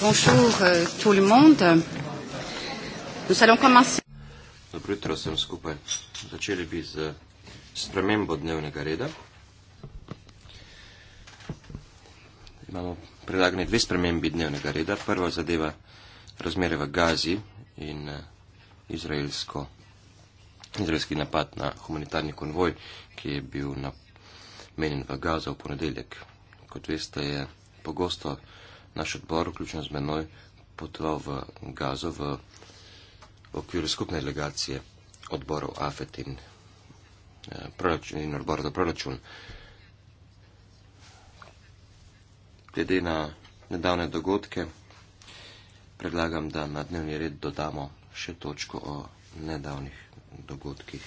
Bonjour euh, tout le monde. Nous allons commencer. Dobro jutro vsem skupaj. Začeli bi z spremembo dnevnega reda. Imamo predlagane dve spremembi dnevnega reda. Prva zadeva razmere v Gazi in eh, izraelsko, izraelski napad na humanitarni konvoj, ki je bil namenjen v Gaza v ponedeljek. Kot veste, je pogosto Наш отбор, включен с мен, пътува в Газа в оквир скупна делегация отбора Афетин, пролечен, отбора за пролечен. Преди на недавни догодки, предлагам да на дневни ред додамо še точко о недавних догодких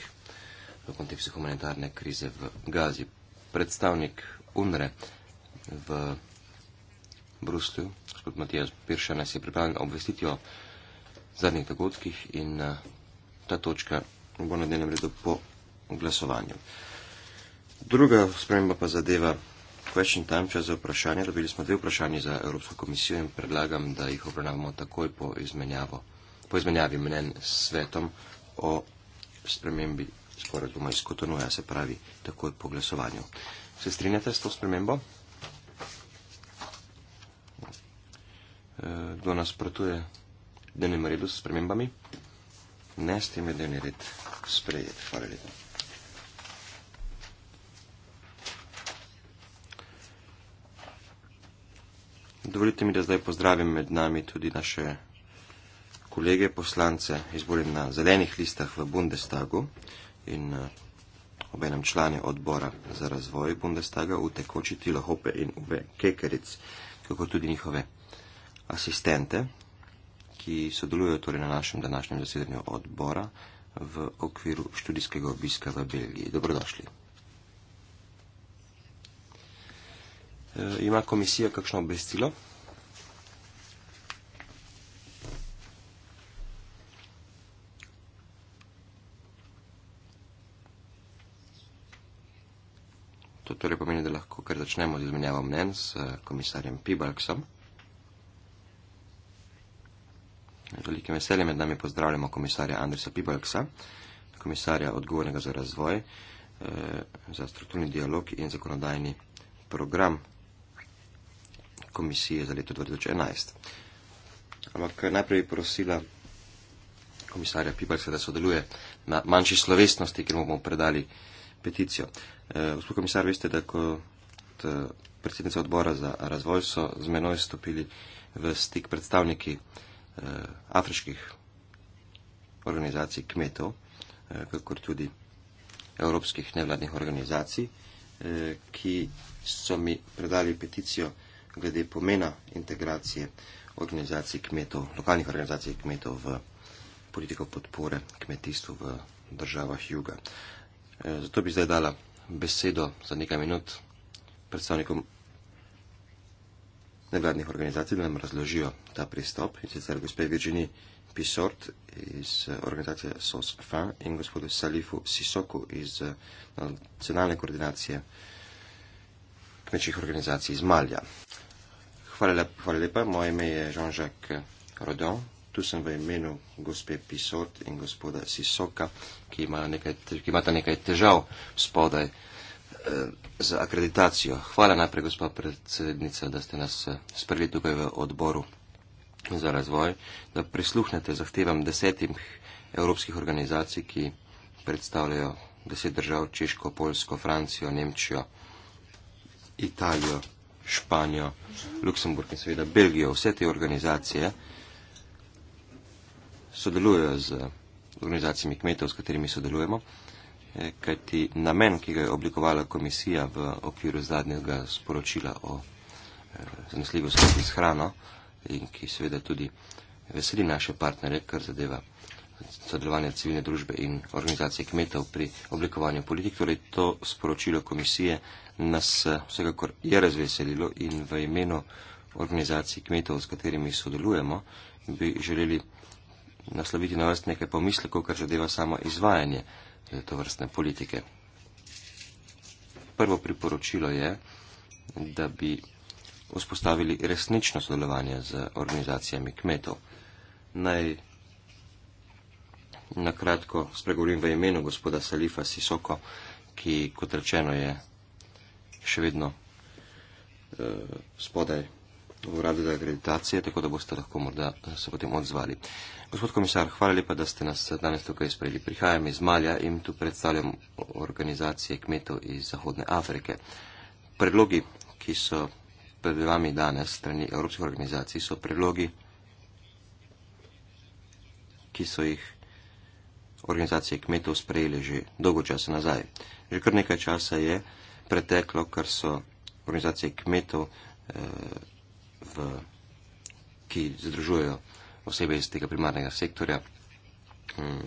в контексте хуманитарной кризи в Газе. Представник УНРЕ в Bruslju. Gospod Matijas Pirša nas je pripravljen obvestiti o zadnjih dogodkih in eh, ta točka bo na dnevnem redu po glasovanju. Druga sprememba pa zadeva question time, čas za vprašanje. Dobili smo dve vprašanje za Evropsko komisijo in predlagam, da jih obravnavamo takoj po, izmenjavo, po izmenjavi mnen s svetom o spremembi sporazuma iz Kotonuja, se pravi takoj po glasovanju. Se strinjate s to spremembo? kdo nasprotuje dnevnemu redu s premembami, ne s tem je dnevni red sprejet. Hvala lepa. Dovolite mi, da zdaj pozdravim med nami tudi naše kolege poslance, izvoljene na zelenih listah v Bundestagu in eh, obenem člane odbora za razvoj Bundestaga v tekoči Tilohope in Uve Kekeric, kako tudi njihove asistente, ki sodelujo torej na našem današnjem zasedanju odbora v okviru študijskega obiska v Belgiji. Dobrodošli. E, ima komisija kakšno obvestilo? To torej pomeni, da lahko kar začnemo z izmenjavo mnen s e, komisarjem Pibalksom. Z velikim veseljem med nami pozdravljamo komisarja Andresa Pibalksa, komisarja odgovornega za razvoj, eh, za strukturni dialog in zakonodajni program komisije za leto 2011. Ampak najprej bi prosila komisarja Pibalksa, da sodeluje na manjši slovesnosti, ki mu bomo predali peticijo. Eh, gospod komisar, veste, da kot eh, predsednica odbora za razvoj so z menoj stopili v stik predstavniki Eh, afriških organizacij kmetov, eh, kakor tudi evropskih nevladnih organizacij, eh, ki so mi predali peticijo glede pomena integracije organizacij kmetov, lokalnih organizacij kmetov v politiko podpore kmetijstvu v državah juga. Zato bi zdaj dala besedo za nekaj minut predstavnikom nevladnih organizacij, da nam razložijo ta pristop. In sicer gospe Virginiji Pisort iz eh, organizacije SOSFA in gospodu Salifu Sisoku iz eh, nacionalne koordinacije kmečjih organizacij iz Malja. Hvala lepa, hvala lepa. moje ime je Jean-Jacques eh, Rodon. Tu sem v imenu gospe Pisort in gospoda Sisoka, ki imata nekaj, ima nekaj težav spodaj. Eh, za akreditacijo. Hvala najprej, gospod predsednica, da ste nas eh, sprli tukaj v odboru za razvoj, da prisluhnete zahtevam desetim evropskih organizacij, ki predstavljajo deset držav Češko, Polsko, Francijo, Nemčijo, Italijo, Španijo, Luksemburg in seveda Belgijo. Vse te organizacije sodelujejo z organizacijami kmetov, s katerimi sodelujemo. Eh, kajti namen, ki ga je oblikovala komisija v okviru zadnjega sporočila o eh, zanesljivosti z hrano in ki seveda tudi veseli naše partnere, kar zadeva sodelovanje civilne družbe in organizacije kmetov pri oblikovanju politik, torej to sporočilo komisije nas eh, vsekakor je razveselilo in v imenu organizacij kmetov, s katerimi sodelujemo, bi želeli nasloviti na vrst nekaj pomisleko, kar zadeva samo izvajanje to vrstne politike. Prvo priporočilo je, da bi vzpostavili resnično sodelovanje z organizacijami kmetov. Naj na kratko spregovorim v imenu gospoda Salifa Sisoko, ki, kot rečeno, je še vedno eh, spodaj v uradu za akreditacije, tako da boste lahko morda eh, se potem odzvali. Gospod komisar, hvala lepa, da ste nas danes tukaj sprejeli. Prihajam iz Malja in tu predstavljam organizacije kmetov iz Zahodne Afrike. Predlogi, ki so pred vami danes strani evropskih organizacij, so predlogi, ki so jih organizacije kmetov sprejeli že dolgo časa nazaj. Že kar nekaj časa je preteklo, kar so organizacije kmetov eh, v, ki združujejo osebe iz tega primarnega sektorja, um,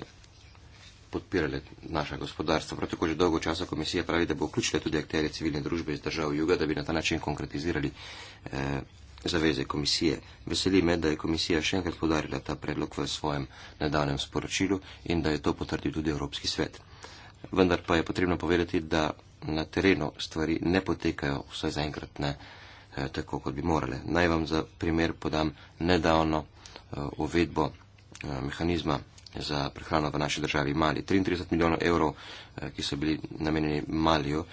podpirale naša gospodarstva. Prav tako že dolgo časa komisija pravi, da bo vključila tudi akterje civilne družbe iz držav juga, da bi na ta način konkretizirali eh, zaveze komisije. Veseli me, da je komisija še enkrat podarila ta predlog v svojem nedavnem sporočilu in da je to potrdil tudi Evropski svet. Vendar pa je potrebno povedati, da na terenu stvari ne potekajo vse zaenkrat ne eh, Eh, tako, kot bi morale. Naj vam za primer podam nedavno eh, uvedbo eh, mehanizma za prehrano v naši državi Mali. 33 milijonov evrov, ki so bili namenjeni Malijo,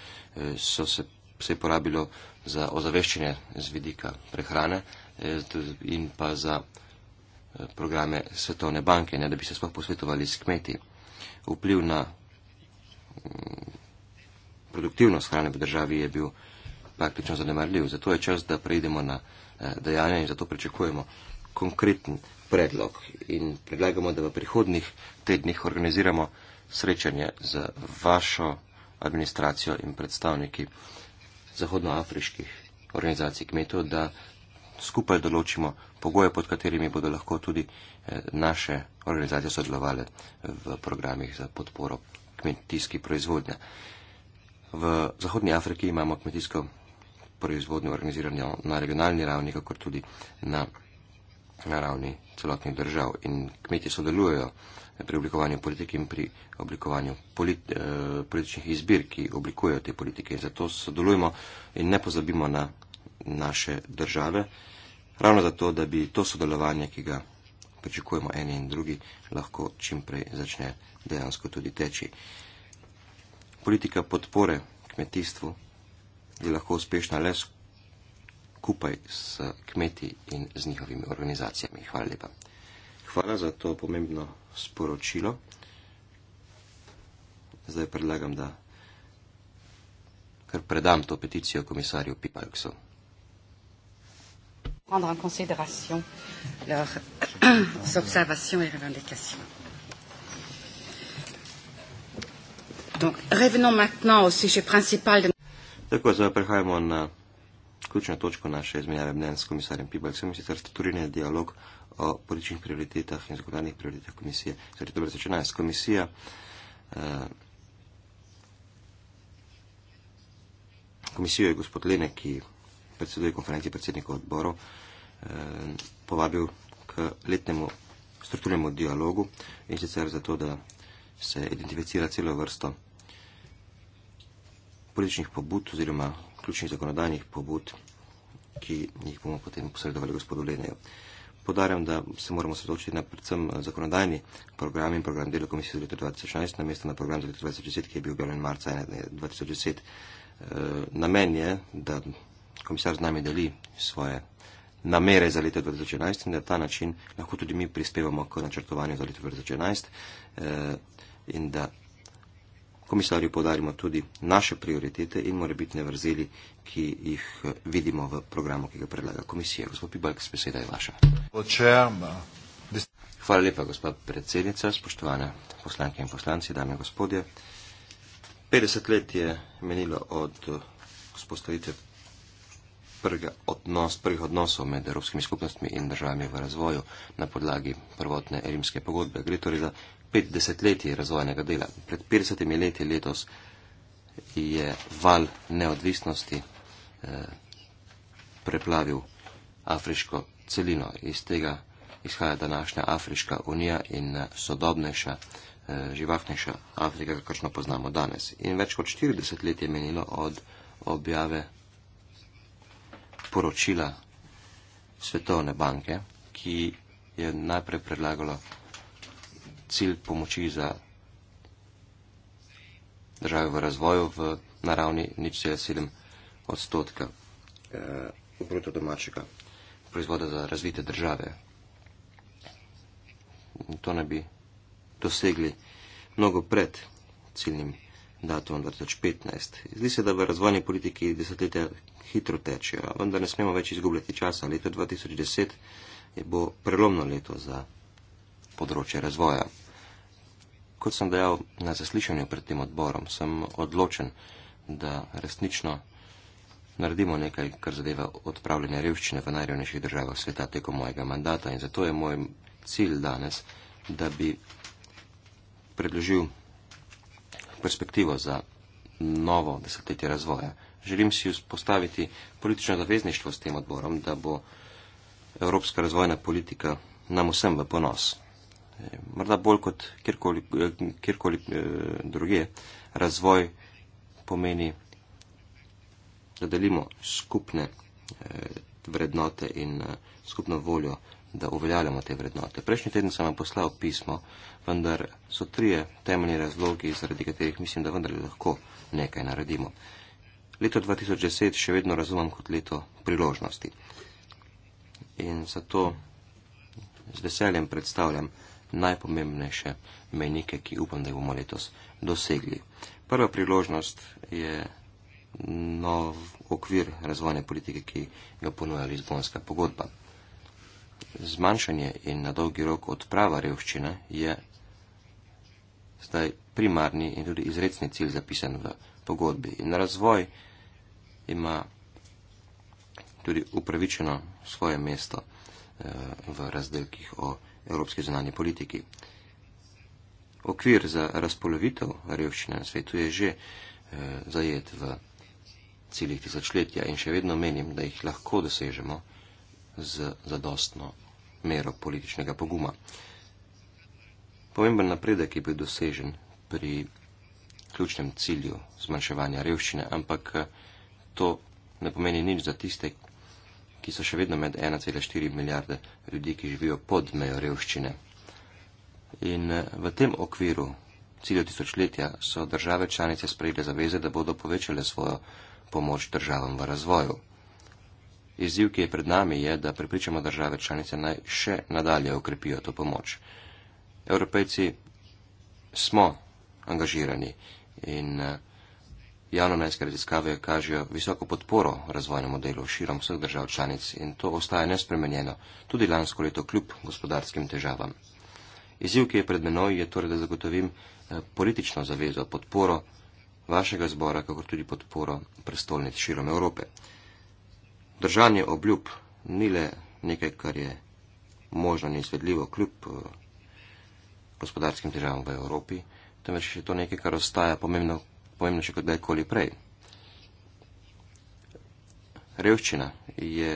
so se, se porabilo za ozaveščanje z vidika prehrane in pa za programe Svetovne banke, ne da bi se sploh posvetovali s kmeti. Vpliv na mm, produktivnost hrane v državi je bil praktično zanemarljiv. Zato je čas, da preidemo na eh, dejanja in zato pričakujemo konkreten predlog in predlagamo, da v prihodnih tednih organiziramo srečanje z vašo administracijo in predstavniki zahodnoafriških organizacij kmetov, da skupaj določimo pogoje, pod katerimi bodo lahko tudi eh, naše organizacije sodelovale v programih za podporo kmetijski proizvodnja. V Zahodnji Afriki imamo kmetijsko proizvodnjo organiziranja na regionalni ravni, kakor tudi na, na ravni celotnih držav. In kmetje sodelujejo pri oblikovanju politik in pri oblikovanju polit, eh, političnih izbir, ki oblikujejo te politike. In zato sodelujemo in ne pozabimo na naše države, ravno zato, da bi to sodelovanje, ki ga pričakujemo eni in drugi, lahko čimprej začne dejansko tudi teči. Politika podpore kmetijstvu je lahko uspešna le skupaj s kmeti in z njihovimi organizacijami. Hvala lepa. Hvala za to pomembno sporočilo. Zdaj predlagam, da kar predam to peticijo komisarju Pipalksu. Prendre en considération leurs observations et revendications. Donc, revenons maintenant au sujet principal de Tako, zdaj prehajamo na ključno točko naše izmenjave mnen s komisarjem Pibalcem, sicer strukturirani dialog o političnih prioritetah in zgodovanih prioritetah komisije. Zdaj, to je 2011. Komisija eh, Komisijo je gospod Lene, ki predseduje konferenci predsednikov odborov, eh, povabil k letnemu strukturnemu dialogu in sicer zato, da se identificira celo vrsto političnih pobud oziroma ključnih zakonodajnih pobud, ki jih bomo potem posredovali gospodu Lenejo. Podarjam, da se moramo sredočiti na predvsem eh, zakonodajni program in program delo komisije za leto 2016, namesto na program za leto 2010, ki je bil objavljen marca 2010. Eh, namen je, da komisar z nami deli svoje namere za leto 2011 in da ta način lahko tudi mi prispevamo k načrtovanju za leto 2011 eh, in da komisarju podarimo tudi naše prioritete in morebitne vrzeli, ki jih eh, vidimo v programu, ki ga predlaga komisija. Gospod Pibalk, beseda je vaša. Hvala lepa, gospod predsednica, spoštovane poslanke in poslanci, dame in gospodje. 50 let je menilo od eh, vzpostavitve odnos, prvih odnosov med evropskimi skupnostmi in državami v razvoju na podlagi prvotne rimske pogodbe. Gre torej za pet desetletij razvojnega dela. Pred 50 leti letos je val neodvisnosti eh, preplavil afriško celino. Iz tega izhaja današnja Afriška unija in eh, sodobnejša, eh, živahnejša Afrika, kakršno poznamo danes. In več kot 40 let je menilo od objave poročila Svetovne banke, ki je najprej predlagalo cilj pomoči za države v razvoju v naravni nič cel sedem odstotka eh, bruto domačega proizvoda za razvite države. In to ne bi dosegli mnogo pred ciljnim datumom 2015. Zdi se, da v razvojni politiki desetletja hitro tečejo, vendar ne smemo več izgubljati časa. Leto 2010 bo prelomno leto za področje razvoja. Kot sem dejal na zaslišanju pred tem odborom, sem odločen, da resnično naredimo nekaj, kar zadeva odpravljanje revščine v najrevnejših državah sveta tekom mojega mandata. In zato je moj cilj danes, da bi predložil perspektivo za novo desetletje razvoja. Želim si vzpostaviti politično zavezništvo s tem odborom, da bo evropska razvojna politika nam vsem v ponos morda bolj kot kjerkoli, kjerkoli eh, druge, razvoj pomeni, da delimo skupne eh, vrednote in eh, skupno voljo, da uveljavljamo te vrednote. Prejšnji teden sem vam poslal pismo, vendar so trije temeljni razlogi, zaradi katerih mislim, da vendar lahko nekaj naredimo. Leto 2010 še vedno razumem kot leto priložnosti. In zato z veseljem predstavljam, najpomembnejše menike, ki upam, da jih bomo letos dosegli. Prva priložnost je nov okvir razvojne politike, ki jo ponuja Lizbonska pogodba. Zmanjšanje in na dolgi rok odprava revščine je zdaj primarni in tudi izredni cilj zapisan v pogodbi. In razvoj ima tudi upravičeno svoje mesto eh, v razdelkih o revščini evropski zunanji politiki. Okvir za razpolovitev revščine na svetu je že eh, zajet v ciljih tisočletja in še vedno menim, da jih lahko dosežemo z zadostno mero političnega poguma. Pomemben napredek je bil dosežen pri ključnem cilju zmanjševanja revščine, ampak eh, to ne pomeni nič za tiste, ki so še vedno med 1,4 milijarde ljudi, ki živijo pod mejo revščine. In eh, v tem okviru ciljev tisočletja so države članice sprejele zaveze, da bodo povečale svojo pomoč državam v razvoju. Izziv, ki je pred nami, je, da pripričamo države članice naj še nadalje okrepijo to pomoč. Evropejci smo angažirani in uh, Javno najske raziskave kažejo visoko podporo razvojnemu delu širom vseh držav članic in to ostaja nespremenjeno tudi lansko leto kljub gospodarskim težavam. Izziv, ki je pred menoj, je torej, da zagotovim eh, politično zavezo, podporo vašega zbora, kako tudi podporo prestolnic širom Evrope. Držanje obljub ni le nekaj, kar je možno in izvedljivo kljub eh, gospodarskim težavam v Evropi, temveč je to nekaj, kar ostaja pomembno pomembno, če kdajkoli prej. Revščina je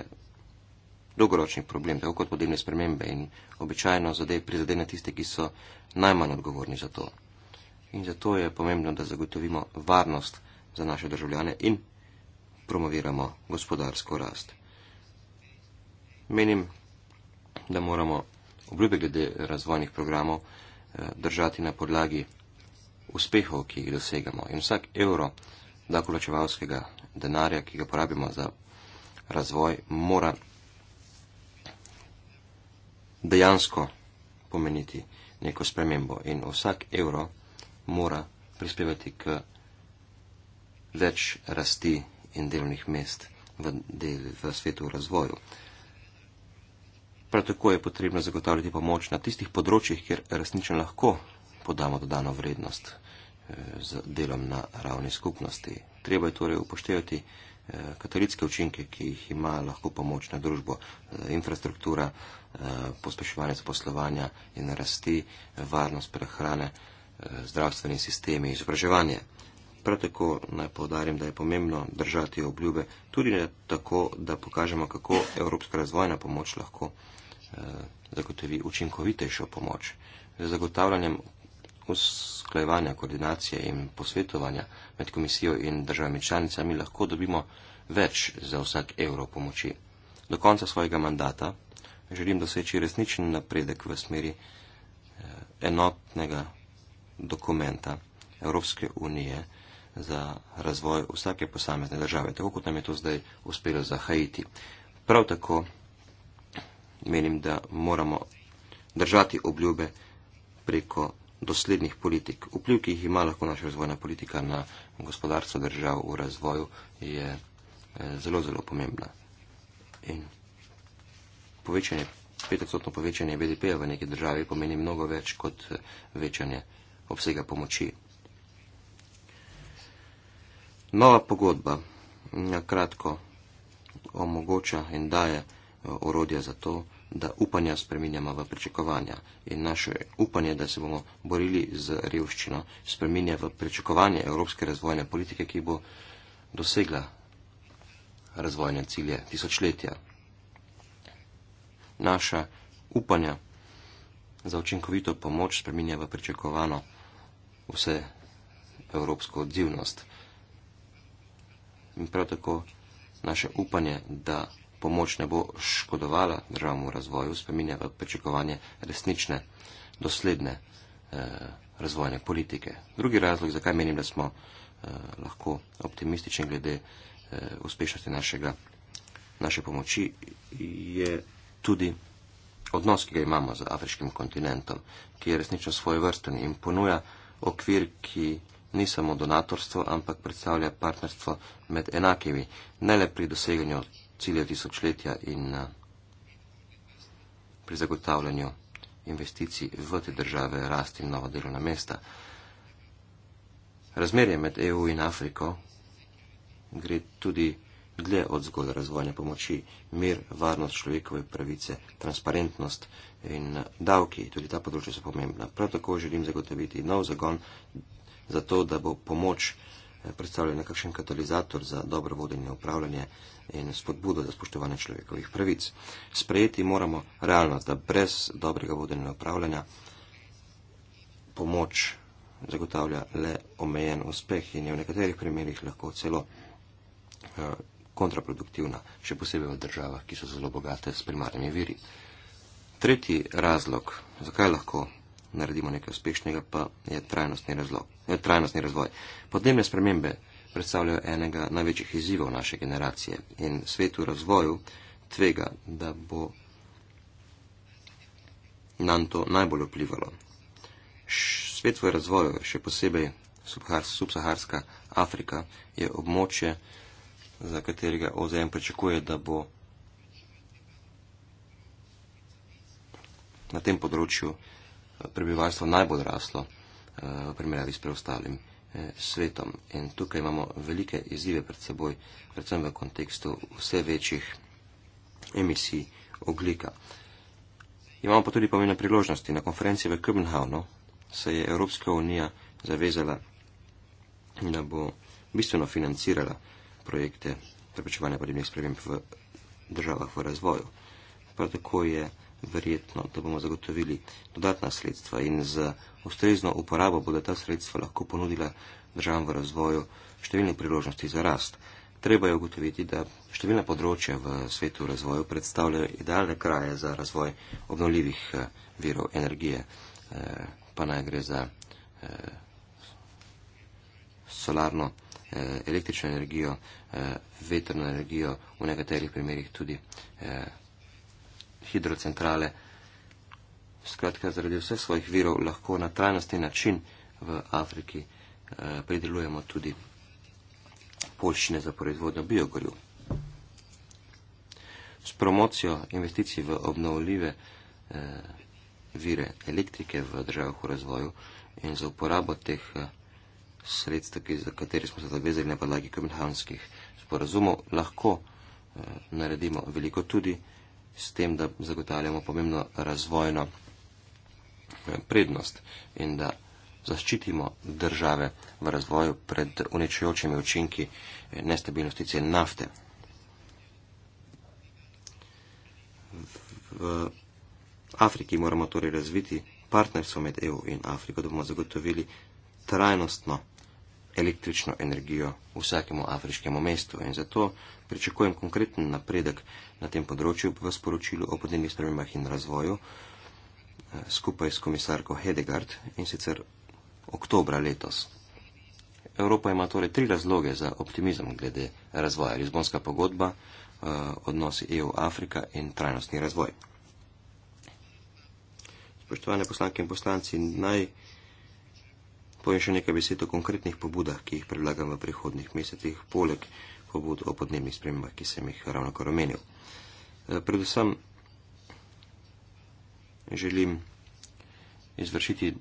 dolgoročni problem, tako kot podnebne spremembe in običajno zadej prizadene tiste, ki so najmanj odgovorni za to. In zato je pomembno, da zagotovimo varnost za naše državljane in promoviramo gospodarsko rast. Menim, da moramo obljube glede razvojnih programov eh, držati na podlagi uspehov, ki jih dosegamo. In vsak evro dakolačevalskega denarja, ki ga porabimo za razvoj, mora dejansko pomeniti neko spremembo. In vsak evro mora prispevati k več rasti in delovnih mest v, del, v svetu v razvoju. Prav tako je potrebno zagotavljati pomoč na tistih področjih, kjer resnično lahko podamo dodano vrednost eh, z delom na ravni skupnosti. Treba je torej upoštevati eh, katolicke učinke, ki jih ima lahko pomoč na družbo, eh, infrastruktura, pospeševanje zaposlovanja in rasti, varnost prehrane, zdravstveni sistemi, izobraževanje. Prav tako naj povdarim, da je pomembno držati obljube tudi tako, da pokažemo, kako evropska razvojna pomoč lahko zagotovi učinkovitejšo pomoč. Z zagotavljanjem usklajevanja, koordinacije in posvetovanja med komisijo in državami članicami lahko dobimo več za vsak evro pomoči. Do konca svojega mandata želim doseči resničen napredek v smeri eh, enotnega dokumenta Evropske unije za razvoj vsake posamezne države, tako kot nam je to zdaj uspelo za Haiti. Prav tako menim, da moramo držati obljube preko doslednih politik. Vpliv, ki jih ima lahko naša razvojna politika na gospodarstvo držav v razvoju, je eh, zelo, zelo pomembna. In povečanje, petodstotno povečanje BDP-ja v neki državi pomeni mnogo več kot eh, večanje obsega pomoči. Nova pogodba na kratko omogoča in daje eh, orodja za to, da upanja spreminjamo v pričakovanja in naše upanje, da se bomo borili z revščino, spreminja v pričakovanje evropske razvojne politike, ki bo dosegla razvojne cilje tisočletja. Naša upanja za učinkovito pomoč spreminja v pričakovano vse evropsko odzivnost. In prav tako naše upanje, da pomoč ne bo škodovala državnemu razvoju, spominja v pričakovanje resnične, dosledne eh, razvojne politike. Drugi razlog, zakaj menim, da smo eh, lahko optimistični glede eh, uspešnosti našega, naše pomoči, je tudi odnos, ki ga imamo z afriškim kontinentom, ki je resnično svoje vrste in ponuja okvir, ki ni samo donatorstvo, ampak predstavlja partnerstvo med enakimi, ne le pri doseganju cilje tisočletja in eh, pri zagotavljanju investicij v te države rasti in nova delovna mesta. Razmerje med EU in Afriko gre tudi dlje od zgolj razvojne pomoči. Mir, varnost, človekove pravice, transparentnost in eh, davki, tudi ta področja so pomembna. Prav tako želim zagotoviti nov zagon za to, da bo pomoč Eh, predstavljajo nekakšen katalizator za dobro vodenje, upravljanje in spodbudo za spoštovanje človekovih pravic. Sprejeti moramo realnost, da brez dobrega vodenja in upravljanja pomoč zagotavlja le omejen uspeh in je v nekaterih primerjih lahko celo eh, kontraproduktivna, še posebej v državah, ki so zelo bogate s primarnimi viri. Tretji razlog, zakaj lahko naredimo nekaj uspešnega, pa je trajnostni, razlog, je eh, trajnostni razvoj. Podnebne spremembe predstavljajo enega največjih izzivov naše generacije in svet v razvoju tvega, da bo nam to najbolj vplivalo. Svet v razvoju, še posebej subsaharska Afrika, je območje, za katerega OZM pričakuje, da bo na tem področju prebivalstvo najbolj raslo eh, v primerjavi s preostalim eh, svetom. In tukaj imamo velike izzive pred seboj, predvsem v kontekstu vse večjih emisij oglika. Imamo pa tudi pomembne priložnosti. Na konferenci v Kopenhavnu se je Evropska unija zavezala, da bo bistveno financirala projekte preprečevanja podnebnih sprememb v državah v razvoju. Prav tako je verjetno, da bomo zagotovili dodatna sredstva in z ustrezno uporabo bodo ta sredstva lahko ponudila državam v razvoju številne priložnosti za rast. Treba je ugotoviti, da številna področja v svetu v razvoju predstavljajo idealne kraje za razvoj obnovljivih eh, virov energije, eh, pa naj gre za eh, solarno električno energijo, vetrno energijo, v nekaterih primerjih tudi hidrocentrale. Skratka, zaradi vseh svojih virov lahko na trajnosti način v Afriki eh, pridelujemo tudi polščine za proizvodno biogorju. S promocijo investicij v obnovljive eh, vire elektrike v državah v razvoju in za uporabo teh eh, sredstev, za katere smo se zavezali na podlagi kopenhavnskih sporazumov, lahko eh, naredimo veliko tudi s tem, da zagotavljamo pomembno razvojno eh, prednost in da zaščitimo države v razvoju pred uničujočimi učinki eh, nestabilnosti cen nafte. V Afriki moramo torej razviti partnerstvo med EU in Afriko, da bomo zagotovili trajnostno električno energijo vsakemu afriškemu mestu in zato pričakujem konkreten napredek na tem področju v sporočilu o podnebnih spremembah in razvoju eh, skupaj s komisarko Hedegard in sicer oktobra letos. Evropa ima torej tri razloge za optimizem glede razvoja. Lizbonska pogodba, eh, odnosi EU-Afrika in trajnostni razvoj. Spoštovane poslanke in poslanci, naj Povem še nekaj besed o konkretnih pobudah, ki jih predlagam v prihodnih mesecih, poleg pobud o podnebnih spremembah, ki sem jih ravno kar omenil. E, predvsem želim izvršiti e,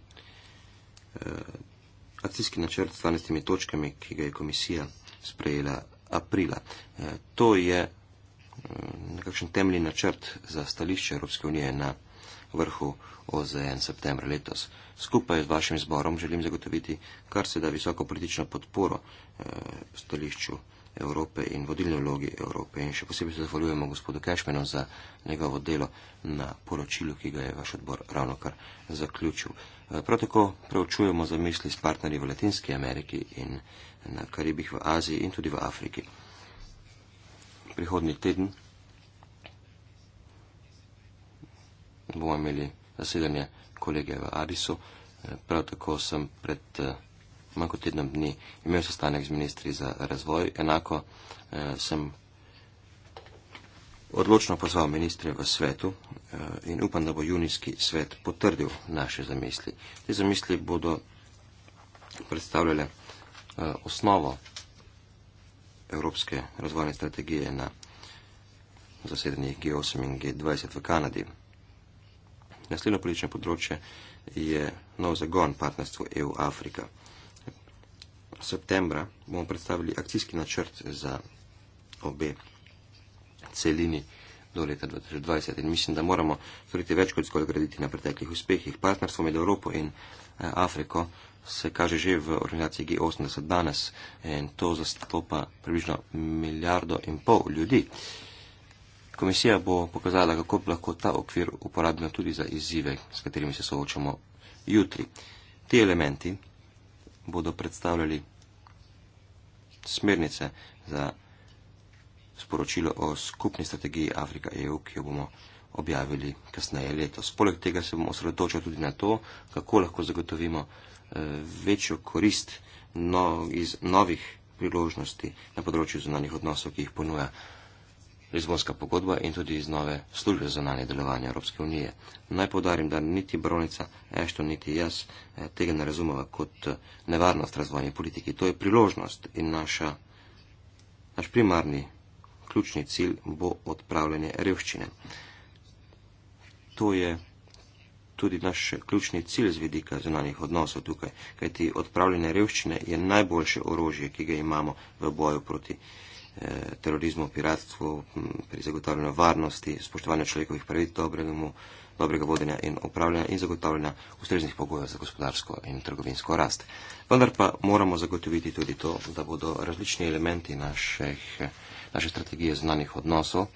akcijski načrt s 12 točkami, ki ga je komisija sprejela aprila. E, to je nekakšen temeljni načrt za stališče Evropske unije na vrhu OZN septembra letos. Skupaj z vašim zborom želim zagotoviti kar se da visoko politično podporo eh, stališču Evrope in vodilni vlogi Evrope. In še posebej se zahvaljujemo gospodu Kešmenu za njegovo delo na poročilu, ki ga je vaš odbor ravno kar zaključil. Eh, prav tako preučujemo zamisli s partnerji v Latinski Ameriki in na Karibih v Aziji in tudi v Afriki. Prihodni teden. bomo imeli zasedanje kolege v Adisu. Eh, prav tako sem pred eh, manj kot tednom dni imel sestanek z ministri za razvoj. Enako eh, sem odločno pozval ministre v svetu in upam, da bo junijski svet potrdil naše zamisli. Te zamisli bodo predstavljale osnovo Evropske razvojne strategije na zasedanjih G8 in G20 v Kanadi. Naslednjo politično področje je nov zagon partnerstvo EU-Afrika. Septembra bomo predstavili akcijski načrt za obe celini do leta 2020 in mislim, da moramo storiti več kot zgolj graditi na preteklih uspehih. Partnerstvo med Evropo in eh, Afriko se kaže že v organizaciji G80 danes in to zastopa približno milijardo in pol ljudi. Uh, Komisija bo pokazala, kako lahko ta okvir uporabimo tudi za izzive, s katerimi se soočamo jutri. Ti elementi bodo predstavljali smernice za sporočilo o skupni strategiji Afrika-EU, ki jo bomo objavili kasneje letos. Poleg tega se bomo osredotočili tudi na to, kako lahko zagotovimo eh, večjo korist no, iz novih priložnosti na področju zunanih odnosov, ki jih ponuja Lizbonska pogodba in tudi iz nove službe za nalje delovanje Evropske unije. Naj povdarim, da niti Bronica, Ešto, niti jaz eh, tega ne razumeva kot eh, nevarnost razvojne politike. To je priložnost in naša, naš primarni ključni cilj bo odpravljanje revščine. To je tudi naš ključni cilj z vidika zunanjih odnosov tukaj, kajti odpravljanje revščine je najboljše orožje, ki ga imamo v boju proti revščine terorizmu, piratstvu, pri zagotavljanju varnosti, spoštovanju človekovih pravic, dobremu, dobrega vodenja in upravljanja in zagotavljanja ustreznih pogojev za gospodarsko in trgovinsko rast. Vendar pa moramo zagotoviti tudi to, da bodo različni elementi naših, naše strategije znanih odnosov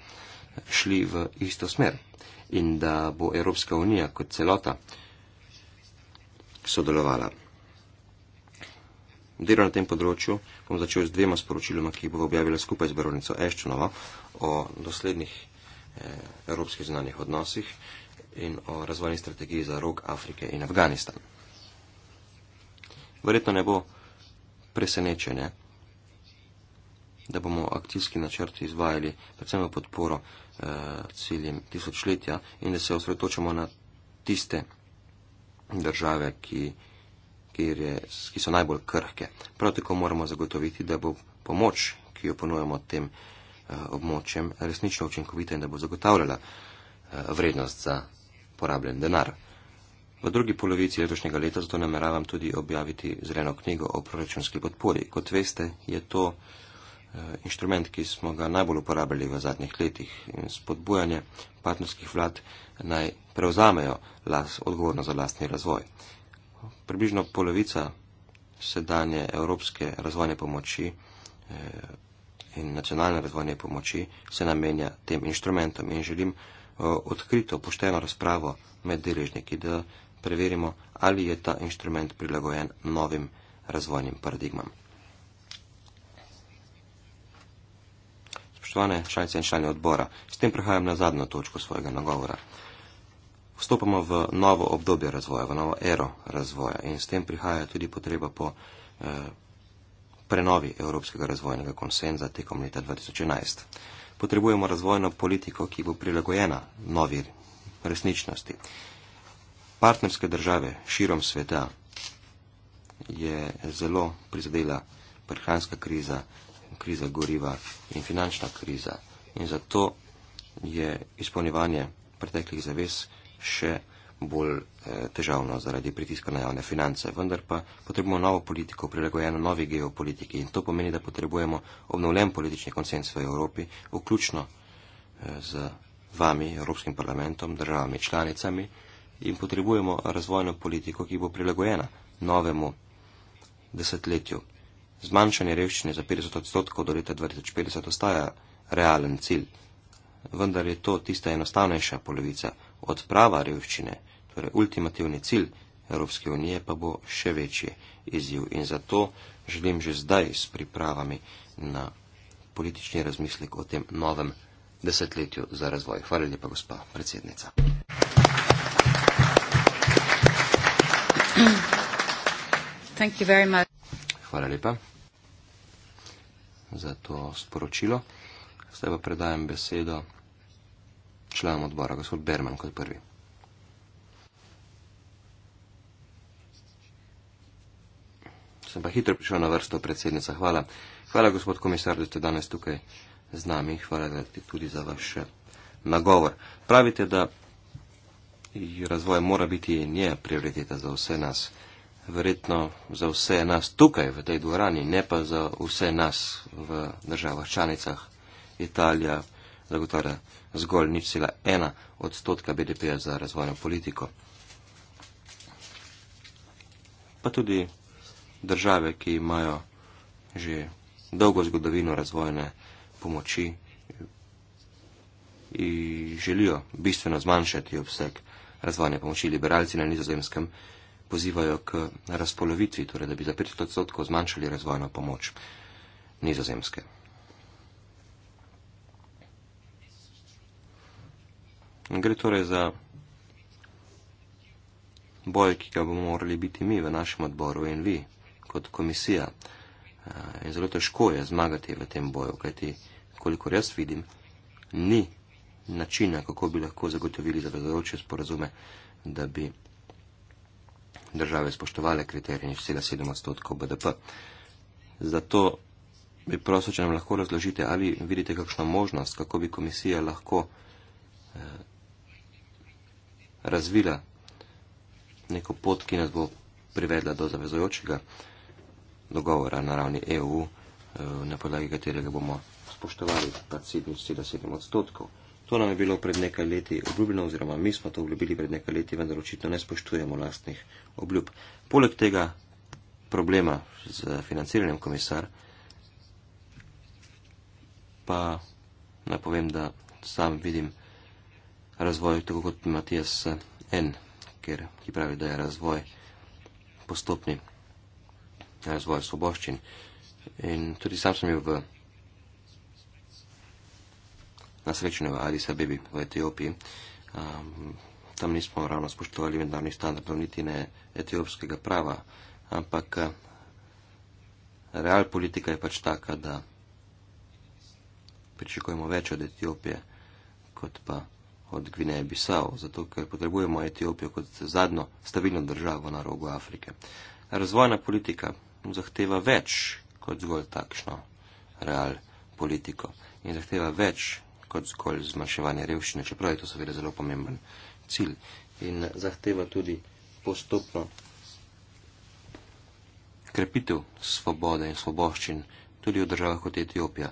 šli v isto smer in da bo Evropska unija kot celota sodelovala delo na tem področju bom začel z dvema sporočiloma, ki jih bomo objavili skupaj z baronico Eščunova o doslednjih eh, evropskih znanih odnosih in o razvojni strategiji za rok Afrike in Afganistan. Verjetno ne bo presenečenje, da bomo akcijski načrt izvajali predvsem v podporo eh, ciljem tisočletja in da se osredotočamo na tiste države, ki kjer je, ki so najbolj krhke. Prav tako moramo zagotoviti, da bo pomoč, ki jo ponujemo tem eh, območjem, resnično učinkovita in da bo zagotavljala eh, vrednost za porabljen denar. V drugi polovici letošnjega leta zato nameravam tudi objaviti zeleno knjigo o proračunski podpori. Kot veste, je to eh, inštrument, ki smo ga najbolj uporabljali v zadnjih letih in spodbujanje partnerskih vlad naj prevzamejo las, odgovornost za lastni razvoj približno polovica sedanje evropske razvojne pomoči eh, in nacionalne razvojne pomoči se namenja tem inštrumentom in želim eh, odkrito, pošteno razpravo med deležniki, da preverimo, ali je ta inštrument prilagojen novim razvojnim paradigmam. Spoštovane članice in člani odbora, s tem prehajam na zadnjo točko svojega nagovora vstopamo v novo obdobje razvoja, v novo ero razvoja in s tem prihaja tudi potreba po eh, prenovi Evropskega razvojnega konsenza tekom leta 2011. Potrebujemo razvojno politiko, ki bo prilagojena novi resničnosti. Partnerske države širom sveta je zelo prizadela prehranska kriza, kriza goriva in finančna kriza. In zato je izpolnjevanje preteklih zavez še bolj eh, težavno zaradi pritiska na javne finance. Vendar pa potrebujemo novo politiko, prilagojeno novi geopolitiki in to pomeni, da potrebujemo obnovljen politični konsens v Evropi, vključno eh, z vami, Evropskim parlamentom, državami članicami in potrebujemo razvojno politiko, ki bo prilagojena novemu desetletju. Zmanjšanje revščine za 50 odstotkov do leta 2050 ostaja realen cilj, vendar je to tista enostavnejša polovica odprava revščine, torej ultimativni cilj Evropske unije, pa bo še večji izziv. In zato želim že zdaj s pripravami na politični razmislek o tem novem desetletju za razvoj. Hvala lepa, gospa predsednica. Hvala lepa za to sporočilo. Zdaj pa predajem besedo članom odbora, gospod Berman kot prvi. Sem pa hitro prišel na vrsto, predsednica. Hvala. Hvala, gospod komisar, da ste danes tukaj z nami. Hvala tudi za vaš eh, nagovor. Pravite, da razvoj mora biti nje prioriteta za vse nas. Verjetno za vse nas tukaj v tej dvorani, ne pa za vse nas v državah članicah Italija, zagotavlja zgolj nič sila ena odstotka BDP-ja za razvojno politiko. Pa tudi države, ki imajo že dolgo zgodovino razvojne pomoči in želijo bistveno zmanjšati obseg razvojne pomoči. Liberalci na nizozemskem pozivajo k razpolovitvi, torej da bi za 5 odstotkov zmanjšali razvojno pomoč nizozemske. Gre torej za boj, ki ga bomo morali biti mi v našem odboru in vi kot komisija. Eh, in zelo težko je zmagati v tem boju, kajti, kolikor jaz vidim, ni načina, kako bi lahko zagotovili zavezujoče sporazume, da bi države spoštovale kriterije in vsega 7 odstotkov BDP. Zato bi prosil, če nam lahko razložite, ali vidite kakšno možnost, kako bi komisija lahko eh, razvila neko pot, ki nas bo privedla do zavezojočega dogovora na ravni EU, eh, na podlagi katerega bomo spoštovali pač 7,7 odstotkov. To nam je bilo pred nekaj leti obljubljeno, oziroma mi smo to obljubili pred nekaj leti, vendar očitno ne spoštujemo lastnih obljub. Poleg tega problema z financiranjem komisar, pa napovem, da sam vidim razvoj, tako kot Matijas eh, N., ker, ki pravi, da je razvoj postopni, razvoj svoboščin. In tudi sam sem bil v nasrečenju v Addis Abebi v Etiopiji. Um, tam nismo ravno spoštovali mednarodnih standardov, niti ne etiopskega prava, ampak eh, real politika je pač taka, da pričakujemo več od Etiopije kot pa od Gvineje Bisao, zato ker potrebujemo Etiopijo kot zadnjo stabilno državo na rogu Afrike. Razvojna politika zahteva več kot zgolj takšno real politiko in zahteva več kot zgolj zmanjševanje revščine, čeprav je to seveda zelo pomemben cilj in zahteva tudi postopno krepitev svobode in svoboščin tudi v državah kot Etiopija.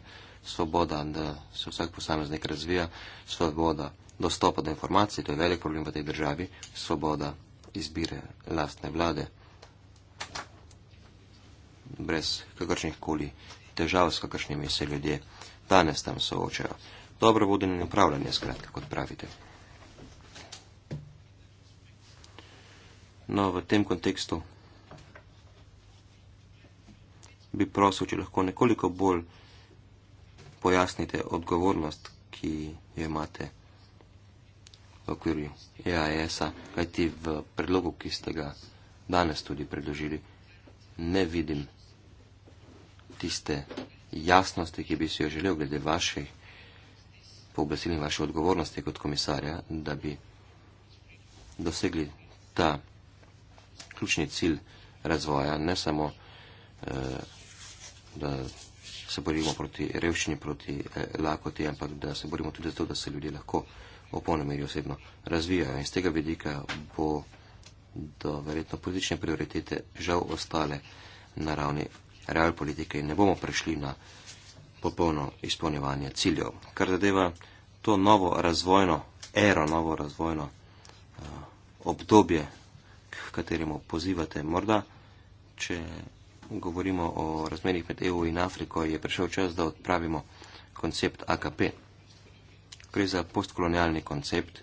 Svoboda, da se vsak posameznik razvija, svoboda dostopa do informacij, to je velik problem v tej državi, svoboda izbire lastne vlade, brez kakršnih koli težav, s kakršnimi se ljudje danes tam soočajo. Dobro vodenje in upravljanje, skratka, kot pravite. No, v tem kontekstu bi prosil, če lahko nekoliko bolj pojasnite odgovornost, ki jo imate v okviru EAS-a, kajti v predlogu, ki ste ga danes tudi predložili, ne vidim tiste jasnosti, ki bi si jo želel glede vaših pooblastil in vaše odgovornosti kot komisarja, da bi dosegli ta ključni cilj razvoja, ne samo, eh, da se borimo proti revščini, proti eh, lakoti, ampak da se borimo tudi za to, da se ljudje lahko v polni meri osebno razvijajo. In z tega vidika bo do verjetno politične prioritete žal ostale na ravni real politike in ne bomo prišli na popolno izpolnjevanje ciljev. Kar zadeva to novo razvojno ero, novo razvojno uh, obdobje, k kateremu pozivate. Morda, če govorimo o razmerjih med EU in Afriko, je prišel čas, da odpravimo koncept AKP gre za postkolonialni koncept,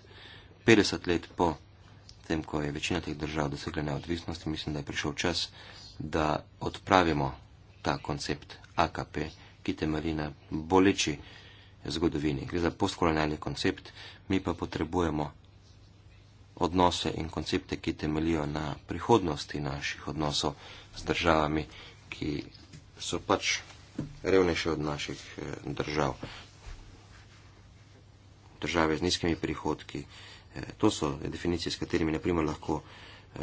50 let po tem, ko je večina teh držav dosegla neodvisnost, mislim, da je prišel čas, da odpravimo ta koncept AKP, ki temelji na boleči zgodovini. Gre za postkolonialni koncept, mi pa potrebujemo odnose in koncepte, ki temelijo na prihodnosti naših odnosov z državami, ki so pač revnejše od naših eh, držav države z nizkimi prihodki. Eh, to so definicije, s katerimi naprimer lahko eh,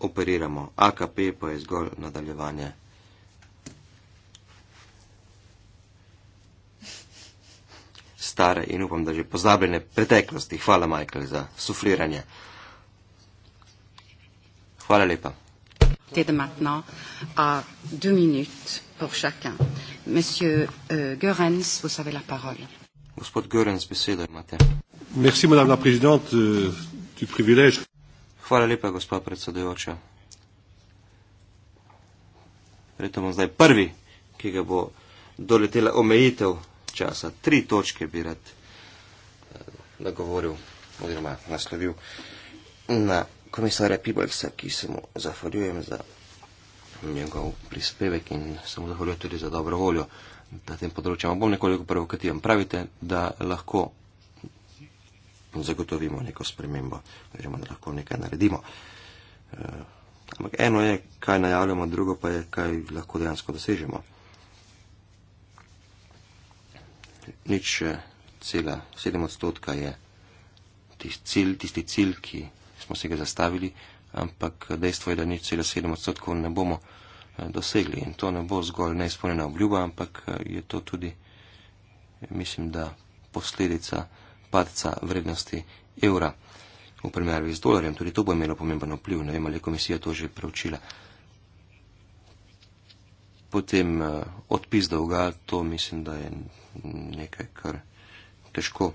operiramo. AKP pa je zgolj nadaljevanje. stare in upam, da že pozabljene preteklosti. Hvala, Michael, za sufliranje. Hvala lepa. Tede matno a du minut por chacun. Monsieur uh, Görens, vous avez la parole. Gospod Görens, besedo imate. Merci, madame, euh, Hvala lepa, gospa predsedujoča. Preto bom zdaj prvi, ki ga bo doletela omejitev časa. Tri točke bi rad eh, nagovoril oziroma naslovil na komisarja Pibolsa, ki se mu zahvaljujem za njegov prispevek in se mu zahvaljujem tudi za dobro voljo na tem področju. Ampak bom nekoliko provokativen. Pravite, da lahko zagotovimo neko spremembo, oziroma da lahko nekaj naredimo. Eh, ampak eno je, kaj najavljamo, drugo pa je, kaj lahko dejansko dosežemo. Nič eh, cela, sedem odstotka je tist cilj, tisti cilj, ki smo se ga zastavili, ampak dejstvo je, da nič cela sedem odstotkov ne bomo Eh, dosegli. In to ne bo zgolj neizpolnjena obljuba, ampak eh, je to tudi, mislim, da posledica padca vrednosti evra v primerjavi z dolarjem. Tudi to bo imelo pomemben vpliv. Ne vem, ali je komisija to že preučila. Potem eh, odpis dolga, to mislim, da je nekaj, kar težko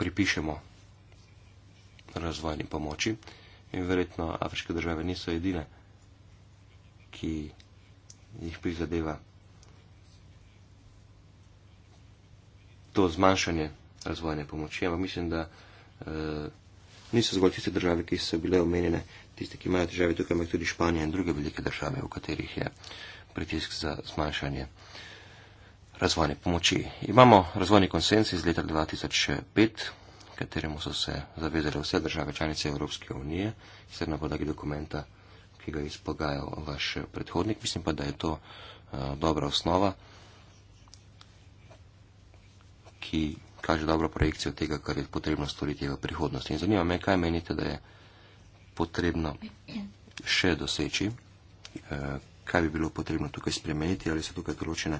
pripišemo razvojni pomoči. In verjetno afriške države niso edine ki jih prizadeva to zmanjšanje razvojne pomoči. Ampak mislim, da eh, niso zgolj tiste države, ki so bile omenjene, tiste, ki imajo težave, tukaj imajo tudi Španija in druge velike države, v katerih je pritisk za zmanjšanje razvojne pomoči. Imamo razvojni konsens iz leta 2005 kateremu so se zavezale vse države članice Evropske unije, sedaj na podlagi dokumenta ki ga je izpogajal vaš predhodnik. Mislim pa, da je to eh, dobra osnova, ki kaže dobro projekcijo tega, kar je potrebno storiti v prihodnosti. In zanima me, kaj menite, da je potrebno še doseči, eh, kaj bi bilo potrebno tukaj spremeniti, ali so tukaj določene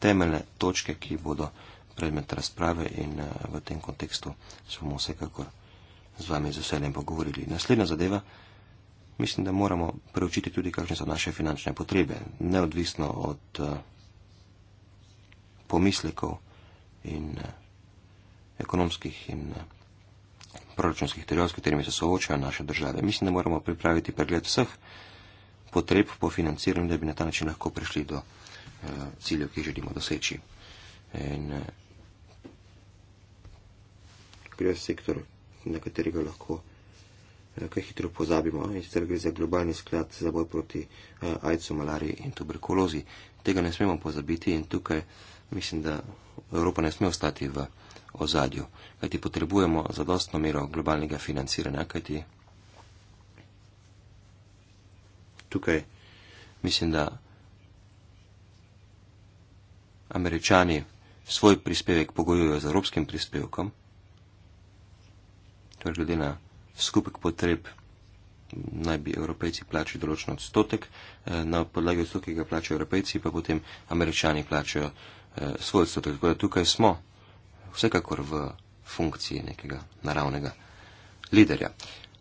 temeljne točke, ki bodo predmet razprave in eh, v tem kontekstu se bomo vsekakor z vami z veseljem pogovorili. Naslednja zadeva mislim, da moramo preučiti tudi, kakšne so naše finančne potrebe, neodvisno od eh, pomislekov in eh, ekonomskih in eh, proračunskih težav, s katerimi se soočajo naše države. Mislim, da moramo pripraviti pregled vseh potreb po financiranju, da bi na ta način lahko prišli do ciljev, ki želimo doseči. In gre sektor, na katerega lahko kaj hitro pozabimo, in sicer gre za globalni sklad za boj proti uh, AIDS-u, malariji in tuberkulozi. Tega ne smemo pozabiti in tukaj mislim, da Evropa ne sme ostati v ozadju, kajti potrebujemo zadostno mero globalnega financiranja, kajti tukaj mislim, da američani svoj prispevek pogojujejo z evropskim prispevkom, torej glede na skupek potreb naj bi evropejci plačali določen odstotek, eh, na podlagi odstotka ga plačajo evropejci, pa potem američani plačajo eh, svoj odstotek. Tako da tukaj smo vsekakor v funkciji nekega naravnega liderja.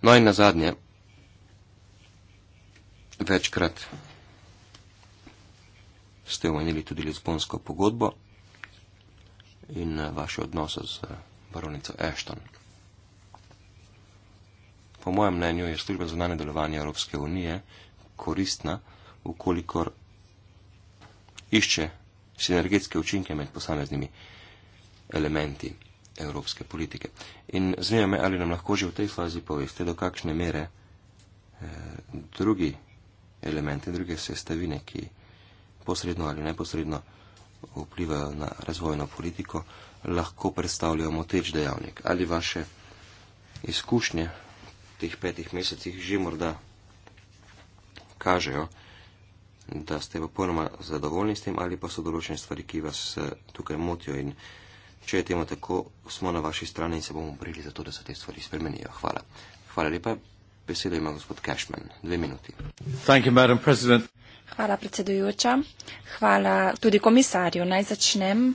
No in na zadnje, večkrat ste omenili tudi lizbonsko pogodbo in eh, vaše odnose z baronico Ashton. Po mojem mnenju je služba za zunanje delovanje Evropske unije koristna, ukolikor išče sinergetske učinke med posameznimi elementi evropske politike. In zanima me, ali nam lahko že v tej fazi poveste, do kakšne mere eh, drugi elementi, druge sestavine, ki posredno ali neposredno vplivajo na razvojno politiko, lahko predstavljajo moteč dejavnik. Ali vaše izkušnje teh petih mesecih že morda kažejo, da ste popolnoma zadovoljni s tem ali pa so določene stvari, ki vas eh, tukaj motijo in če je temu tako, smo na vaši strani in se bomo borili za to, da se te stvari spremenijo. Hvala. Hvala lepa. Besedo ima gospod Cashman. Dve minuti. Thank you, Madam President. Hvala predsedujoča. Hvala tudi komisarju. Naj začnem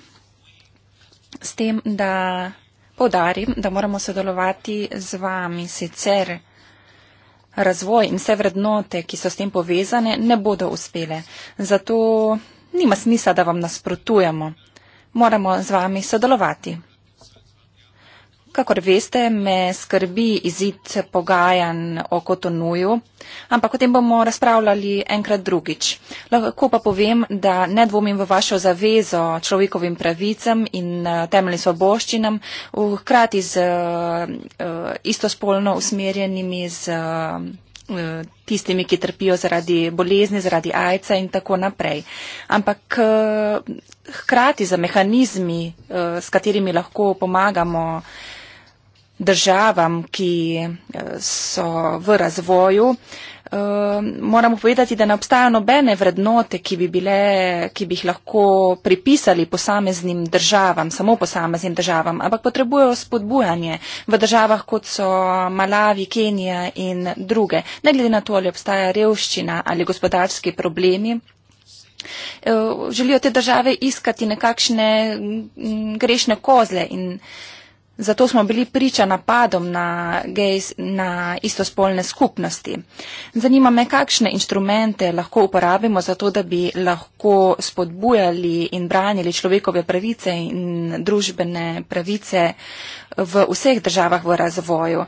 s tem, da podarim, da moramo sodelovati z vami sicer. Razvoj in vse vrednote, ki so s tem povezane, ne bodo uspele. Zato nima smisla, da vam nasprotujemo. Moramo z vami sodelovati. Kakor veste, me skrbi izid pogajanj o kotonuju, ampak o tem bomo razpravljali enkrat drugič. Lahko pa povem, da ne dvomim v vašo zavezo človekovim pravicam in eh, temeljnim svoboščinam, hkrati z eh, istospolno usmerjenimi, z eh, tistimi, ki trpijo zaradi bolezni, zaradi ajca in tako naprej. Ampak hkrati za mehanizmi, s katerimi lahko pomagamo, državam, ki eh, so v razvoju, eh, moramo povedati, da ne obstajajo nobene vrednote, ki bi, bile, ki bi jih lahko pripisali posameznim državam, samo posameznim državam, ampak potrebujejo spodbujanje v državah, kot so Malavi, Kenija in druge. Ne glede na to, ali obstaja revščina ali gospodarski problemi. Eh, želijo te države iskati nekakšne mm, grešne kozle in Zato smo bili priča napadom na, gejs, na istospolne skupnosti. Zanima me, kakšne inštrumente lahko uporabimo za to, da bi lahko spodbujali in branili človekove pravice in družbene pravice v vseh državah v razvoju.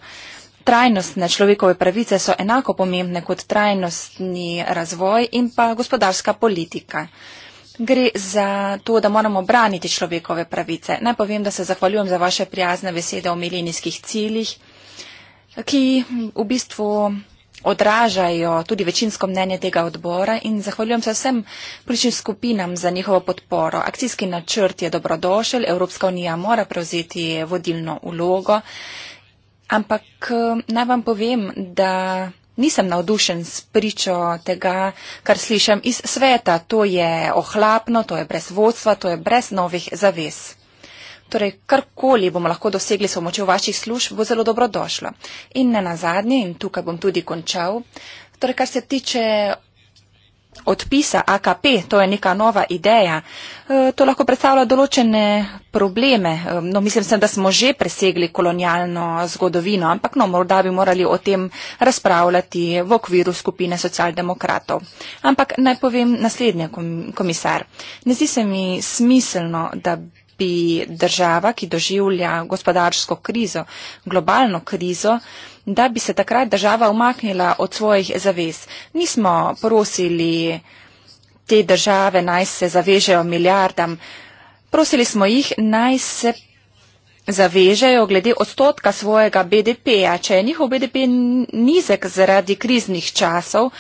Trajnostne človekove pravice so enako pomembne kot trajnostni razvoj in pa gospodarska politika. Gre za to, da moramo braniti človekove pravice. Naj povem, da se zahvaljujem za vaše prijazne besede o milenijskih ciljih, ki v bistvu odražajo tudi večinsko mnenje tega odbora in zahvaljujem se vsem pričnim skupinam za njihovo podporo. Akcijski načrt je dobrodošel, Evropska unija mora prevzeti vodilno ulogo, ampak eh, naj vam povem, da nisem navdušen s pričo tega, kar slišim iz sveta. To je ohlapno, to je brez vodstva, to je brez novih zavez. Torej, karkoli bomo lahko dosegli s pomočjo vaših služb, bo zelo dobro došlo. In ne nazadnje, in tukaj bom tudi končal, torej, kar se tiče odpisa AKP, to je neka nova ideja, e, to lahko predstavlja določene probleme. E, no, mislim sem, da smo že presegli kolonialno zgodovino, ampak no, morda bi morali o tem razpravljati v okviru skupine socialdemokratov. Ampak naj povem naslednje, komisar. Ne zdi se mi smiselno, da bi država, ki doživlja gospodarsko krizo, globalno krizo, da bi se takrat država umaknila od svojih zavez. Nismo prosili te države naj se zavežejo milijardam, prosili smo jih naj se zavežejo glede odstotka svojega BDP-ja. Če je njihov BDP nizek zaradi kriznih časov,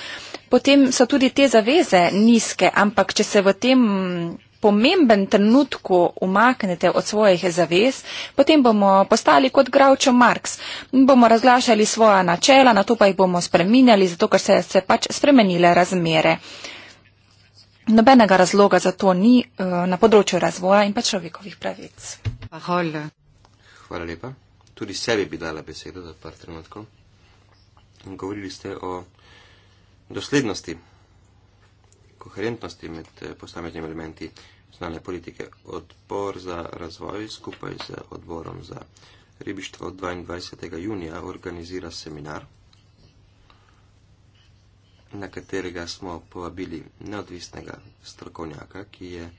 potem so tudi te zaveze nizke, ampak če se v tem pomemben trenutku umaknete od svojih zavez, potem bomo postali kot Gravčo Marks. Bomo razglašali svoja načela, na to pa jih bomo spreminjali, zato ker se je pač spremenile razmere. Nobenega razloga za to ni eh, na področju razvoja in pa človekovih pravic. Hvala. Hvala lepa. Tudi sebi bi dala besedo za par trenutkov. Govorili ste o doslednosti, koherentnosti med eh, posameznimi elementi nacionalne politike. Odbor za razvoj skupaj z odborom za ribištvo 22. junija organizira seminar, na katerega smo povabili neodvisnega strokovnjaka, ki je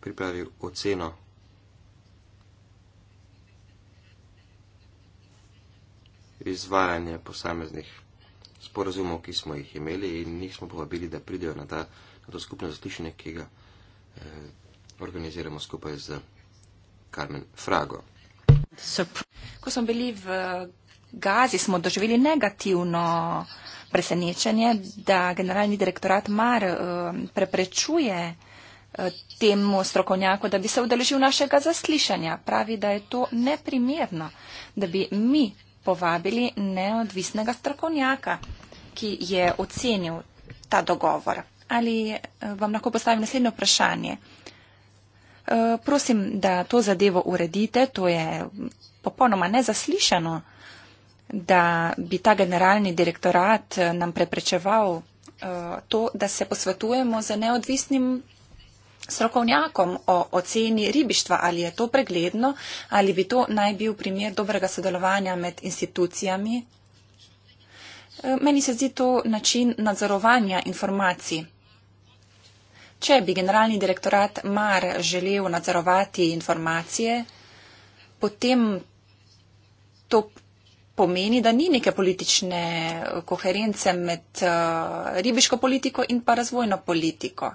pripravil oceno izvajanja posameznih sporazumov, ki smo jih imeli in njih smo povabili, da pridejo na, ta, na to skupno zaslišanje, ki ga Eh, organiziramo skupaj z Carmen Frago. Ko smo bili v Gazi, smo doživeli negativno presenečenje, da generalni direktorat Mar eh, preprečuje eh, temu strokovnjaku, da bi se udeležil našega zaslišanja. Pravi, da je to neprimerno, da bi mi povabili neodvisnega strokovnjaka, ki je ocenil ta dogovor ali eh, vam lahko postavim naslednje vprašanje. Eh, prosim, da to zadevo uredite, to je popolnoma nezaslišano, da bi ta generalni direktorat eh, nam preprečeval to, da se posvetujemo z neodvisnim strokovnjakom o oceni ribištva, ali je to pregledno, ali bi to naj bil primer dobrega sodelovanja med institucijami. Meni se zdi to način nadzorovanja informacij. Če bi generalni direktorat mar želel nadzorovati informacije, potem to pomeni, da ni neke politične koherence med eh, ribiško politiko in pa razvojno politiko.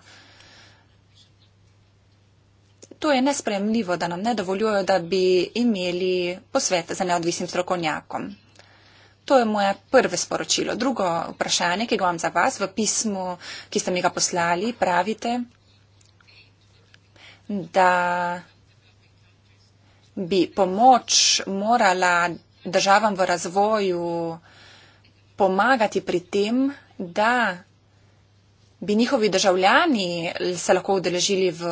To je nespremljivo, da nam ne dovoljujo, da bi imeli posvet za neodvisnim strokovnjakom. To je moje prvo sporočilo. Drugo vprašanje, ki ga imam za vas v pismu, ki ste mi ga poslali, pravite, da bi pomoč morala državam v razvoju pomagati pri tem, da bi njihovi državljani se lahko udeležili v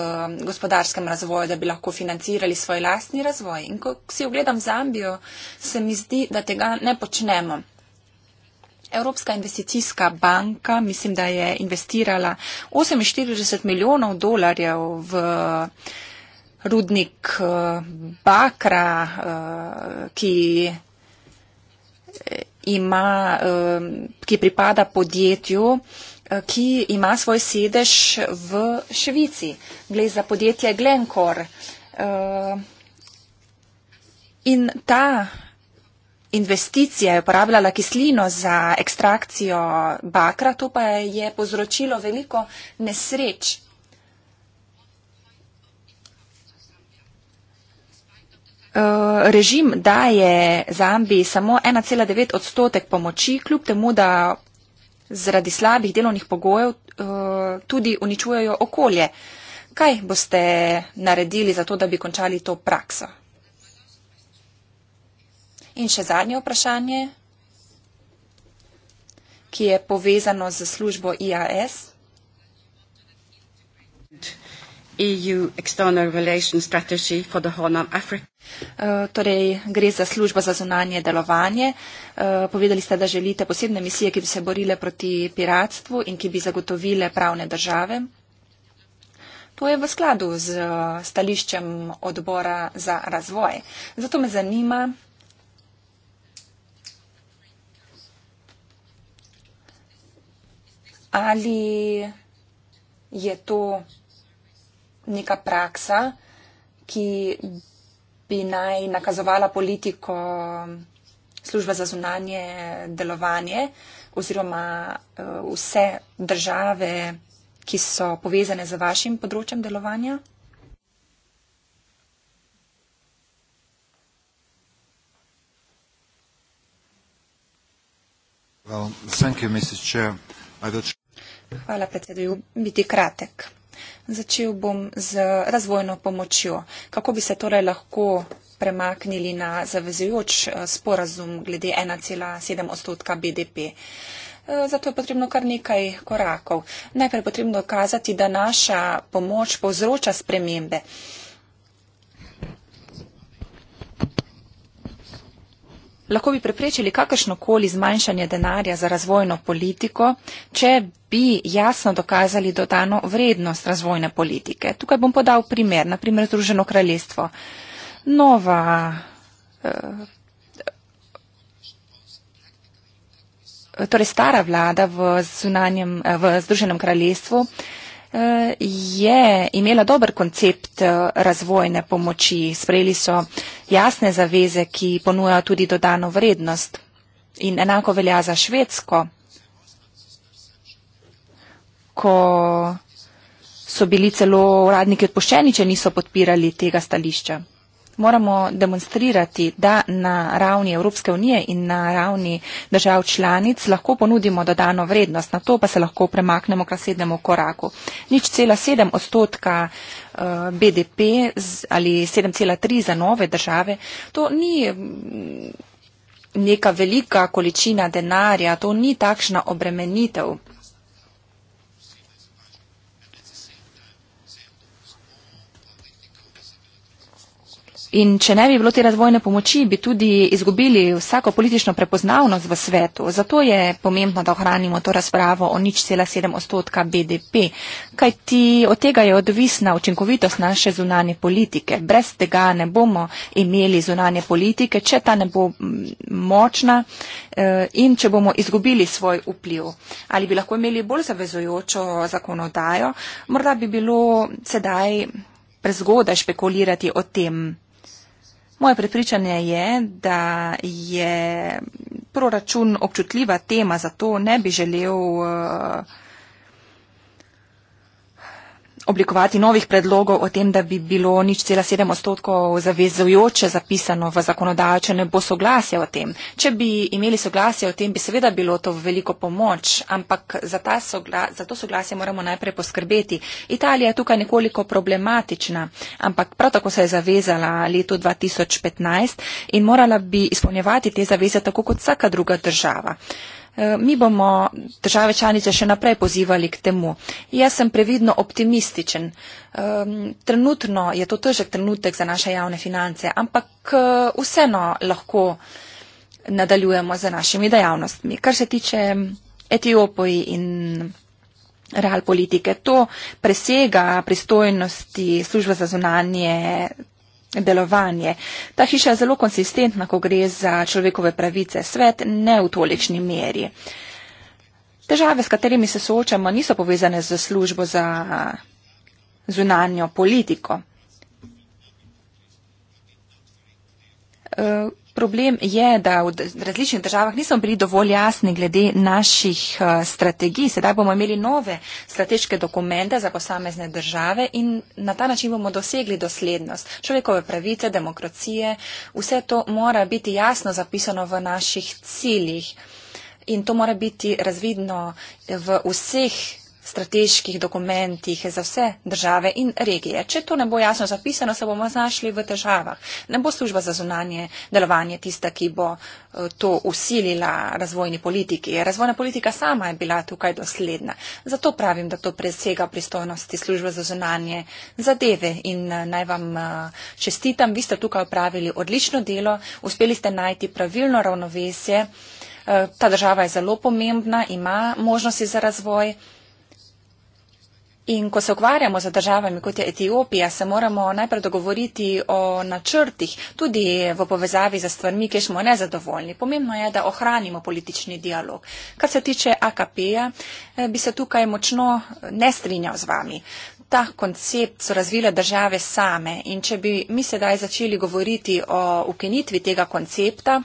gospodarskem razvoju, da bi lahko financirali svoj lastni razvoj. In ko si ogledam Zambijo, se mi zdi, da tega ne počnemo. Evropska investicijska banka, mislim, da je investirala 48 milijonov dolarjev v rudnik eh, Bakra, eh, ki eh, ima, ki pripada podjetju, Eh, ki ima svoj sedež v Švici. Gre za podjetje Glencore. Eh, in ta investicija je uporabljala kislino za ekstrakcijo bakra, to pa je povzročilo veliko nesreč. Eh, režim daje Zambiji samo 1,9 odstotek pomoči, kljub temu, da zaradi slabih delovnih pogojev eh, tudi uničujejo okolje. Kaj boste naredili za to, da bi končali to prakso? In še zadnje vprašanje, ki je povezano z službo IAS. EU external relations strategy for the Horn of Africa. Eh, torej, gre za službo za zunanje delovanje. Eh, povedali ste, da želite posebne misije, ki bi se borile proti piratstvu in ki bi zagotovile pravne države. To je v skladu z eh, stališčem odbora za razvoj. Zato me zanima, ali je to neka praksa, ki bi naj nakazovala politiko Služba za zunanje delovanje oziroma eh, vse države, ki so povezane z vašim področjem delovanja? Well, you, Hvala, predsedujoči. Biti kratek. Začel bom z razvojno pomočjo. Kako bi se torej lahko premaknili na zavezujoč eh, sporazum glede 1,7 odstotka BDP. Eh, zato je potrebno kar nekaj korakov. Najprej je potrebno dokazati, da naša pomoč povzroča spremembe. lahko bi preprečili kakršnokoli zmanjšanje denarja za razvojno politiko, če bi jasno dokazali dodano vrednost razvojne politike. Tukaj bom podal primer, naprimer Združeno kraljestvo. Nova. Eh, torej, stara vlada v, zunanjem, eh, v Združenem kraljestvu je imela dober koncept eh, razvojne pomoči. Sprejeli so jasne zaveze, ki ponujajo tudi dodano vrednost. In enako velja za Švedsko, ko so bili celo uradniki odpuščeni, če niso podpirali tega stališča moramo demonstrirati, da na ravni Evropske unije in na ravni držav članic lahko ponudimo dodano vrednost. Na to pa se lahko premaknemo k naslednjemu koraku. Nič cela sedem odstotka eh, BDP ali 7,3 za nove države, to ni mm, neka velika količina denarja, to ni takšna obremenitev. In če ne bi bilo te razvojne pomoči, bi tudi izgubili vsako politično prepoznavnost v svetu. Zato je pomembno, da ohranimo to razpravo o nič cela sedem odstotka BDP, kaj ti od tega je odvisna učinkovitost naše zunanje politike. Brez tega ne bomo imeli zunanje politike, če ta ne bo močna eh, in če bomo izgubili svoj vpliv. Ali bi lahko imeli bolj zavezojočo zakonodajo, morda bi bilo sedaj prezgodaj špekulirati o tem. Moje prepričanje je, da je proračun občutljiva tema, zato ne bi želel. Uh, oblikovati novih predlogov o tem, da bi bilo nič cela sedem odstotkov zavezujoče zapisano v zakonodajo, če ne bo soglasja o tem. Če bi imeli soglasje o tem, bi seveda bilo to veliko pomoč, ampak za, sogla za to soglasje moramo najprej poskrbeti. Italija je tukaj nekoliko problematična, ampak prav tako se je zavezala leto 2015 in morala bi izpolnjevati te zaveze tako kot vsaka druga država. Eh, mi bomo države članice še naprej pozivali k temu. Jaz sem previdno optimističen. Trenutno je to težek trenutek za naše javne finance, ampak eh, vseeno lahko nadaljujemo z našimi dejavnostmi. Kar se tiče Etiopoji in realpolitike, to presega pristojnosti službe za zunanje delovanje. Ta hiša je zelo konsistentna, ko gre za človekove pravice. Svet ne v tolikšni meri. Težave, s katerimi se soočamo, niso povezane z službo za zunanjo politiko problem je, da v različnih državah nismo bili dovolj jasni glede naših eh, strategij. Sedaj bomo imeli nove strateške dokumente za posamezne države in na ta način bomo dosegli doslednost. Človekove pravice, demokracije, vse to mora biti jasno zapisano v naših ciljih. In to mora biti razvidno v vseh strateških dokumentih za vse države in regije. Če to ne bo jasno zapisano, se bomo znašli v težavah. Ne bo služba za zunanje delovanje tista, ki bo eh, to usilila razvojni politiki. Razvojna politika sama je bila tukaj dosledna. Zato pravim, da to presega pristojnosti službe za zunanje zadeve in eh, naj vam eh, čestitam. Vi ste tukaj opravili odlično delo, uspeli ste najti pravilno ravnovesje. Ta država je zelo pomembna, ima možnosti za razvoj. In ko se ukvarjamo z državami, kot je Etiopija, se moramo najprej dogovoriti o načrtih, tudi v povezavi za stvarmi, ki smo nezadovoljni. Pomembno je, da ohranimo politični dialog. Kar se tiče AKP-ja, eh, bi se tukaj močno eh, ne strinjal z vami. Ta koncept so razvile države same in če bi mi sedaj začeli govoriti o ukenitvi tega koncepta,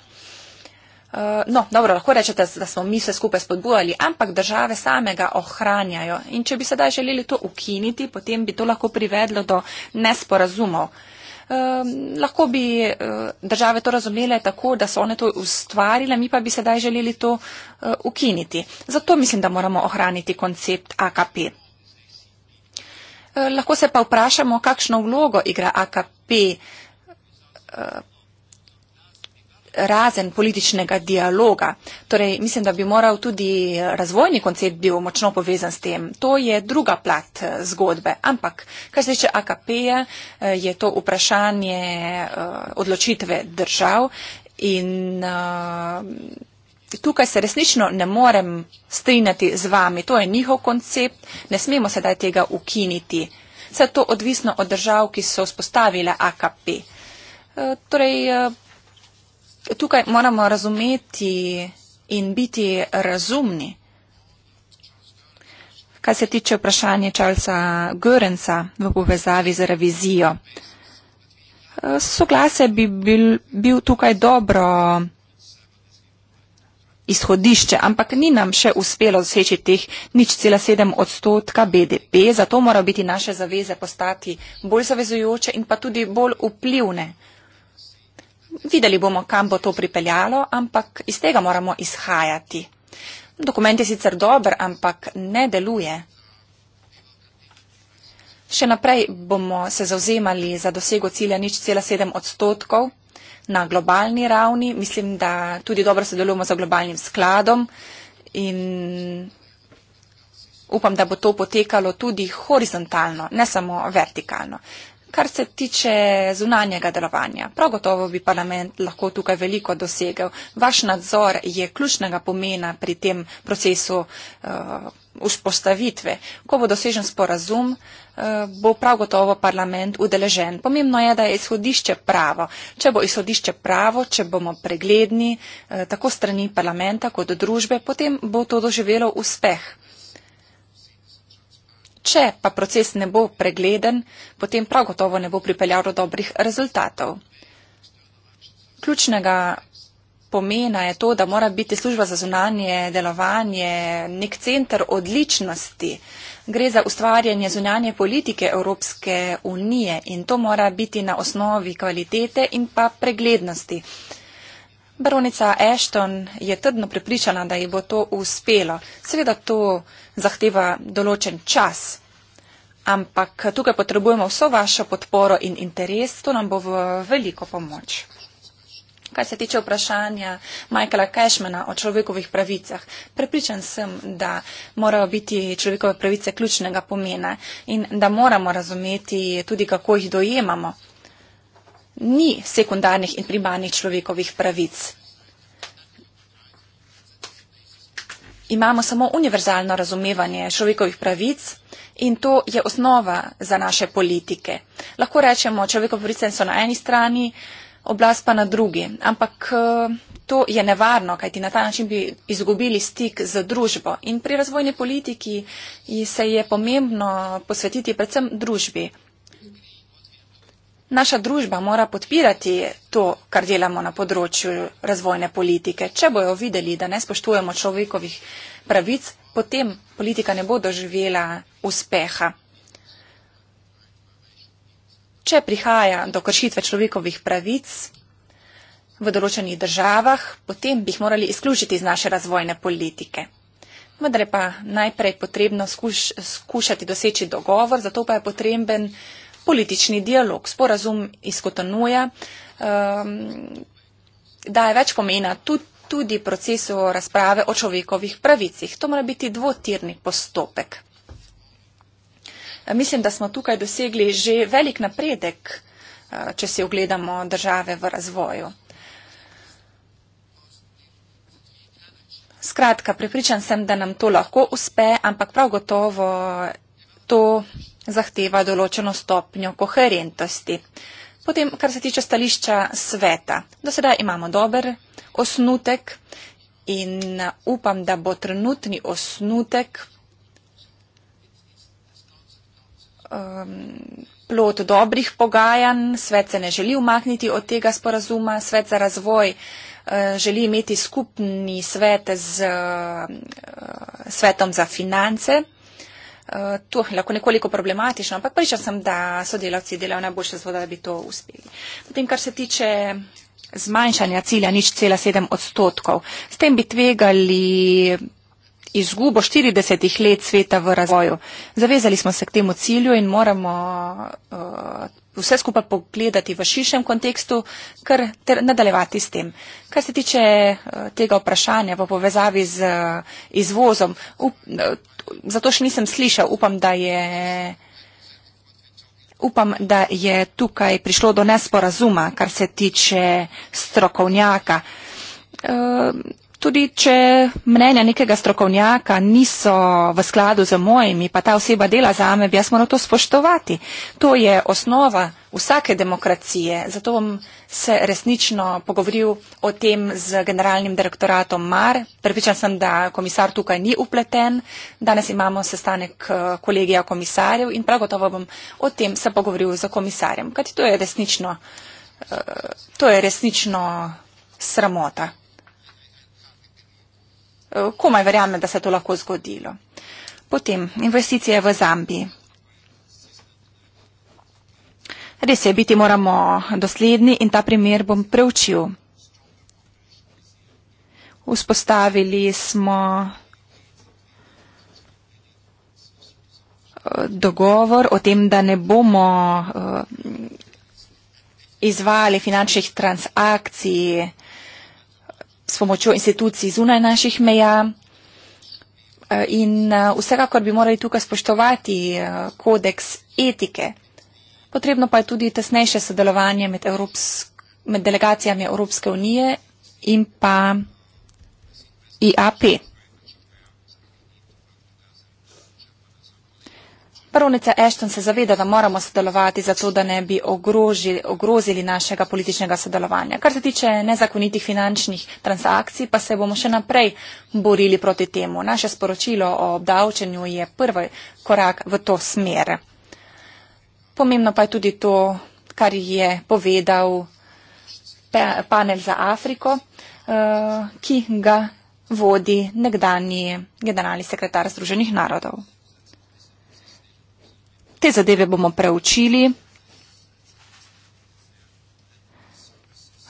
Eh, no, dobro, lahko rečete, da smo mi vse skupaj spodbujali, ampak države same ga ohranjajo. In če bi sedaj želeli to ukiniti, potem bi to lahko privedlo do nesporazumov. Eh, lahko bi eh, države to razumele tako, da so one to ustvarile, mi pa bi sedaj želeli to eh, ukiniti. Zato mislim, da moramo ohraniti koncept AKP. Eh, lahko se pa vprašamo, kakšno vlogo igra AKP. Eh, razen političnega dialoga. Torej, mislim, da bi moral tudi eh, razvojni koncept bil močno povezan s tem. To je druga plat eh, zgodbe. Ampak, kar se tiče AKP, -ja, eh, je to vprašanje odločitve držav in tukaj se resnično ne morem strinjati z vami. To je njihov koncept, ne smemo sedaj tega ukiniti. Vse to odvisno od držav, ki so spostavile AKP. Torej, tukaj moramo razumeti in biti razumni. Kaj se tiče vprašanja Charlesa Görensa v povezavi z revizijo, soglase bi bil, bil tukaj dobro izhodišče, ampak ni nam še uspelo doseči teh nič cela sedem odstotka BDP, zato morajo biti naše zaveze postati bolj zavezujoče in pa tudi bolj vplivne. Videli bomo, kam bo to pripeljalo, ampak iz tega moramo izhajati. Dokument je sicer dober, ampak ne deluje. Še naprej bomo se zauzemali za dosego cilja nič cela sedem odstotkov na globalni ravni. Mislim, da tudi dobro sodelujemo za globalnim skladom in upam, da bo to potekalo tudi horizontalno, ne samo vertikalno. Kar se tiče zunanjega delovanja, prav gotovo bi parlament lahko tukaj veliko dosegel. Vaš nadzor je ključnega pomena pri tem procesu eh, vzpostavitve. Uh, Ko bo dosežen sporazum, uh, bo prav gotovo parlament udeležen. Pomembno je, da je izhodišče pravo. Če bo izhodišče pravo, če bomo pregledni uh, tako strani parlamenta kot družbe, potem bo to doživelo uspeh. Če pa proces ne bo pregleden, potem prav gotovo ne bo pripeljal do dobrih rezultatov. Ključnega pomena je to, da mora biti služba za zunanje delovanje nek centr odličnosti. Gre za ustvarjanje zunanje politike Evropske unije in to mora biti na osnovi kvalitete in pa preglednosti. Baronica Ashton je trdno pripričana, da ji bo to uspelo. Seveda to zahteva določen čas, ampak tukaj potrebujemo vso vašo podporo in interes, to nam bo v veliko pomoč. Kaj se tiče vprašanja Michaela Cashmana o človekovih pravicah, prepričan sem, da morajo biti človekove pravice ključnega pomena in da moramo razumeti tudi, kako jih dojemamo ni sekundarnih in primarnih človekovih pravic. Imamo samo univerzalno razumevanje človekovih pravic in to je osnova za naše politike. Lahko rečemo, človekovi pravice so na eni strani, oblast pa na drugi. Ampak eh, to je nevarno, kajti na ta način bi izgubili stik z družbo. In pri razvojni politiki se je pomembno posvetiti predvsem družbi, Naša družba mora podpirati to, kar delamo na področju razvojne politike. Če bojo videli, da ne spoštujemo človekovih pravic, potem politika ne bo doživela uspeha. Če prihaja do kršitve človekovih pravic v določenih državah, potem bi jih morali izključiti iz naše razvojne politike. Vendar je pa najprej potrebno skuš, skušati doseči dogovor, zato pa je potreben politični dialog. Sporazum izkotanuje, um, daje več pomena tudi, tudi procesu razprave o človekovih pravicih. To mora biti dvotirni postopek. Mislim, da smo tukaj dosegli že velik napredek, eh, če se ogledamo države v razvoju. Skratka, prepričan sem, da nam to lahko uspe, ampak prav gotovo to zahteva določeno stopnjo koherentnosti. Potem, kar se tiče stališča sveta. Do sedaj imamo dober osnutek in upam, da bo trenutni osnutek um, plot dobrih pogajanj. Svet se ne želi umakniti od tega sporazuma. Svet za razvoj uh, želi imeti skupni svet z uh, svetom za finance. Eh, to lahko nekoliko problematično, ampak pričal sem, da sodelavci delajo najboljše zvoda, da bi to uspeli. Potem, kar se tiče zmanjšanja cilja nič cela sedem odstotkov, s tem bi tvegali izgubo 40 let sveta v razvoju. Zavezali smo se k temu cilju in moramo uh, vse skupaj pogledati v širšem kontekstu, kar ter nadaljevati s tem. Kar se tiče uh, tega vprašanja v povezavi z uh, izvozom, up, uh, zato še nisem slišal, upam, da je, upam, da je tukaj prišlo do nesporazuma, kar se tiče strokovnjaka. Uh, Tudi če mnenja nekega strokovnjaka niso v skladu z mojimi, pa ta oseba dela za me, bi jaz moral to spoštovati. To je osnova vsake demokracije. Zato bom se resnično pogovoril o tem z generalnim direktoratom Mar. Prepričan sem, da komisar tukaj ni upleten. Danes imamo sestanek eh, kolegija komisarjev in prav gotovo bom o tem se pogovoril z komisarjem. Kaj to je resnično, eh, to je resnično sramota. Eh, komaj verjame, da se to lahko zgodilo. Potem investicije v Zambiji. Res je, biti moramo dosledni in ta primer bom preučil. Vzpostavili smo eh, dogovor o tem, da ne bomo eh, izvali finančnih transakcij s pomočjo institucij zunaj naših meja. Eh, in eh, vsekakor bi morali tukaj spoštovati eh, kodeks etike. Potrebno pa je tudi tesnejše sodelovanje med, Evropsk med delegacijami Evropske unije in pa IAP. Baronica Ashton se zaveda, da moramo sodelovati zato, da ne bi ogrožili, ogrozili našega političnega sodelovanja. Kar se tiče nezakonitih finančnih transakcij, pa se bomo še naprej borili proti temu. Naše sporočilo o obdavčenju je prvi korak v to smer. Pomembno pa je tudi to, kar je povedal panel za Afriko, eh, ki ga vodi nekdani generalni sekretar Združenih narodov. Te zadeve bomo preučili.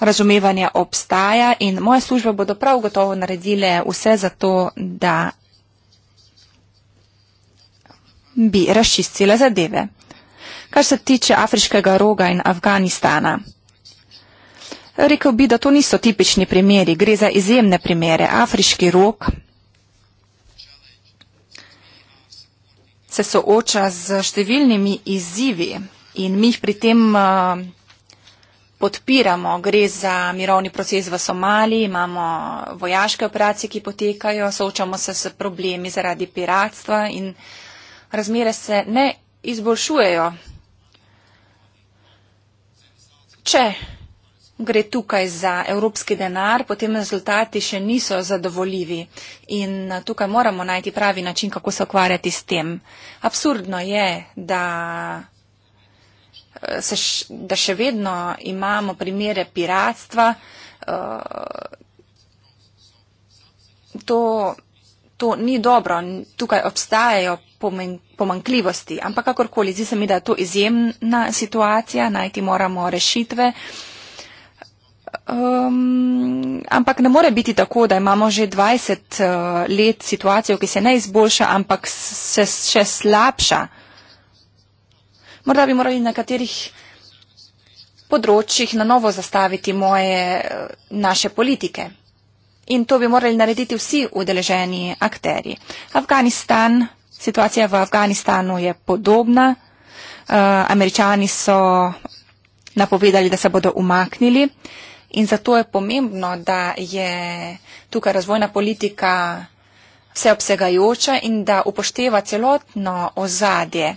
Razumevanje obstaja in moja služba bodo prav gotovo naredile vse za to, da bi razčistile zadeve. Kar se tiče afriškega roga in Afganistana, rekel bi, da to niso tipični primeri, gre za izjemne primere. Afriški rok se sooča z številnimi izzivi in mi jih pri tem eh, podpiramo. Gre za mirovni proces v Somaliji, imamo eh, vojaške operacije, ki potekajo, soočamo se s problemi zaradi piratstva in razmere se ne izboljšujejo. Če gre tukaj za evropski denar, potem rezultati še niso zadovoljivi in eh, tukaj moramo najti pravi način, kako se ukvarjati s tem. Absurdno je, da, eh, se, da še vedno imamo primere piratstva. Eh, to, to ni dobro, tukaj obstajajo pomankljivosti, ampak kakorkoli, zdi se mi, da je to izjemna situacija, najti moramo rešitve. Um, ampak ne more biti tako, da imamo že 20 uh, let situacijo, ki se ne izboljša, ampak se še slabša. Morda bi morali na katerih področjih na novo zastaviti moje, uh, naše politike. In to bi morali narediti vsi udeleženi akteri. Afganistan, situacija v Afganistanu je podobna. Uh, američani so napovedali, da se bodo umaknili. Uh, In zato je pomembno, da je tukaj razvojna politika vseobsegajoča in da upošteva celotno ozadje.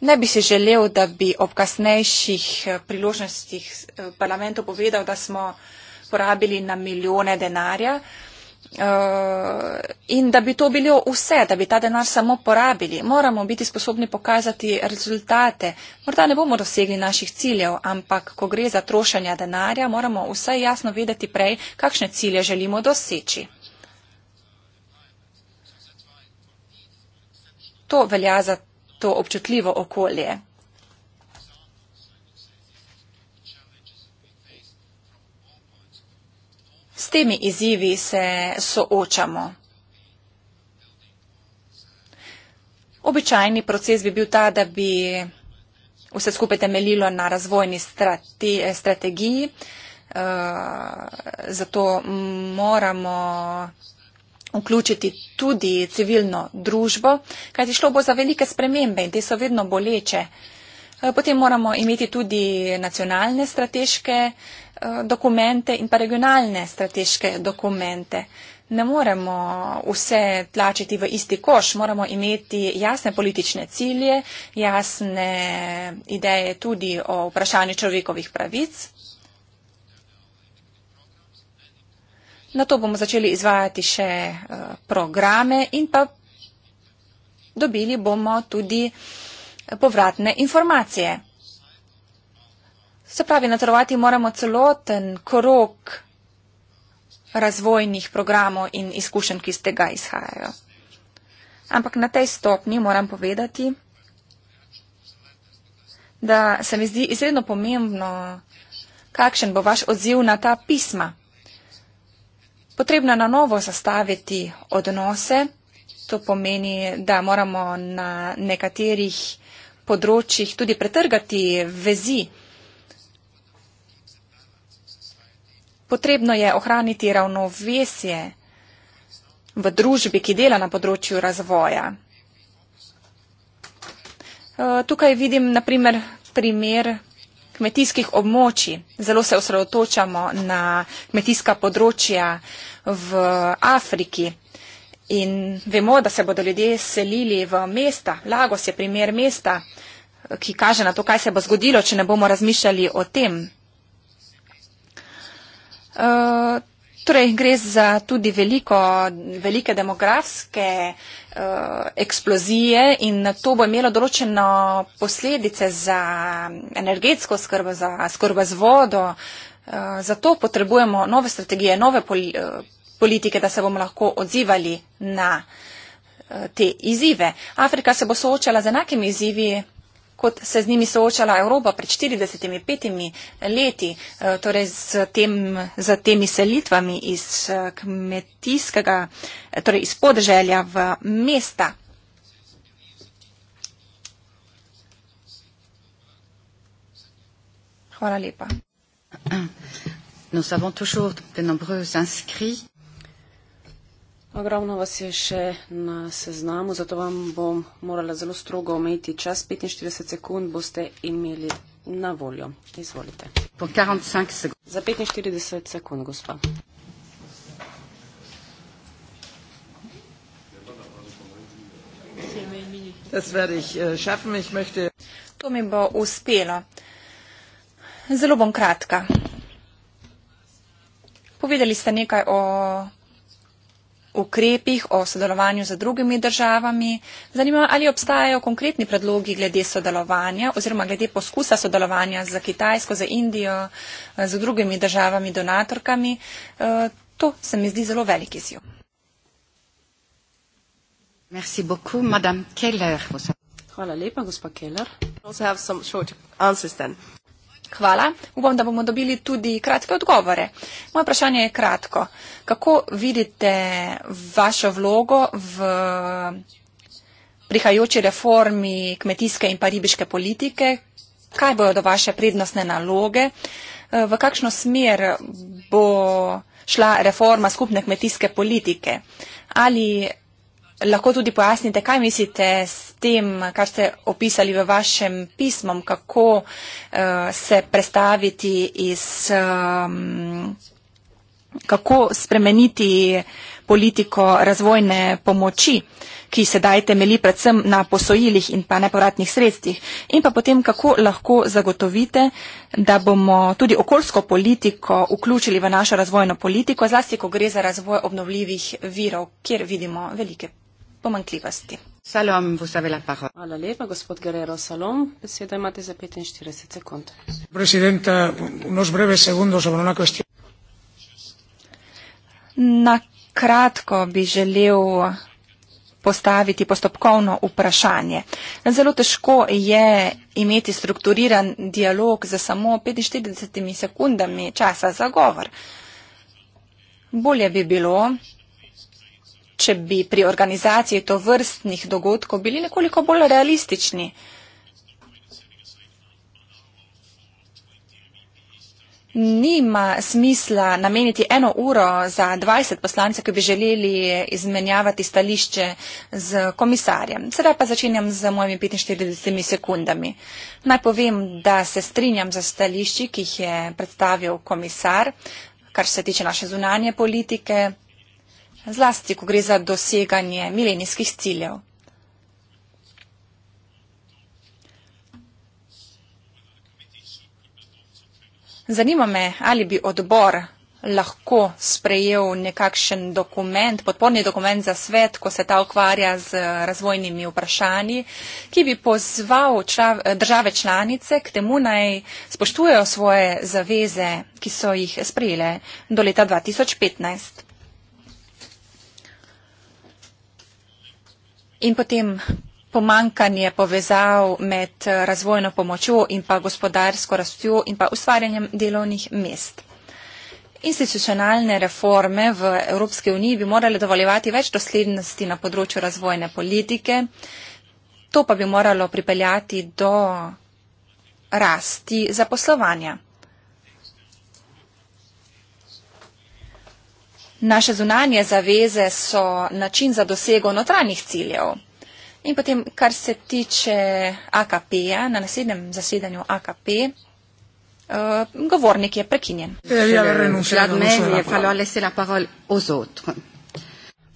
Ne bi si želel, da bi ob kasnejših eh, priložnostih eh, parlamentu povedal, da smo porabili na milijone denarja. Eh, in da bi to bilo vse, da bi ta denar samo porabili. Moramo biti sposobni pokazati rezultate. Morda ne bomo dosegli naših ciljev, ampak ko gre za trošanje denarja, moramo vse jasno vedeti prej, kakšne cilje želimo doseči. To velja za to občutljivo okolje. temi izzivi se soočamo. Običajni proces bi bil ta, da bi vse skupaj temeljilo na razvojni strate, strategiji, eh, zato moramo vključiti tudi civilno družbo, kajti šlo bo za velike spremembe in te so vedno boleče. Eh, potem moramo imeti tudi nacionalne strateške Eh, dokumente in pa regionalne strateške dokumente. Ne moremo vse tlačiti v isti koš, moramo imeti jasne politične cilje, jasne ideje tudi o vprašanju človekovih pravic. Na to bomo začeli izvajati še eh, programe in pa dobili bomo tudi povratne informacije. Se pravi, natrovati moramo celoten krok razvojnih programov in izkušenj, ki iz tega izhajajo. Ampak na tej stopni moram povedati, da se mi zdi izredno pomembno, kakšen bo vaš odziv na ta pisma. Potrebno je na novo zastaviti odnose, to pomeni, da moramo na nekaterih področjih tudi pretrgati vezi. Potrebno je ohraniti ravnovesje v družbi, ki dela na področju razvoja. E, tukaj vidim naprimer primer kmetijskih območij. Zelo se osredotočamo na kmetijska področja v Afriki in vemo, da se bodo ljudje selili v mesta. Lagos je primer mesta, ki kaže na to, kaj se bo zgodilo, če ne bomo razmišljali o tem. Eh, torej gre za tudi veliko, velike demografske eh, eksplozije in to bo imelo določeno posledice za energetsko skrbo, za skrbo z vodo. Eh, zato potrebujemo nove strategije, nove politike, da se bomo lahko odzivali na te izzive. Afrika se bo soočala z enakimi izzivi kot se z njimi soočala Evropa pred 45 leti, eh, torej z, tem, z temi selitvami iz eh, kmetijskega, eh, torej iz podeželja v mesta. Hvala lepa. Nous avons toujours de nombreux inscrits. Ogromno vas je še na seznamu, zato vam bom morala zelo strogo omejiti čas. 45 sekund boste imeli na voljo. Izvolite. Po 45 sekund. Za 45 sekund, gospa. Äh, to mi bo uspelo. Zelo bom kratka. Povedali ste nekaj o ukrepih, o sodelovanju z drugimi državami. Zanima me, ali obstajajo konkretni predlogi glede sodelovanja oziroma glede poskusa sodelovanja z Kitajsko, z Indijo, z drugimi državami, donatorkami. E, to se mi zdi zelo velik izjiv. Hvala lepa, gospod Keller. Hvala. Upam, da bomo dobili tudi kratke odgovore. Moje vprašanje je kratko. Kako vidite vašo vlogo v prihajajoči reformi kmetijske in pa ribiške politike? Kaj bodo do vaše prednostne naloge? V kakšno smer bo šla reforma skupne kmetijske politike? Ali lahko tudi pojasnite, kaj mislite s tem, kar ste opisali v vašem pismu, kako uh, se prestaviti iz, um, kako spremeniti politiko razvojne pomoči, ki se dajte meli predvsem na posojilih in pa nepovratnih sredstvih. In pa potem, kako lahko zagotovite, da bomo tudi okoljsko politiko vključili v našo razvojno politiko, zlasti, ko gre za razvoj obnovljivih virov, kjer vidimo velike pomankljivosti. Salom, la Hvala lepa, gospod Guerrero Salom. Besedo imate za 45 sekund. Presidenta, unos breve segundos sobre una cuestión. Na kratko bi želel postaviti postopkovno vprašanje. Zelo težko je imeti strukturiran dialog za samo 45 sekundami časa za govor. Bolje bi bilo, če bi pri organizaciji to vrstnih dogodkov bili nekoliko bolj realistični. Nima smisla nameniti eno uro za 20 poslancev, ki bi želeli izmenjavati stališče z komisarjem. Sedaj pa začenjam z mojimi 45 sekundami. Naj povem, da se strinjam za stališči, ki jih je predstavil komisar, kar se tiče naše zunanje politike, zlasti, ko gre za doseganje milenijskih ciljev. Zanima me, ali bi odbor lahko sprejel nekakšen dokument, podporni dokument za svet, ko se ta ukvarja z razvojnimi vprašanji, ki bi pozval države članice k temu naj spoštujejo svoje zaveze, ki so jih sprejele do leta 2015. In potem pomankanje povezav med eh, razvojno pomočjo in pa gospodarsko rastjo in pa ustvarjanjem delovnih mest. Institucionalne reforme v Evropske uniji bi morale dovoljevati več doslednosti na področju razvojne politike, to pa bi moralo pripeljati do rasti zaposlovanja. Naše zunanje zaveze so način za dosego notranjih ciljev. In potem, kar se tiče AKP-ja, na naslednjem zasedanju AKP, uh, govornik je prekinjen.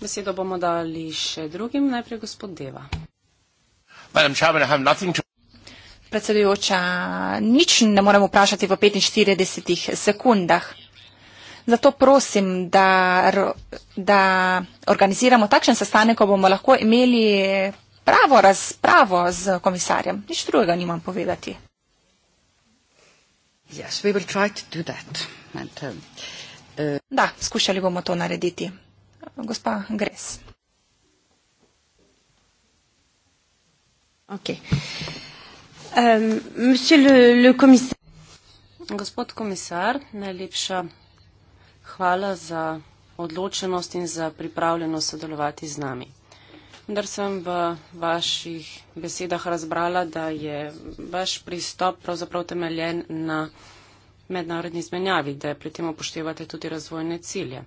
Besedo bomo dali še drugim, najprej gospod Deva. Predsedujoča, nič ne morem vprašati v 45 sekundah. Zato prosim, da, da organiziramo takšen sestanek, ko bomo lahko imeli pravo razpravo z komisarjem. Nič drugega nimam povedati. Yes, we will try to do that. And, um, uh, da, skušali bomo to narediti. Gospa Gres. Okay. Um, le, le komisar. Gospod komisar, najlepša hvala za odločenost in za pripravljenost sodelovati z nami. Vendar sem v vaših besedah razbrala, da je vaš pristop pravzaprav temeljen na mednarodni izmenjavi, da pri tem upoštevate tudi razvojne cilje.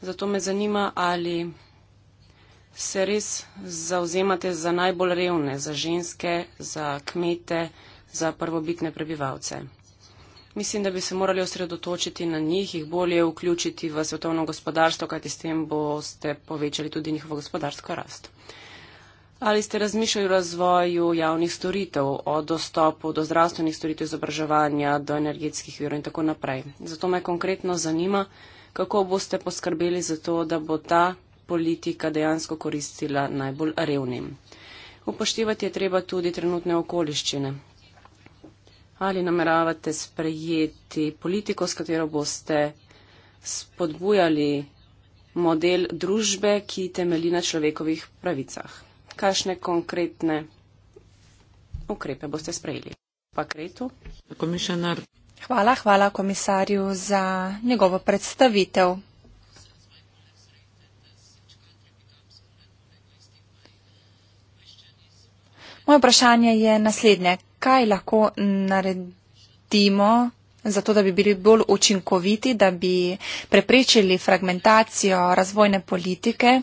Zato me zanima, ali se res zauzemate za najbolj revne, za ženske, za kmete, za prvobitne prebivalce mislim, da bi se morali osredotočiti na njih, jih bolje vključiti v svetovno gospodarstvo, kajti s tem boste povečali tudi njihovo gospodarsko rast. Ali ste razmišljali o razvoju javnih storitev, o dostopu do zdravstvenih storitev izobraževanja, do energetskih virov in tako naprej? Zato me konkretno zanima, kako boste poskrbeli za to, da bo ta politika dejansko koristila najbolj revnim. Upoštevati je treba tudi trenutne okoliščine ali nameravate sprejeti politiko, s katero boste spodbujali model družbe, ki temelji na človekovih pravicah. Kakšne konkretne ukrepe boste sprejeli? Pa Kretu. Komisar. Hvala, hvala komisarju za njegovo predstavitev. Moje vprašanje je naslednje kaj lahko naredimo za to, da bi bili bolj učinkoviti, da bi preprečili fragmentacijo razvojne politike.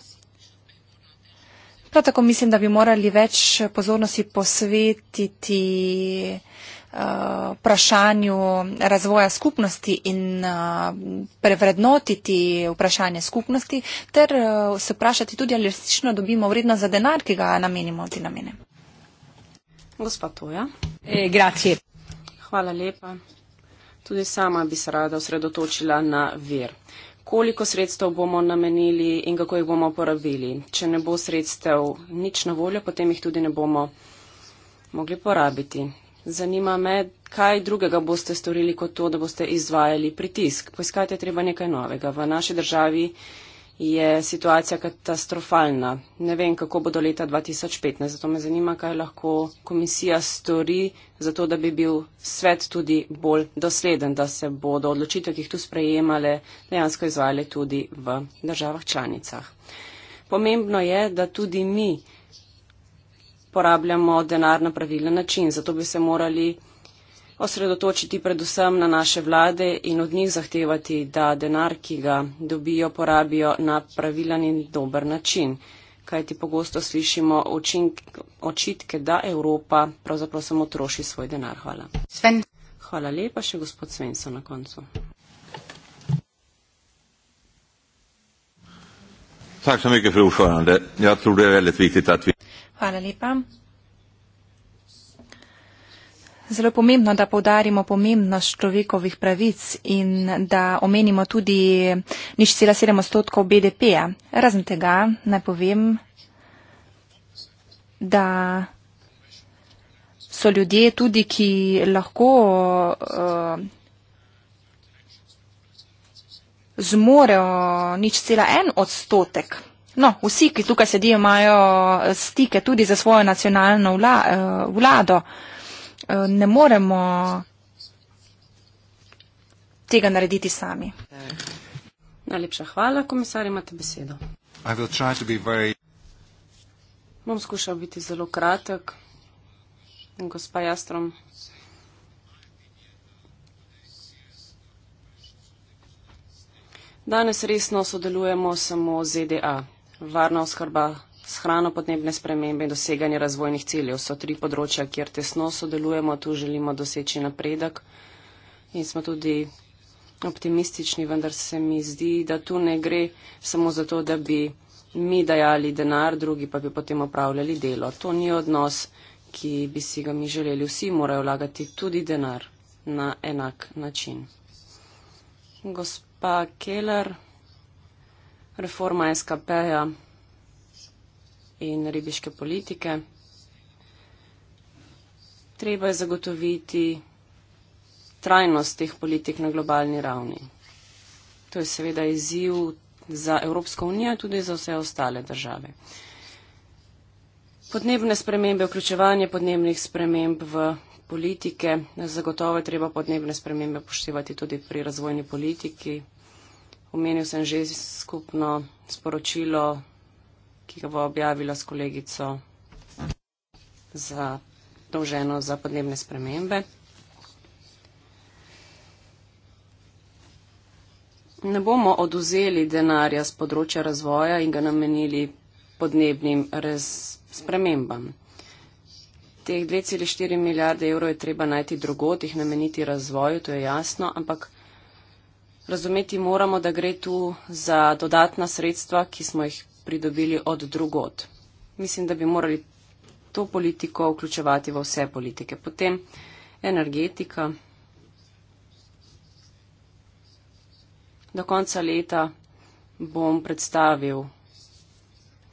Prav tako mislim, da bi morali več pozornosti posvetiti eh, vprašanju razvoja skupnosti in eh, prevrednotiti vprašanje skupnosti ter eh, se vprašati tudi, ali resnično dobimo vrednost za denar, ki ga namenimo ti namene. Gospa Toja. E, grazie. Hvala lepa. Tudi sama bi se rada osredotočila na vir. Koliko sredstev bomo namenili in kako jih bomo porabili? Če ne bo sredstev nič na voljo, potem jih tudi ne bomo mogli porabiti. Zanima me, kaj drugega boste storili kot to, da boste izvajali pritisk. Poiskati je treba nekaj novega. V naši državi je situacija katastrofalna. Ne vem, kako bo do leta 2015, zato me zanima, kaj lahko komisija stori, zato da bi bil svet tudi bolj dosleden, da se bodo odločitve, ki jih tu sprejemale, dejansko izvajale tudi v državah članicah. Pomembno je, da tudi mi porabljamo denar na pravilen način, zato bi se morali osredotočiti predvsem na naše vlade in od njih zahtevati, da denar, ki ga dobijo, porabijo na pravilen in dober način. Kaj ti pogosto slišimo očink, očitke, da Evropa pravzaprav samo troši svoj denar. Hvala. Sven. Hvala lepa še gospod Svenso na koncu. Hvala lepa. Zelo pomembno, da povdarimo pomembnost človekovih pravic in da omenimo tudi nič cela sedem odstotkov BDP-ja. Razen tega naj povem, da so ljudje tudi, ki lahko uh, zmorejo nič cela en odstotek. No, vsi, ki tukaj sedijo, imajo stike tudi za svojo nacionalno vla, uh, vlado. Eh, ne moremo tega narediti sami. Najlepša hvala, komisar, imate besedo. Very... Bom skušal biti zelo kratek. Gospa Jastrom. Danes resno sodelujemo samo ZDA. Varna oskrba s hrano podnebne spremembe in doseganje razvojnih ciljev. So tri področja, kjer tesno sodelujemo, tu želimo doseči napredek in smo tudi optimistični, vendar se mi zdi, da tu ne gre samo zato, da bi mi dajali denar, drugi pa bi potem opravljali delo. To ni odnos, ki bi si ga mi želeli. Vsi morajo vlagati tudi denar na enak način. Gospa Keller, reforma SKP-ja in ribiške politike. Treba je zagotoviti trajnost teh politik na globalni ravni. To je seveda izziv za Evropsko unijo, tudi za vse ostale države. Podnebne spremembe, vključevanje podnebnih sprememb v politike, zagotovo je treba podnebne spremembe poštevati tudi pri razvojni politiki. Omenil sem že skupno sporočilo ki ga bo objavila s kolegico za dolženo za podnebne spremembe. Ne bomo oduzeli denarja z področja razvoja in ga namenili podnebnim spremembam. Teh 2,4 milijarde evrov je treba najti drugot, jih nameniti razvoju, to je jasno, ampak razumeti moramo, da gre tu za dodatna sredstva, ki smo jih pridobili od drugot. Mislim, da bi morali to politiko vključevati v vse politike. Potem energetika. Do konca leta bom predstavil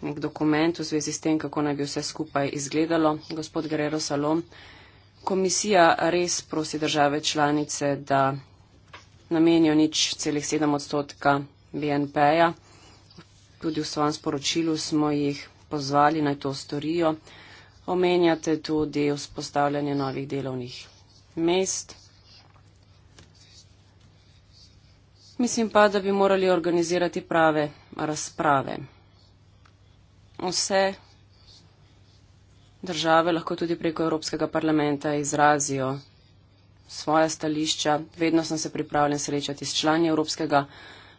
nek dokument v zvezi s tem, kako naj bi vse skupaj izgledalo. Gospod Guerrero Salom, komisija res prosi države članice, da namenijo nič celih sedem odstotka BNP-ja tudi v svojem sporočilu smo jih pozvali naj to storijo. Omenjate tudi vzpostavljanje novih delovnih mest. Mislim pa, da bi morali organizirati prave razprave. Vse države lahko tudi preko Evropskega parlamenta izrazijo svoja stališča. Vedno sem se pripravljen srečati s člani Evropskega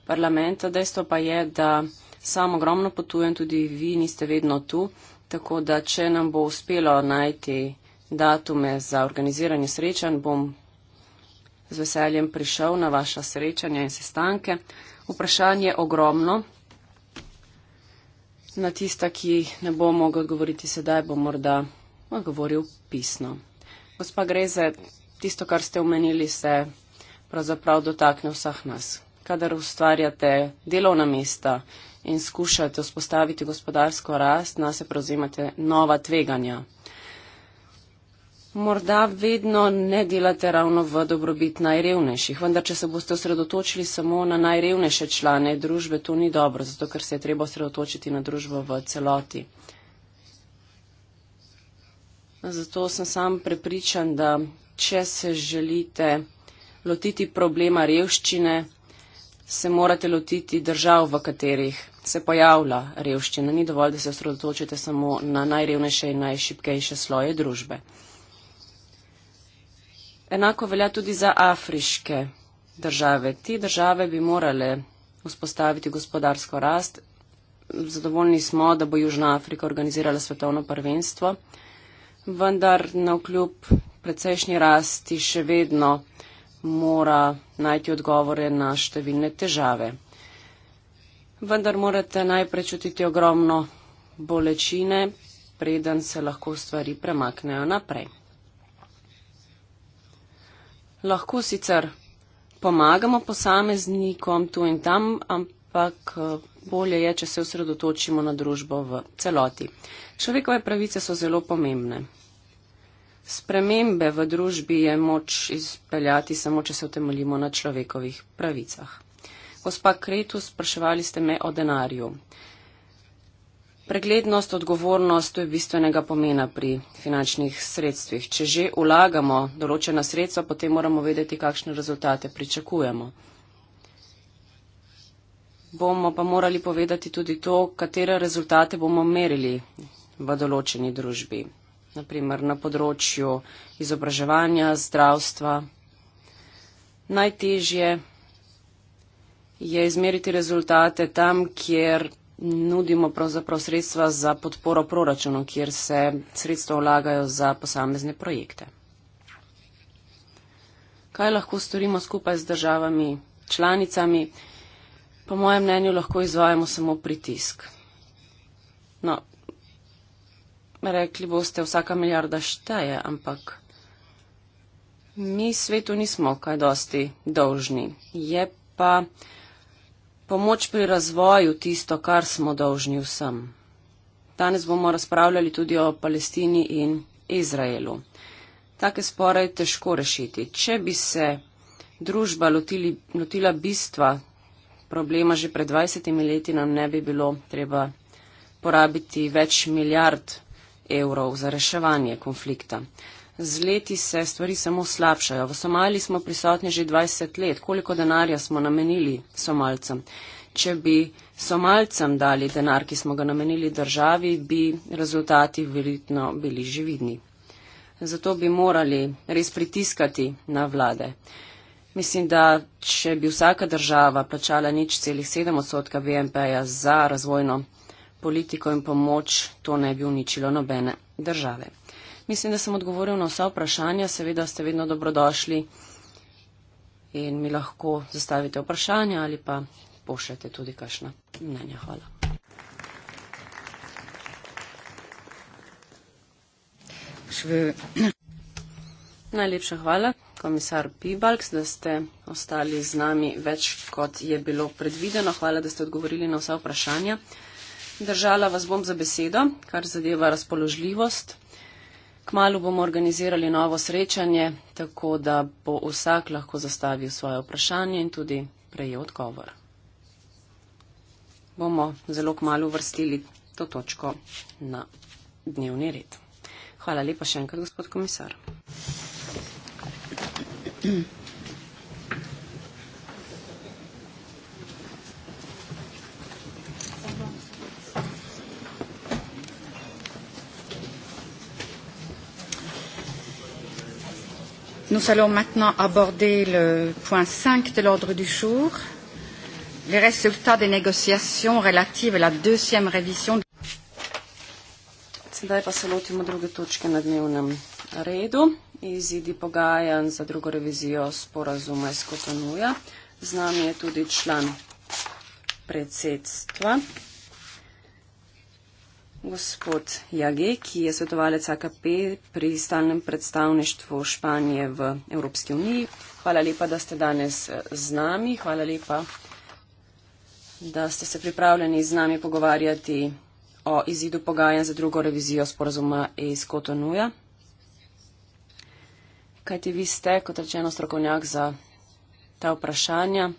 parlamenta. Dejstvo pa je, da sam ogromno potujem, tudi vi niste vedno tu, tako da če nam bo uspelo najti datume za organiziranje srečanj, bom z veseljem prišel na vaša srečanja in sestanke. Vprašanje je ogromno. Na tista, ki ne bo mogel govoriti sedaj, bo morda govoril pisno. Gospa Greze, tisto, kar ste omenili, se pravzaprav dotakne vseh nas. Kadar ustvarjate delovna mesta, in skušate vzpostaviti gospodarsko rast, nas je prevzemate nova tveganja. Morda vedno ne delate ravno v dobrobit najrevnejših, vendar če se boste osredotočili samo na najrevnejše člane družbe, to ni dobro, zato ker se je treba osredotočiti na družbo v celoti. Zato sem sam prepričan, da če se želite lotiti problema revščine, se morate lotiti držav, v katerih se pojavlja revščina, ni dovolj, da se osredotočite samo na najrevnejše in najšipkejše sloje družbe. Enako velja tudi za afriške države. Ti države bi morale vzpostaviti gospodarsko rast. Zadovoljni smo, da bo Južna Afrika organizirala svetovno prvenstvo, vendar na vkljub precejšnji rasti še vedno mora najti odgovore na številne težave vendar morate najprej čutiti ogromno bolečine, preden se lahko stvari premaknejo naprej. Lahko sicer pomagamo posameznikom tu in tam, ampak eh, bolje je, če se osredotočimo na družbo v celoti. Človekove pravice so zelo pomembne. Spremembe v družbi je moč izpeljati samo, če se utemolimo na človekovih pravicah. Gospa Kretus, spraševali ste me o denarju. Preglednost, odgovornost, to je bistvenega pomena pri finančnih sredstvih. Če že ulagamo določena sredstva, potem moramo vedeti, kakšne rezultate pričakujemo. Bomo pa morali povedati tudi to, katere rezultate bomo merili v določeni družbi, naprimer na področju izobraževanja, zdravstva. Najtežje je izmeriti rezultate tam, kjer nudimo pravzaprav sredstva za podporo proračunu, kjer se sredstva vlagajo za posamezne projekte. Kaj lahko storimo skupaj z državami članicami? Po mojem mnenju lahko izvajamo samo pritisk. No, rekli boste, vsaka milijarda šteje, ampak mi svetu nismo kaj dosti dolžni. Je pa pomoč pri razvoju tisto, kar smo dolžni vsem. Danes bomo razpravljali tudi o Palestini in Izraelu. Take spore je težko rešiti. Če bi se družba lotili, lotila bistva problema že pred 20 leti, nam ne bi bilo treba porabiti več milijard evrov za reševanje konflikta z leti se stvari samo slabšajo. V Somaliji smo prisotni že 20 let. Koliko denarja smo namenili Somalcem? Če bi Somalcem dali denar, ki smo ga namenili državi, bi rezultati verjetno bili že vidni. Zato bi morali res pritiskati na vlade. Mislim, da če bi vsaka država plačala nič celih sedem odstotka BNP-ja za razvojno politiko in pomoč, to ne bi uničilo nobene države. Mislim, da sem odgovoril na vsa vprašanja, seveda ste vedno dobrodošli in mi lahko zastavite vprašanja ali pa pošljete tudi kašna mnenja. Hvala. Najlepša hvala, komisar Pibalks, da ste ostali z nami več, kot je bilo predvideno. Hvala, da ste odgovorili na vsa vprašanja. Držala vas bom za besedo, kar zadeva razpoložljivost. Kmalo bomo organizirali novo srečanje, tako da bo vsak lahko zastavil svoje vprašanje in tudi prejel odgovor. Bomo zelo kmalo vrstili to točko na dnevni red. Hvala lepa še enkrat, gospod komisar. Mm. Nous allons maintenant aborder le point 5 de l'ordre du jour, les résultats des négociations relatives à la deuxième révision. Sedaj pa se lotimo druge točke na dnevnem redu. Izidi pogajanj za drugo revizijo sporazuma iz Kotonuja. Z nami je tudi član predsedstva. Gospod Jage, ki je svetovalec AKP pri stalnem predstavništvu Španije v Evropski uniji. Hvala lepa, da ste danes eh, z nami. Hvala lepa, da ste se pripravljeni z nami pogovarjati o izidu pogajanj za drugo revizijo sporazuma iz Kotonuja. Kajti vi ste, kot rečeno, strokovnjak za ta vprašanja.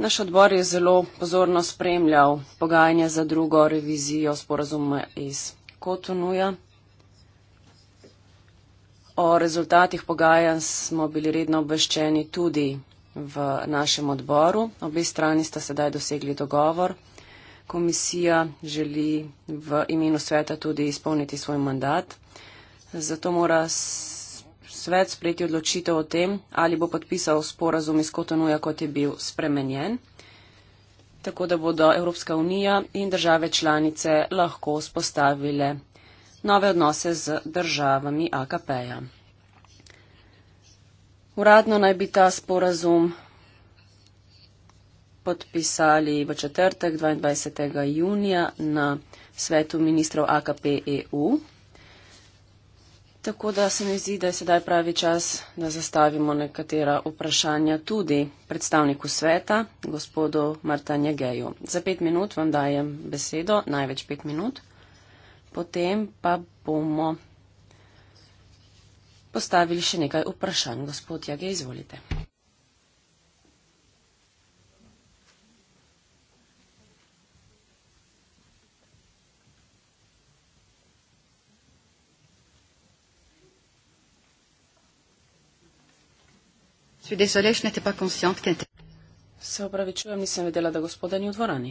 Naš odbor je zelo pozorno spremljal pogajanja za drugo revizijo sporazuma iz Kotonuja. O rezultatih pogajanj smo bili redno obveščeni tudi v našem odboru. Obe strani sta sedaj dosegli dogovor. Komisija želi v imenu sveta tudi izpolniti svoj mandat. Zato mora svet sprejeti odločitev o tem, ali bo podpisal sporazum iz Kotonuja, kot je bil spremenjen, tako da bodo Evropska unija in države članice lahko spostavile nove odnose z državami AKP-ja. Uradno naj bi ta sporazum podpisali v četrtek 22. junija na svetu ministrov AKP EU. Tako da se mi zdi, da je sedaj pravi čas, da zastavimo nekatera vprašanja tudi predstavniku sveta, gospodu Martanje Geju. Za pet minut vam dajem besedo, največ pet minut. Potem pa bomo postavili še nekaj vprašanj. Gospod Jage, izvolite. suis désolée, je n'étais pas consciente qu'elle était. Se opravičujem, nisem vedela, da gospoda ni v dvorani.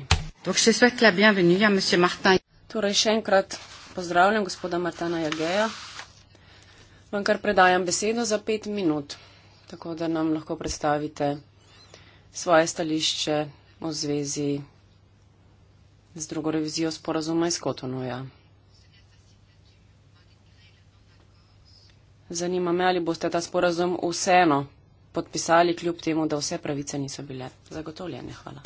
Torej, še enkrat pozdravljam gospoda Martana Jageja. Vam kar predajam besedo za pet minut, tako da nam lahko predstavite svoje stališče o zvezi z drugo revizijo sporazuma iz Kotonuja. Zanima me, ali boste ta sporazum vseeno podpisali, kljub temu, da vse pravice niso bile zagotovljene. Hvala.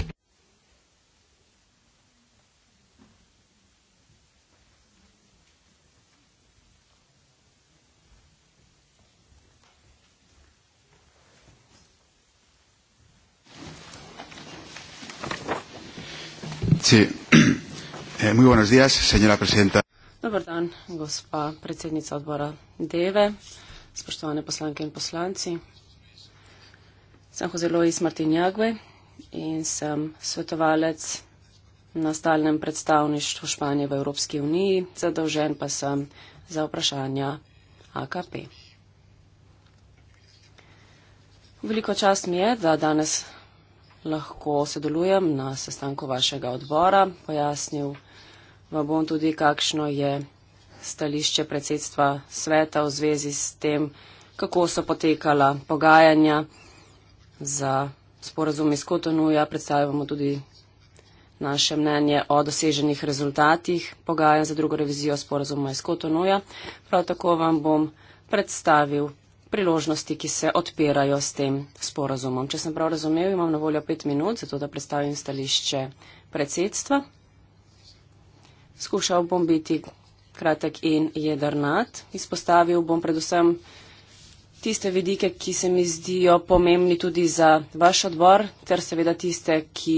Sí. Eh, muy buenos días, señora presidenta. Dobar dan, gospa predsednica odbora DEVE, spoštovane poslanke in poslanci. Sem Jose Luis Martin Jagve in sem svetovalec na stalnem predstavništvu Španije v Evropski uniji, zadolžen pa sem za vprašanja AKP. Veliko čast mi je, da danes lahko sodelujem na sestanku vašega odbora. Pojasnil vam bom tudi, kakšno je stališče predsedstva sveta v zvezi s tem, kako so potekala pogajanja za sporazum iz Kotonuja predstavljamo tudi naše mnenje o doseženih rezultatih pogajanj za drugo revizijo sporazuma iz Kotonuja. Prav tako vam bom predstavil priložnosti, ki se odpirajo s tem sporazumom. Če sem prav razumel, imam na voljo pet minut, zato da predstavim stališče predsedstva. Skušal bom biti kratek in jedrnat. Izpostavil bom predvsem tiste vidike, ki se mi zdijo pomembni tudi za vaš odbor, ter seveda tiste, ki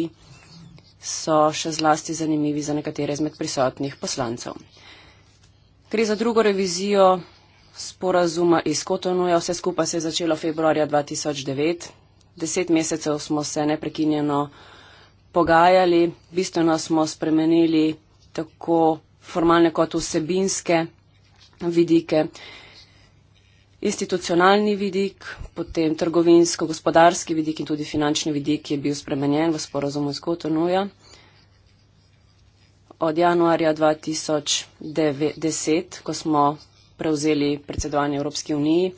so še zlasti zanimivi za nekatere izmed prisotnih poslancev. Gre za drugo revizijo sporazuma iz Kotonuja. Vse skupaj se je začelo februarja 2009. Deset mesecev smo se neprekinjeno pogajali, bistveno smo spremenili tako formalne kot vsebinske vidike institucionalni vidik, potem trgovinsko-gospodarski vidik in tudi finančni vidik, ki je bil spremenjen v sporozumu iz Kotonuja od januarja 2010, ko smo prevzeli predsedovanje Evropski uniji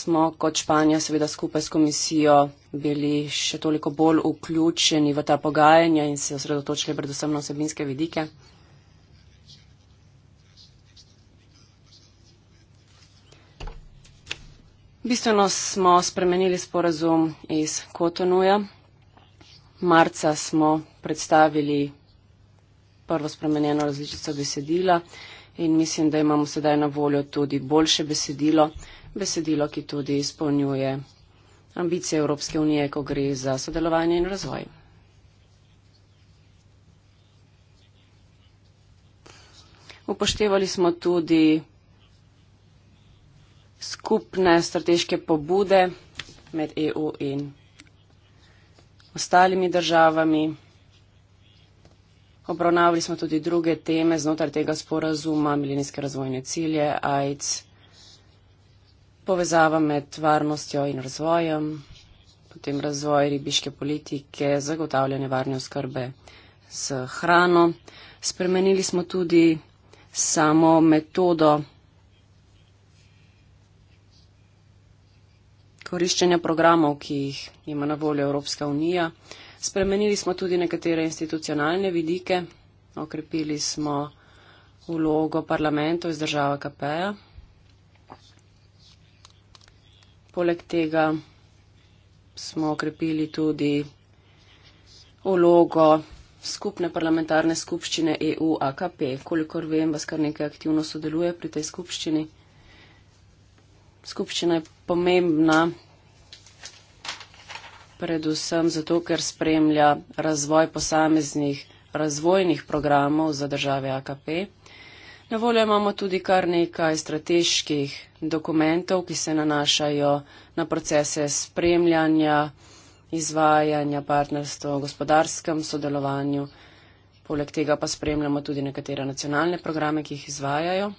smo kot Španija seveda skupaj s komisijo bili še toliko bolj vključeni v ta pogajanja in se osredotočili predvsem na osebinske vidike. Bistveno smo spremenili sporazum iz Kotonuja. Marca smo predstavili prvo spremenjeno različico besedila in mislim, da imamo sedaj na voljo tudi boljše besedilo, besedilo, ki tudi izpolnjuje ambicije Evropske unije, ko gre za sodelovanje in razvoj. Upoštevali smo tudi skupne strateške pobude med EU in ostalimi državami. Obravnavali smo tudi druge teme znotraj tega sporazuma, milenijske razvojne cilje, AIDS, povezava med varnostjo in razvojem, potem razvoj ribiške politike, zagotavljanje varne oskrbe s hrano. Spremenili smo tudi samo metodo koriščenja programov, ki jih ima na voljo Evropska unija. Spremenili smo tudi nekatere institucionalne vidike, okrepili smo vlogo parlamentov iz država KPA. Poleg tega smo okrepili tudi vlogo skupne parlamentarne skupščine EU-AKP. Kolikor vem, vas kar nekaj aktivno sodeluje pri tej skupščini skupščina je pomembna predvsem zato, ker spremlja razvoj posameznih razvojnih programov za države AKP. Na voljo imamo tudi kar nekaj strateških dokumentov, ki se nanašajo na procese spremljanja, izvajanja partnerstva v gospodarskem sodelovanju. Poleg tega pa spremljamo tudi nekatere nacionalne programe, ki jih izvajajo.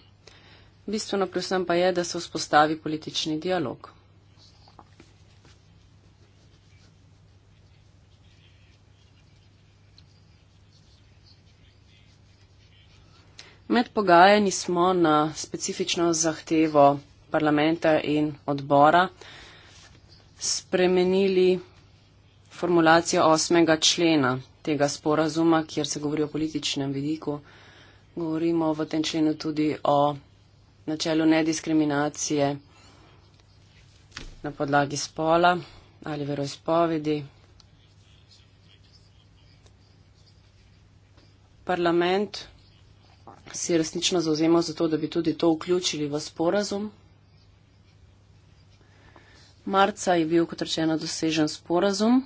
Bistveno predvsem pa je, da se vzpostavi politični dialog. Med pogajanji smo na specifično zahtevo parlamenta in odbora spremenili formulacijo 8. člena tega sporazuma, kjer se govori o političnem vidiku. Govorimo v tem členu tudi o načelu nediskriminacije na podlagi spola ali veroizpovedi. Parlament si je resnično zauzemal za to, da bi tudi to vključili v sporazum. Marca je bil, kot rečeno, dosežen sporazum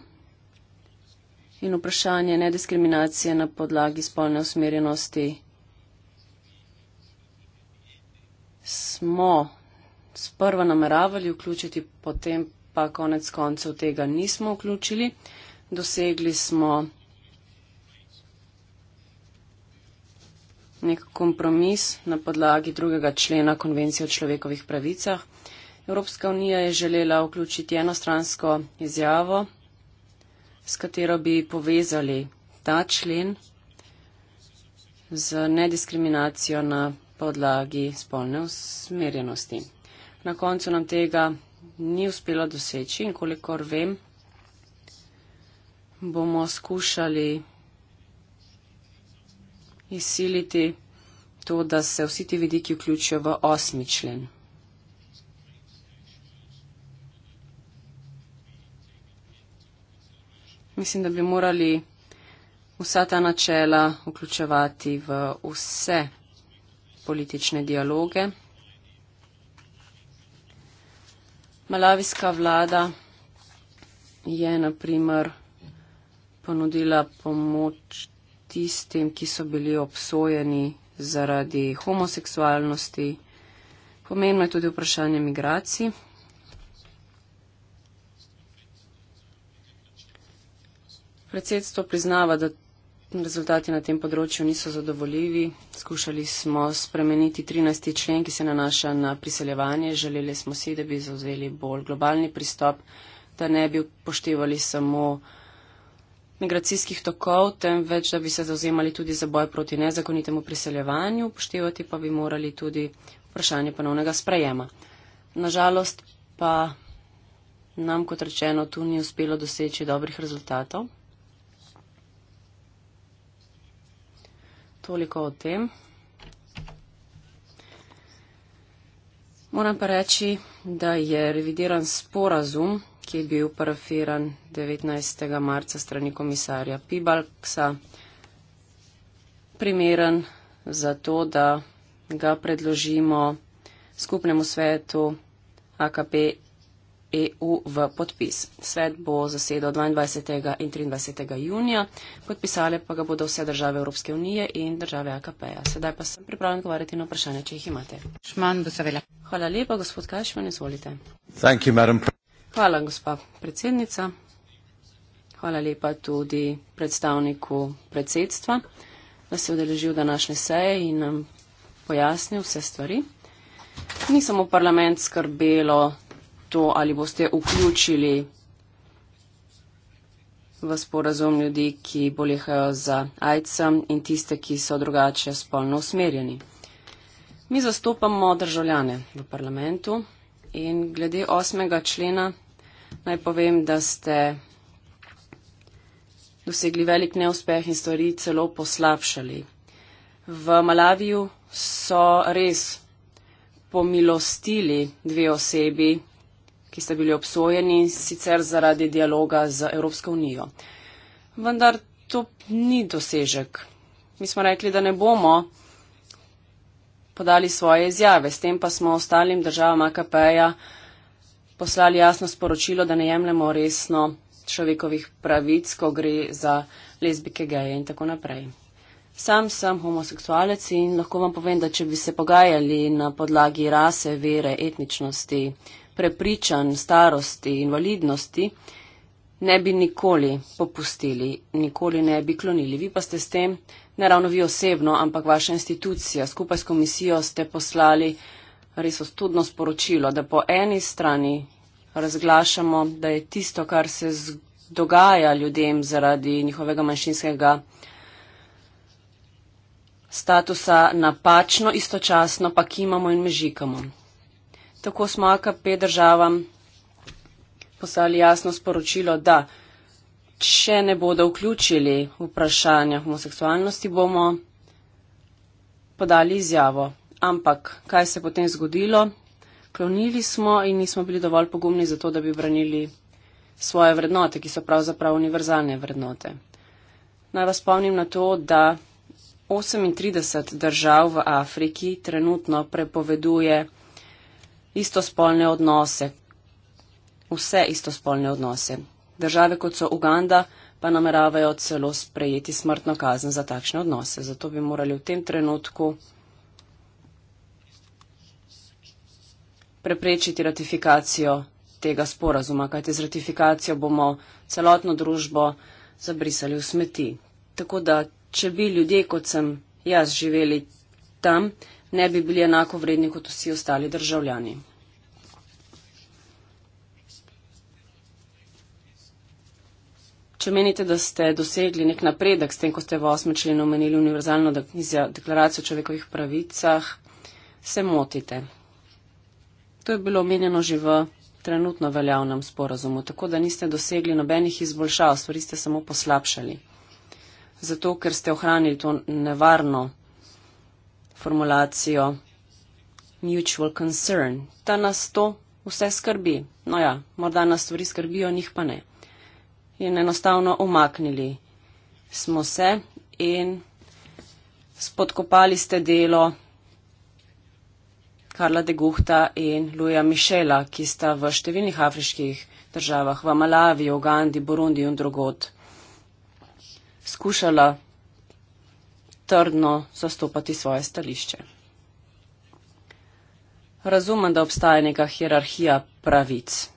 in vprašanje nediskriminacije na podlagi spolne usmerjenosti smo sprva nameravali vključiti, potem pa konec koncev tega nismo vključili. Dosegli smo nek kompromis na podlagi drugega člena konvencije o človekovih pravicah. Evropska unija je želela vključiti enostransko izjavo, s katero bi povezali ta člen z nediskriminacijo na podlagi spolne usmerjenosti. Na koncu nam tega ni uspelo doseči in kolikor vem, bomo skušali izsiliti to, da se vsi ti vidiki vključijo v osmi člen. Mislim, da bi morali vsa ta načela vključevati v vse politične dialoge. Malavijska vlada je naprimer ponudila pomoč tistim, ki so bili obsojeni zaradi homoseksualnosti. Pomembno je tudi vprašanje migracij. Predsedstvo priznava, da Rezultati na tem področju niso zadovoljivi. Skušali smo spremeniti 13. člen, ki se nanaša na priseljevanje. Želeli smo si, da bi zauzeli bolj globalni pristop, da ne bi upoštevali samo migracijskih tokov, temveč da bi se zauzemali tudi za boj proti nezakonitemu priseljevanju, upoštevati pa bi morali tudi vprašanje ponovnega sprejema. Nažalost pa nam, kot rečeno, tu ni uspelo doseči dobrih rezultatov. toliko o tem. Moram pa reči, da je revidiran sporazum, ki je bil parafiran 19. marca strani komisarja Pibalksa, primeren za to, da ga predložimo skupnemu svetu AKP EU v podpis. Svet bo zasedal 22. in 23. junija, podpisale pa ga bodo vse države Evropske unije in države AKP-ja. Sedaj pa sem pripravljen odgovarjati na vprašanje, če jih imate. Šman bo seveda. Hvala lepa, gospod Kašman, izvolite. You, Hvala, gospa predsednica. Hvala lepa tudi predstavniku predsedstva, da se je odeležil današnje seje in nam pojasnil vse stvari. Ni samo parlament skrbelo to, ali boste vključili v sporazum ljudi, ki bolehajo za ajca in tiste, ki so drugače spolno usmerjeni. Mi zastopamo državljane v parlamentu in glede osmega člena naj povem, da ste dosegli velik neuspeh in stvari celo poslabšali. V Malaviju so res pomilostili dve osebi, ki sta bili obsojeni sicer zaradi dialoga z Evropsko unijo. Vendar to ni dosežek. Mi smo rekli, da ne bomo podali svoje izjave, s tem pa smo ostalim državam AKP-ja poslali jasno sporočilo, da ne jemljemo resno človekovih pravic, ko gre za lezbike, geje in tako naprej. Sam sem homoseksualec in lahko vam povem, da če bi se pogajali na podlagi rase, vere, etničnosti, prepričanj, starosti, invalidnosti, ne bi nikoli popustili, nikoli ne bi klonili. Vi pa ste s tem, ne ravno vi osebno, ampak vaša institucija, skupaj s komisijo ste poslali res ostudno sporočilo, da po eni strani razglašamo, da je tisto, kar se dogaja ljudem zaradi njihovega manjšinskega statusa napačno, istočasno pa kimamo in mežikamo. Tako smo AKP državam poslali jasno sporočilo, da če ne bodo vključili vprašanja homoseksualnosti, bomo podali izjavo. Ampak kaj se je potem zgodilo? Klonili smo in nismo bili dovolj pogumni za to, da bi branili svoje vrednote, ki so pravzaprav univerzalne vrednote. Naj vas spomnim na to, da 38 držav v Afriki trenutno prepoveduje istospolne odnose. Vse istospolne odnose. Države kot so Uganda pa nameravajo celo sprejeti smrtno kazen za takšne odnose. Zato bi morali v tem trenutku preprečiti ratifikacijo tega sporazuma, kajte z ratifikacijo bomo celotno družbo zabrisali v smeti. Tako da, če bi ljudje, kot sem jaz, živeli tam, ne bi bili enako vredni kot vsi ostali državljani. Če menite, da ste dosegli nek napredek s tem, ko ste v 8. členu omenili univerzalno deklaracijo o človekovih pravicah, se motite. To je bilo omenjeno že v trenutno veljavnem sporazumu, tako da niste dosegli nobenih izboljšav, stvari ste samo poslabšali. Zato, ker ste ohranili to nevarno formulacijo mutual concern, da nas to vse skrbi. No ja, morda nas stvari skrbijo, njih pa ne. In enostavno umaknili smo se in spodkopali ste delo Karla de Guhta in Luja Mišela, ki sta v številnih afriških državah, v Malaviji, Ugandi, Burundi in drugod, skušala trdno zastopati svoje stališče. Razumem, da obstaja neka hierarhija pravic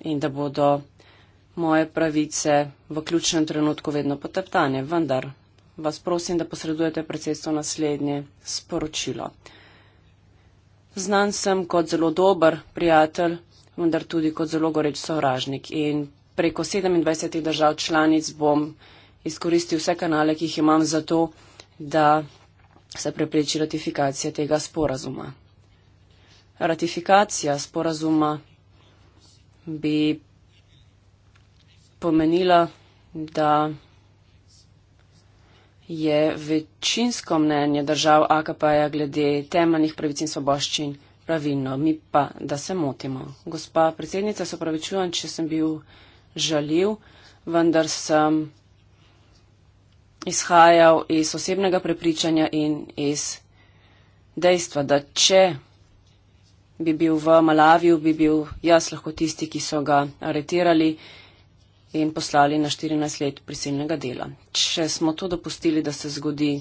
in da bodo moje pravice v ključnem trenutku vedno poteptane, vendar vas prosim, da posredujete predsedstvo naslednje sporočilo. Znan sem kot zelo dober prijatelj, vendar tudi kot zelo goreč sovražnik in preko 27 držav članic bom izkoristil vse kanale, ki jih imam za to, da se prepreči ratifikacija tega sporazuma. Ratifikacija sporazuma bi pomenila, da je večinsko mnenje držav AKP-ja glede temeljnih pravic in svoboščin pravilno, mi pa, da se motimo. Gospa predsednica, se opravičujem, če sem bil žaljiv, vendar sem izhajal iz osebnega prepričanja in iz dejstva, da če bi bil v Malaviju, bi bil jaz lahko tisti, ki so ga aretirali in poslali na 14 let prisilnega dela. Če smo to dopustili, da se zgodi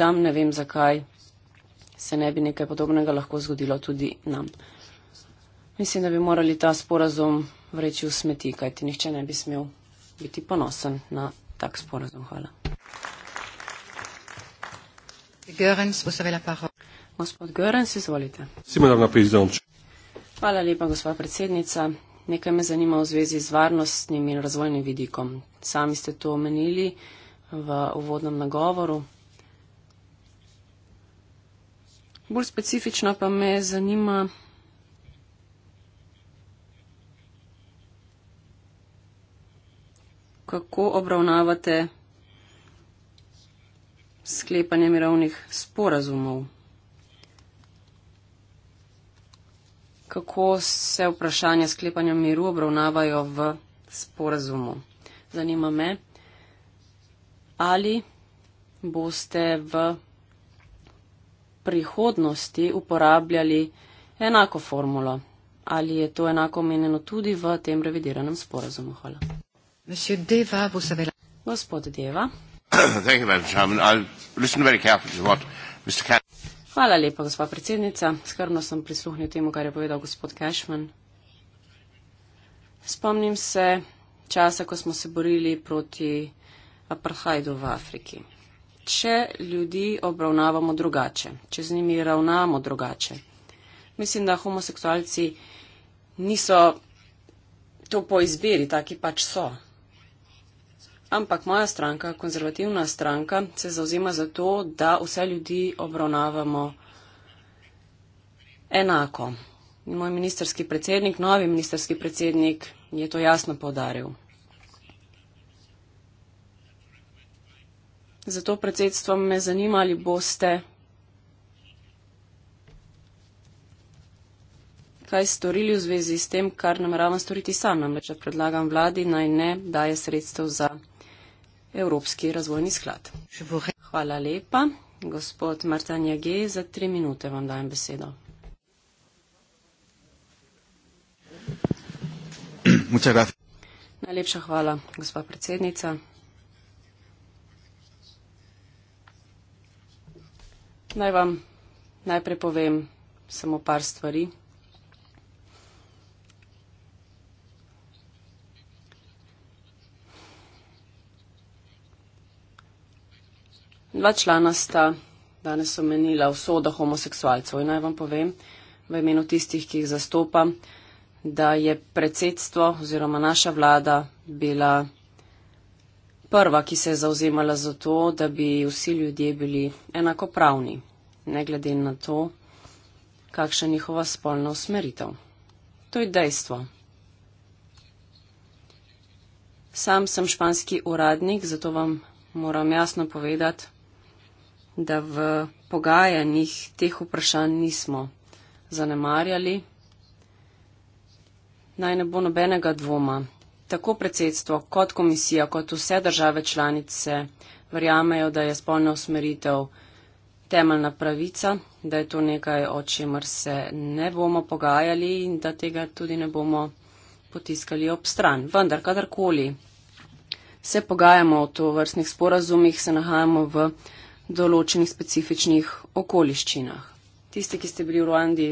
tam, ne vem zakaj, se ne bi nekaj podobnega lahko zgodilo tudi nam. Mislim, da bi morali ta sporazum vreči v smeti, kajti nihče ne bi smel biti ponosen na tak sporazum. Hvala. Görens, gospod Görens, izvolite. Hvala lepa, gospod predsednica. Nekaj me zanima v zvezi z varnostnim in razvojnim vidikom. Sami ste to omenili v uvodnem nagovoru. Bolj specifično pa me zanima. Kako obravnavate sklepanje mirovnih sporazumov. Kako se vprašanja sklepanja miru obravnavajo v sporazumu? Zanima me, ali boste v prihodnosti uporabljali enako formulo, ali je to enako omenjeno tudi v tem revidiranem sporazumu. Hvala. Gospod Deva. Thank you, Madam Chairman. I'll listen very carefully to what Mr. Cash. Hvala lepa, gospa predsednica. Skrbno sem prisluhnil temu, kar je povedal gospod Cashman. Spomnim se časa, ko smo se borili proti apartheidu v Afriki. Če ljudi obravnavamo drugače, če z njimi ravnamo drugače, mislim, da homoseksualci niso to po izbiri, taki pač so ampak moja stranka, konzervativna stranka, se zauzima za to, da vse ljudi obravnavamo enako. In moj ministerski predsednik, novi ministerski predsednik, je to jasno podaril. Zato predsedstvo me zanima, ali boste kaj storili v zvezi s tem, kar nameravam storiti sam. Namreč predlagam vladi naj ne daje sredstev za. Evropski razvojni sklad. Hvala lepa. Gospod Martan Jage, za tri minute vam dajem besedo. Najlepša hvala, gospa predsednica. Naj vam najprej povem samo par stvari, Dva člana sta danes omenila vsodo homoseksualcev in naj vam povem v imenu tistih, ki jih zastopam, da je predsedstvo oziroma naša vlada bila prva, ki se je zauzemala za to, da bi vsi ljudje bili enakopravni, ne glede na to, kakšna je njihova spolna usmeritev. To je dejstvo. Sam sem španski uradnik, zato vam moram jasno povedati, da v pogajanjih teh vprašanj nismo zanemarjali. Naj ne bo nobenega dvoma. Tako predsedstvo kot komisija kot vse države članice verjamejo, da je spolna usmeritev temeljna pravica, da je to nekaj, o čemer se ne bomo pogajali in da tega tudi ne bomo potiskali ob stran. Vendar, kadarkoli se pogajamo o to vrstnih sporazumih, se nahajamo v določenih specifičnih okoliščinah. Tisti, ki ste bili v Ruandi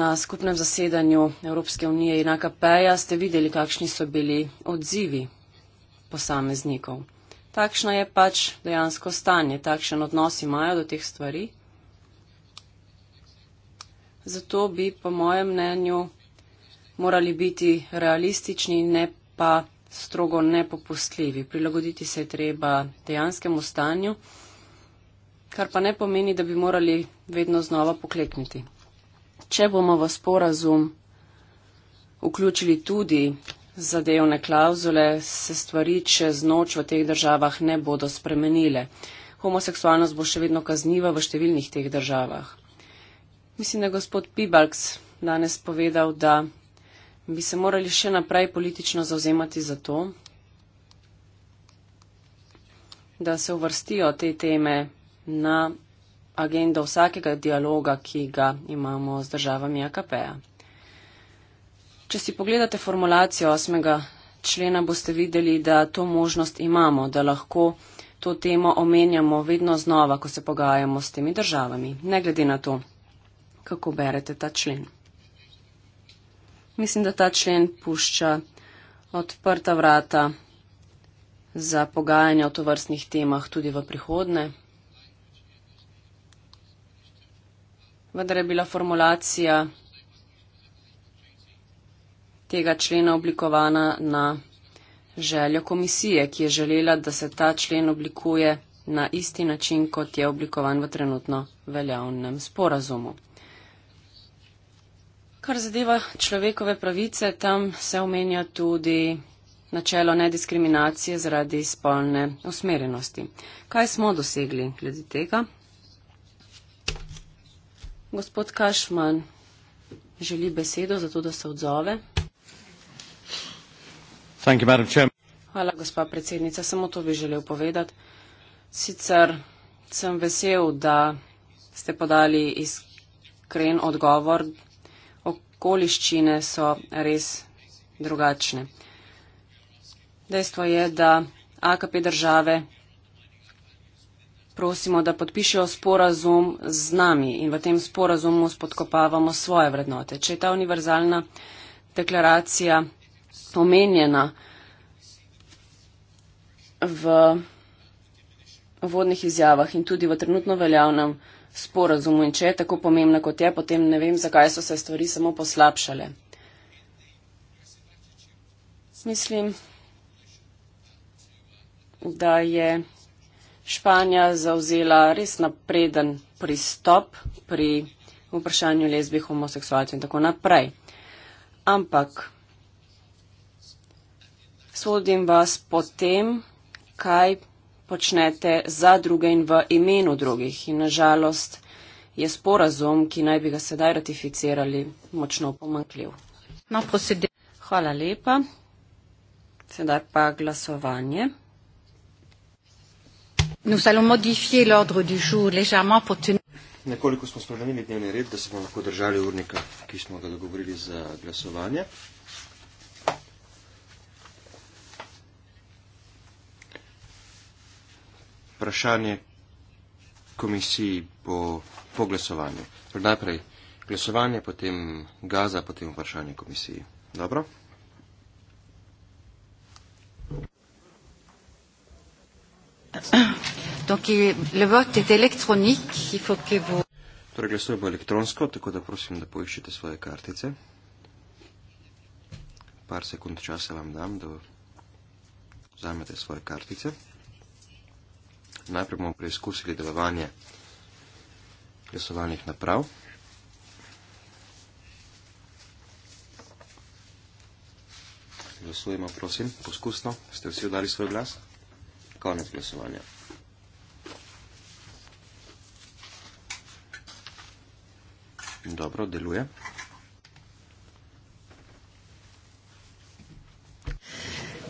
na skupnem zasedanju Evropske unije in AKP-ja, ste videli, kakšni so bili odzivi posameznikov. Takšno je pač dejansko stanje, takšen odnos imajo do teh stvari. Zato bi, po mojem mnenju, morali biti realistični, ne pa strogo nepopustljivi. Prilagoditi se je treba dejanskemu stanju, kar pa ne pomeni, da bi morali vedno znova poklekniti. Če bomo v sporazum vključili tudi zadevne klauzule, se stvari čez noč v teh državah ne bodo spremenile. Homoseksualnost bo še vedno kazniva v številnih teh državah. Mislim, da je gospod Pibalks danes povedal, da bi se morali še naprej politično zauzemati za to, da se uvrstijo te teme na agendo vsakega dialoga, ki ga imamo z državami AKP-a. Če si pogledate formulacijo 8. člena, boste videli, da to možnost imamo, da lahko to temo omenjamo vedno znova, ko se pogajamo s temi državami, ne glede na to, kako berete ta člen mislim, da ta člen pušča odprta vrata za pogajanja o tovrstnih temah tudi v prihodne. Vendar je bila formulacija tega člena oblikovana na željo komisije, ki je želela, da se ta člen oblikuje na isti način, kot je oblikovan v trenutno veljavnem sporazumu. Kar zadeva človekove pravice, tam se omenja tudi načelo nediskriminacije zaradi spolne usmerjenosti. Kaj smo dosegli glede tega? Gospod Kašman želi besedo, zato da se odzove. You, Hvala, gospa predsednica. Samo to bi želel povedati. Sicer sem vesel, da ste podali iskren odgovor okoliščine so res drugačne. Dejstvo je, da AKP države prosimo, da podpišejo sporazum z nami in v tem sporazumu spodkopavamo svoje vrednote. Če je ta univerzalna deklaracija omenjena v vodnih izjavah in tudi v trenutno veljavnem sporazumu in če je tako pomembna, kot je, potem ne vem, zakaj so se stvari samo poslabšale. Mislim, da je Španija zauzela res napreden pristop pri vprašanju lezbi, homoseksualcev in tako naprej. Ampak sodim vas potem, kaj počnete za druge in v imenu drugih. In nažalost je sporazum, ki naj bi ga sedaj ratificirali, močno pomankljiv. No, Hvala lepa. Sedaj pa glasovanje. Nekoliko smo spremenili dnevni red, da se bomo lahko držali urnika, ki smo ga dogovorili za glasovanje. vprašanje komisiji po, po glasovanju. Najprej glasovanje, potem Gaza, potem vprašanje komisiji. Dobro? Torej glasujemo elektronsko, tako da prosim, da poiščete svoje kartice. Par sekund časa vam dam, da vzamete svoje kartice. Najprej bomo preizkusili delovanje glasovalnih naprav. Glasujemo, prosim, poskusno. Ste vsi dali svoj glas? Konec glasovanja. Dobro, deluje.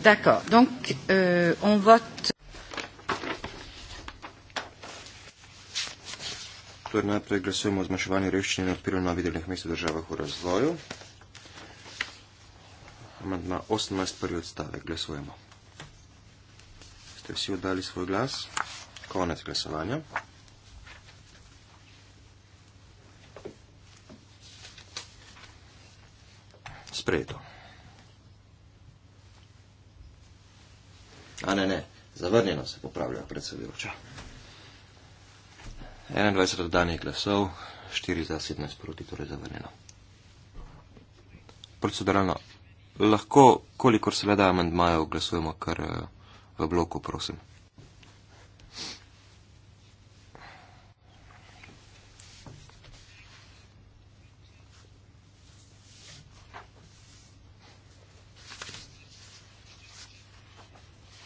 D'accord. Donc, euh, on vote. Torej najprej glasujemo o zmanjševanju revščine in odpiranju navidelnih mest v državah v razvoju. Amandma 18, prvi odstavek. Glasujemo. Ste vsi oddali svoj glas? Konec glasovanja. Sprejeto. A ne, ne, zavrnjeno se popravlja predsedujoča. 21 oddanih glasov, 4 za 17 proti, torej zavrnjeno. Proceduralno, lahko, kolikor se le da amendmajev, glasujemo kar v bloku, prosim.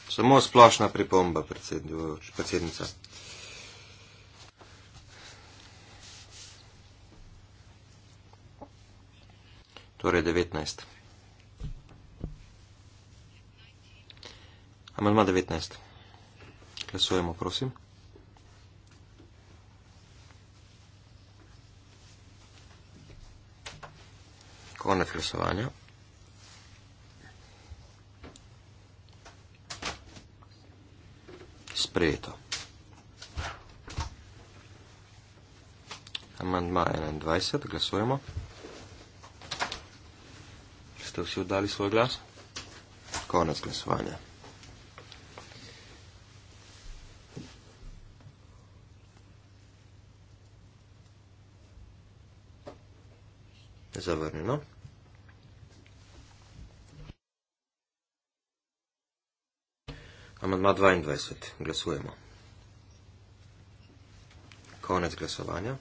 Samo splošna pripomba, predsednica. torej 19. Amalma 19. Glasujemo, prosim. Konec glasovanja. Sprejeto. Amandma 21. Glasujemo ste vsi oddali svoj glas? Konec glasovanja. Zavrnjeno. Amandma 22. Glasujemo. Konec glasovanja.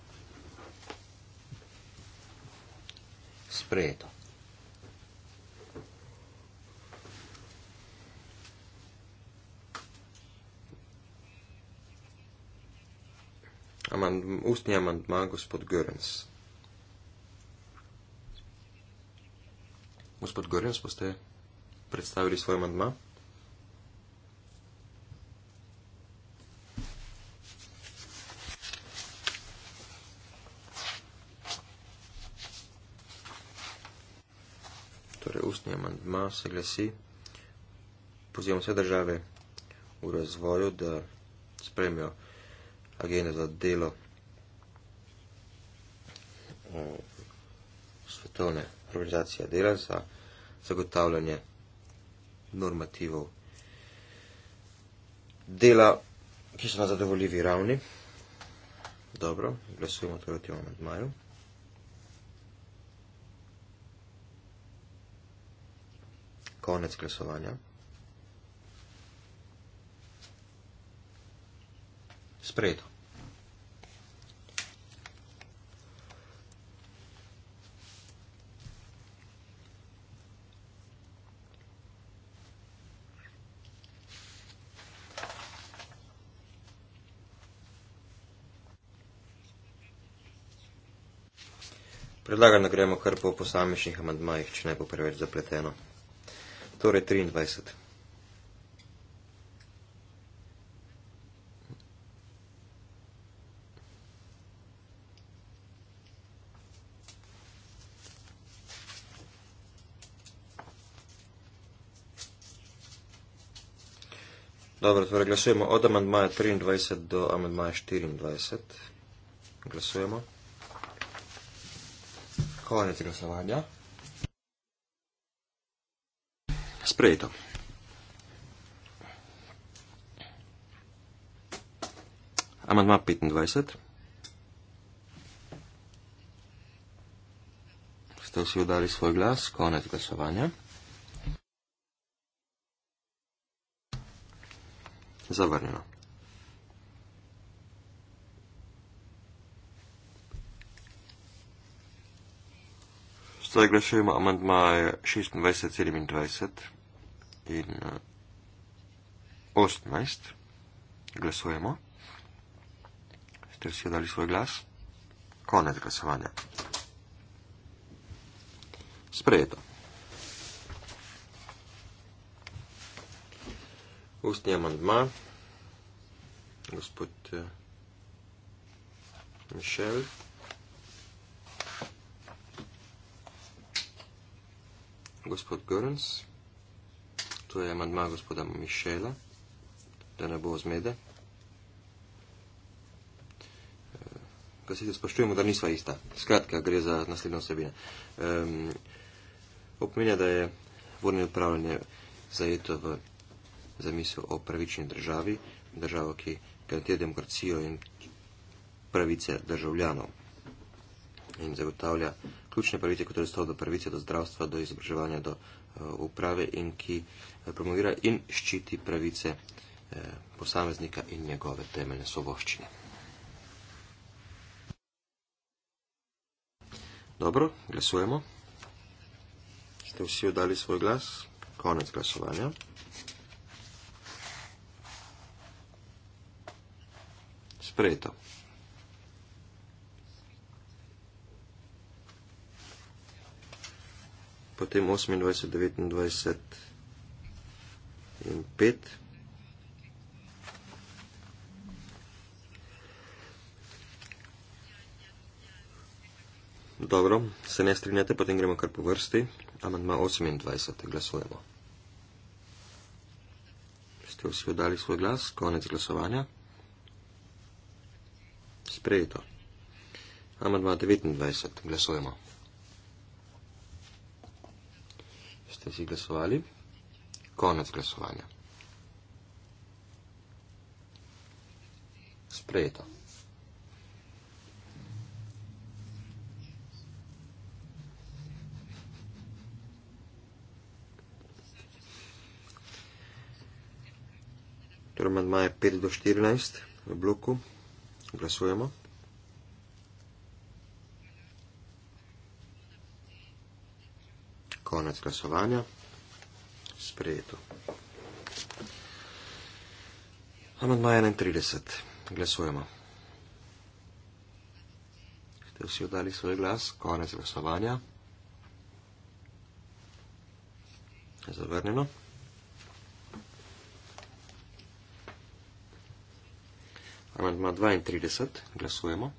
Sprejeto. amand, ustni amandma gospod Görens. Gospod Görens, boste predstavili svoj amandma? Torej, ustni amandma se glasi, pozivamo vse države v razvoju, da spremijo agenda za delo eh, svetovne organizacije dela za zagotavljanje normativov dela, ki so na zadovoljivi ravni. Dobro, glasujemo tudi torej o tem amandmaju. Konec glasovanja. sprejeto. Predlagam, da gremo kar po posamečnih amandmajih, če ne bo preveč zapleteno. Torej 23. Dobro, torej glasujemo od amandmaja 23 do amandmaja 24. Glasujemo. Konec glasovanja. Sprejeto. Amandma 25. Ste vsi udali svoj glas? Konec glasovanja. zavrnjeno. Zdaj glasujemo amantmaje 26.27 in 18. Eh, glasujemo. Ste vsi dali svoj glas? Konec glasovanja. Sprejeto. Ustni amantma 26.27 gospod eh, Mišel. Gospod Görns, to je amadma gospoda Mišela, da ne bo zmede. Eh, Gasite, spoštujemo, da nisva ista. Skratka, gre za naslednjo osebino. Um, opomenja, da je vodne upravljanje zajeto v zamisel o pravični državi, državo, ki krati demokracijo in pravice državljanov in zagotavlja ključne pravice, kot je dostop do pravice, do zdravstva, do izobraževanja, do uh, uprave in ki eh, promovira in ščiti pravice uh, posameznika in njegove temeljne soboščine. Dobro, glasujemo. Ste vsi oddali svoj glas? Konec glasovanja. sprejeto. Potem 28, 29 in 5. Dobro, se ne strinjate, potem gremo kar po vrsti. Amandma 28, glasujemo. Ste vsi oddali svoj glas? Konec glasovanja sprejeto. Amadma 29, glasujemo. Ste si glasovali? Konec glasovanja. Sprejeto. Torej, amadma je 5 do 14 v bloku. Glasujemo. Konec glasovanja. Sprejeto. Amandma 31. Glasujemo. Ste vsi oddali svoj glas? Konec glasovanja. Zavrnjeno. Amandma 32, glasujemo.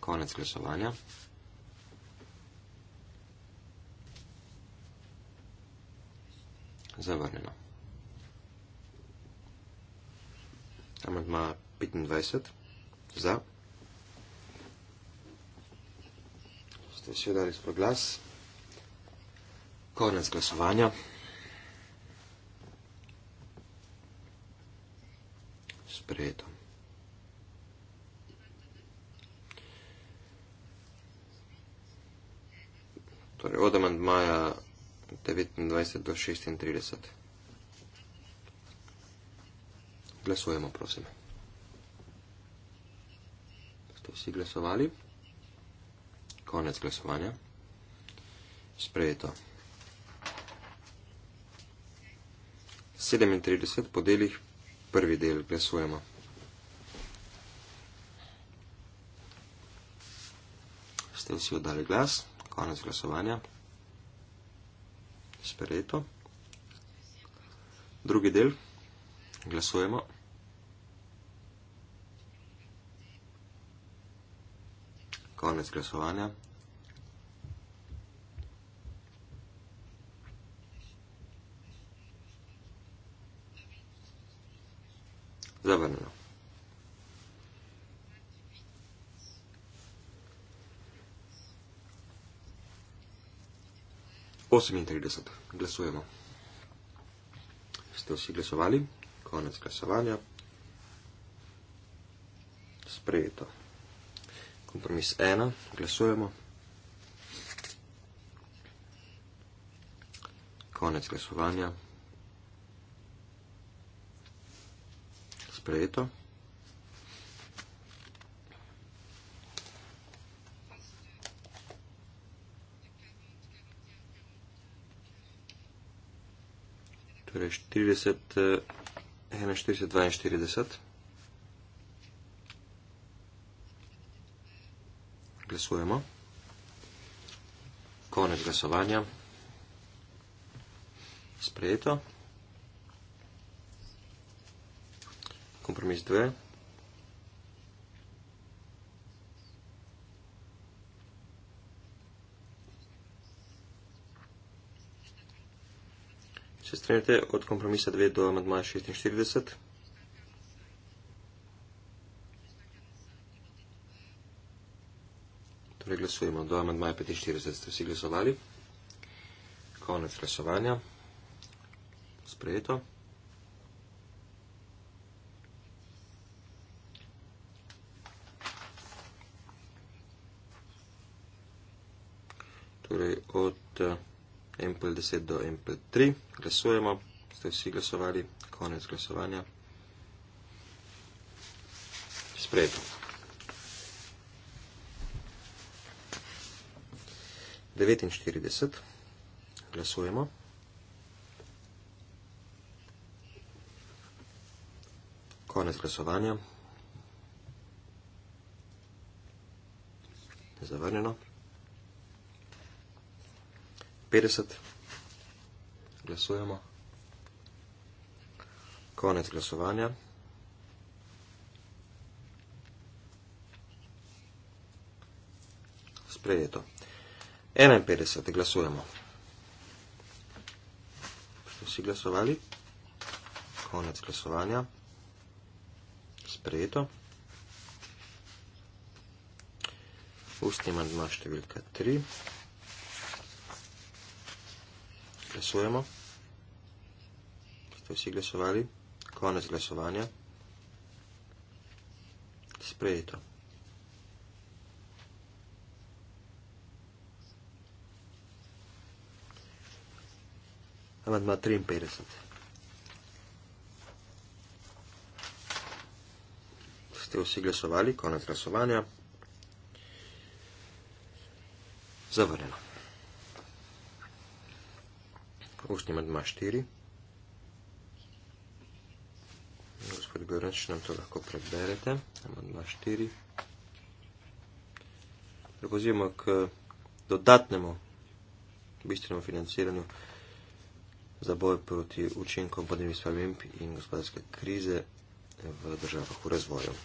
Konec glasovanja. Zavrnjeno. Amandma 25, za. Ste še dali svoj glas? Konec glasovanja. sprejeto. Torej, od amandmaja 29 do 36. Glasujemo, prosim. Ste vsi glasovali? Konec glasovanja. Sprejeto. 37 podelih prvi del glasujemo. S tem si oddali glas, konec glasovanja. Sprejeto. Drugi del glasujemo. Konec glasovanja. 38. Glasujemo. Ste vsi glasovali? Konec glasovanja. Sprejeto. Kompromis 1. Glasujemo. Konec glasovanja. Sprejeto. torej 40, 41, 42. Glasujemo. Konec glasovanja. Sprejeto. Kompromis 2. strinjate od kompromisa 2 do amadmaja 46. Torej glasujemo do amadmaja 45. Ste vsi glasovali? Konec glasovanja. Sprejeto. Apple 10 do Apple 3. Glasujemo. Ste vsi glasovali. Konec glasovanja. Sprejeto. Devetinštirideset. Glasujemo. Konec glasovanja. Zavrnjeno. Petdeset. Glasujemo. Konec glasovanja. Sprejeto. 51. Glasujemo. Vsi glasovali. Konec glasovanja. Sprejeto. Ustni mandma številka 3. Glasujemo. Ste vsi glasovali? Konec glasovanja. Sprejeto. Amandma 53. Ste vsi glasovali? Konec glasovanja. Zavrnjeno. Ustni med 4. Gospod Goranč, nam to lahko preberete. Med 4. Prepozimo k dodatnemu bistvenemu financiranju za boj proti učinkom podnebnih sprememb in gospodarske krize v državah v razvoju.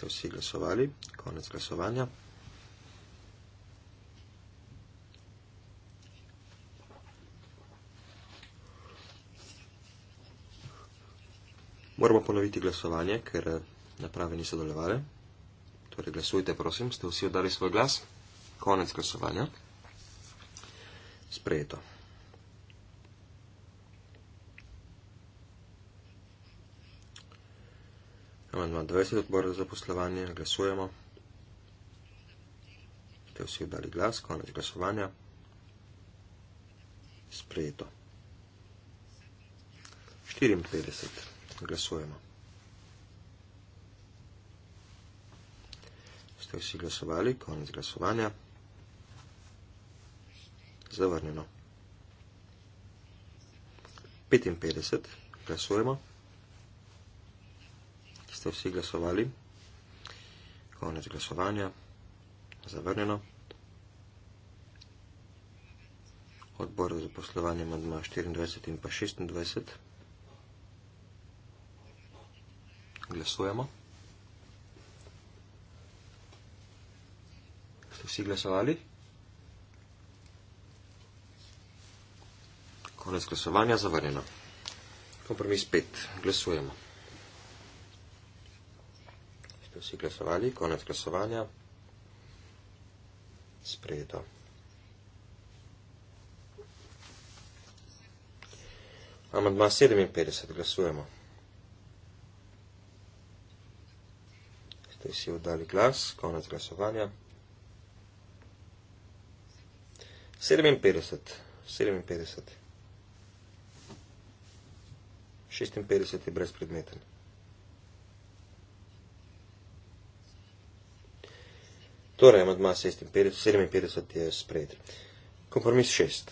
ste vsi glasovali. Konec glasovanja. Moramo ponoviti glasovanje, ker naprave niso dolevale. Torej, glasujte, prosim, ste vsi oddali svoj glas. Konec glasovanja. Sprejeto. amandma 20 odbora za poslovanje, glasujemo. Te vsi dali glas, konec glasovanja. Sprejeto. 54. Glasujemo. Ste vsi glasovali, konec glasovanja. Zavrnjeno. 55. Glasujemo ste vsi glasovali. Konec glasovanja. Zavrnjeno. Odbor za poslovanje madma 24 in pa 26. Glasujemo. Ste vsi glasovali? Konec glasovanja zavrnjeno. Kompromis 5. Glasujemo vsi glasovali, konec glasovanja, sprejeto. Amandma 57, glasujemo. Ste si oddali glas, konec glasovanja. 57, 57. 56 je brezpredmeten. Torej, amadma 57 je sprejet. Kompromis 6.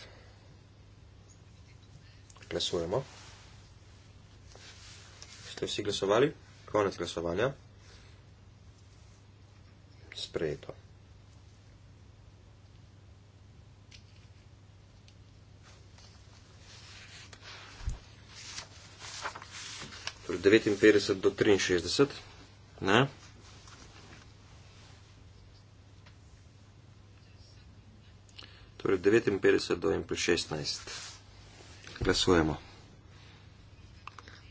Glasujemo. Ste vsi glasovali? Konec glasovanja. Sprejeto. Torej, 59 do 63. Ne? torej 59 do 16. Glasujemo.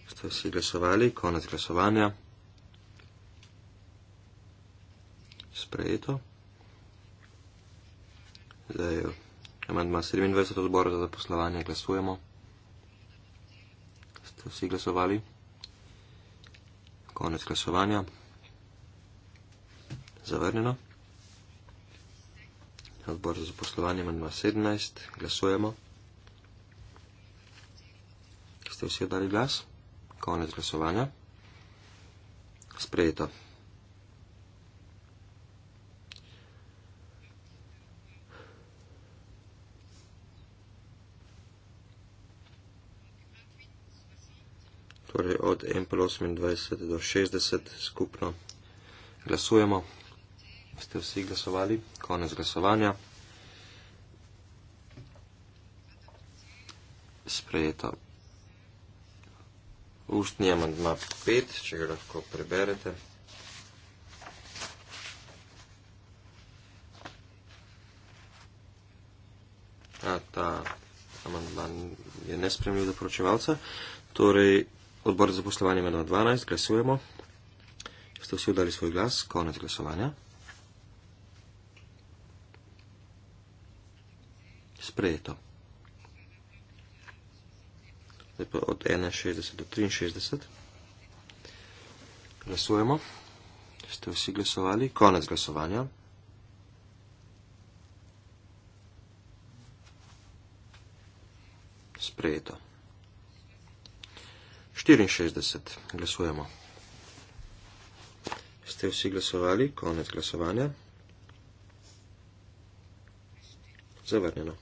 Ste vsi glasovali, konec glasovanja. Sprejeto. Zdaj je amandma 27 odbora za zaposlovanje. Glasujemo. Ste vsi glasovali. Konec glasovanja. Zavrnjeno odbor za zaposlovanje, manjma 17, glasujemo. Ste vsi dali glas? Konec glasovanja. Sprejeto. Torej od 1 plus 28 do 60 skupno glasujemo ste vsi glasovali, konec glasovanja. Sprejeto. Ustni amandma 5, če ga lahko preberete. A ta amandma je nespremljiv do poročevalca. Torej, odbor za poslovanje ima 12, glasujemo. Ste vsi dali svoj glas, konec glasovanja. sprejeto. Zdaj pa od 61 do 63. Glasujemo. Ste vsi glasovali? Konec glasovanja. Sprejeto. 64. Glasujemo. Ste vsi glasovali? Konec glasovanja. Zavrnjeno.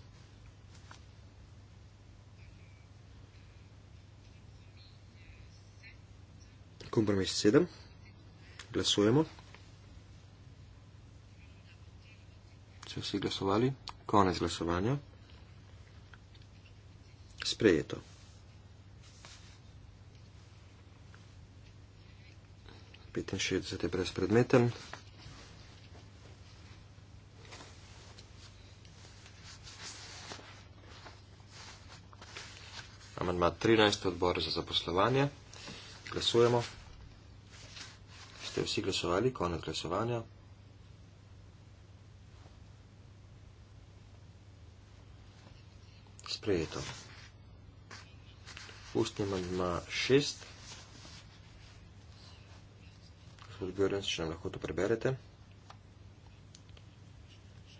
kompromis 7. Glasujemo. Če vsi glasovali, konec glasovanja. Sprejeto. Pitem še, da je brez predmeten. Amandma 13 odbor za zaposlovanje. Glasujemo ste vsi glasovali, konec glasovanja. Sprejeto. Ustni amandma 6. Gospod Björn, če nam lahko to preberete.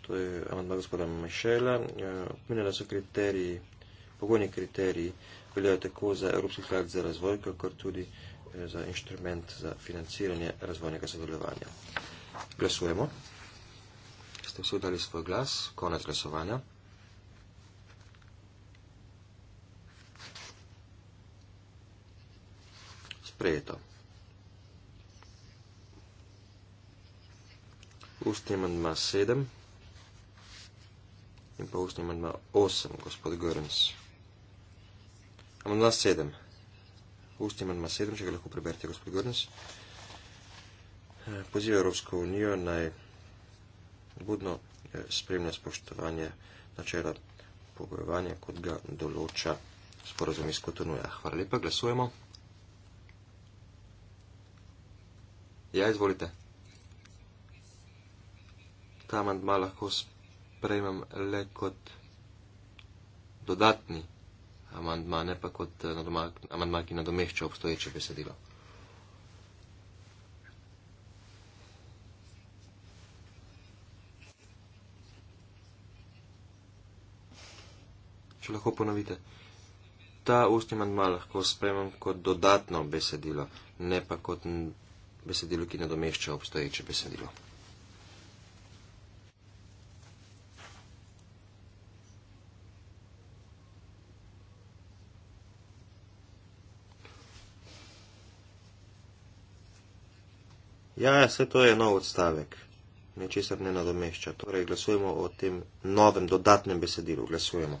To je amandma gospoda Mišela. Pomenjena ja, so kriteriji, pogojni kriteriji, veljajo tako za Evropski sklad za razvoj, kot tudi za inštrument za financiranje razvojnega sodelovanja. Glasujemo. Ste vsi dali svoj glas. Konec glasovanja. Sprejeto. Ustni mandma 7 in pa ustni mandma 8, gospod Görns. Amandma 7. Ustni manjma sedem, če ga lahko preberite, gospod Gornes. Eh, Poziva Evropsko unijo naj budno eh, spremlja spoštovanje načela pogojevanja, kot ga določa sporozum iz Kotonuja. Hvala lepa, glasujemo. Ja, izvolite. Ta mandma lahko sprejmem le kot dodatni amandma, ne pa kot eh, amandma, ki nadomešča obstoječe besedilo. Če lahko ponovite, ta ustni amandma lahko spremem kot dodatno besedilo, ne pa kot besedilo, ki nadomešča obstoječe besedilo. Ja, vse to je nov odstavek. Nečesar ne nadomešča. Torej, glasujemo o tem novem dodatnem besedilu. Glasujemo.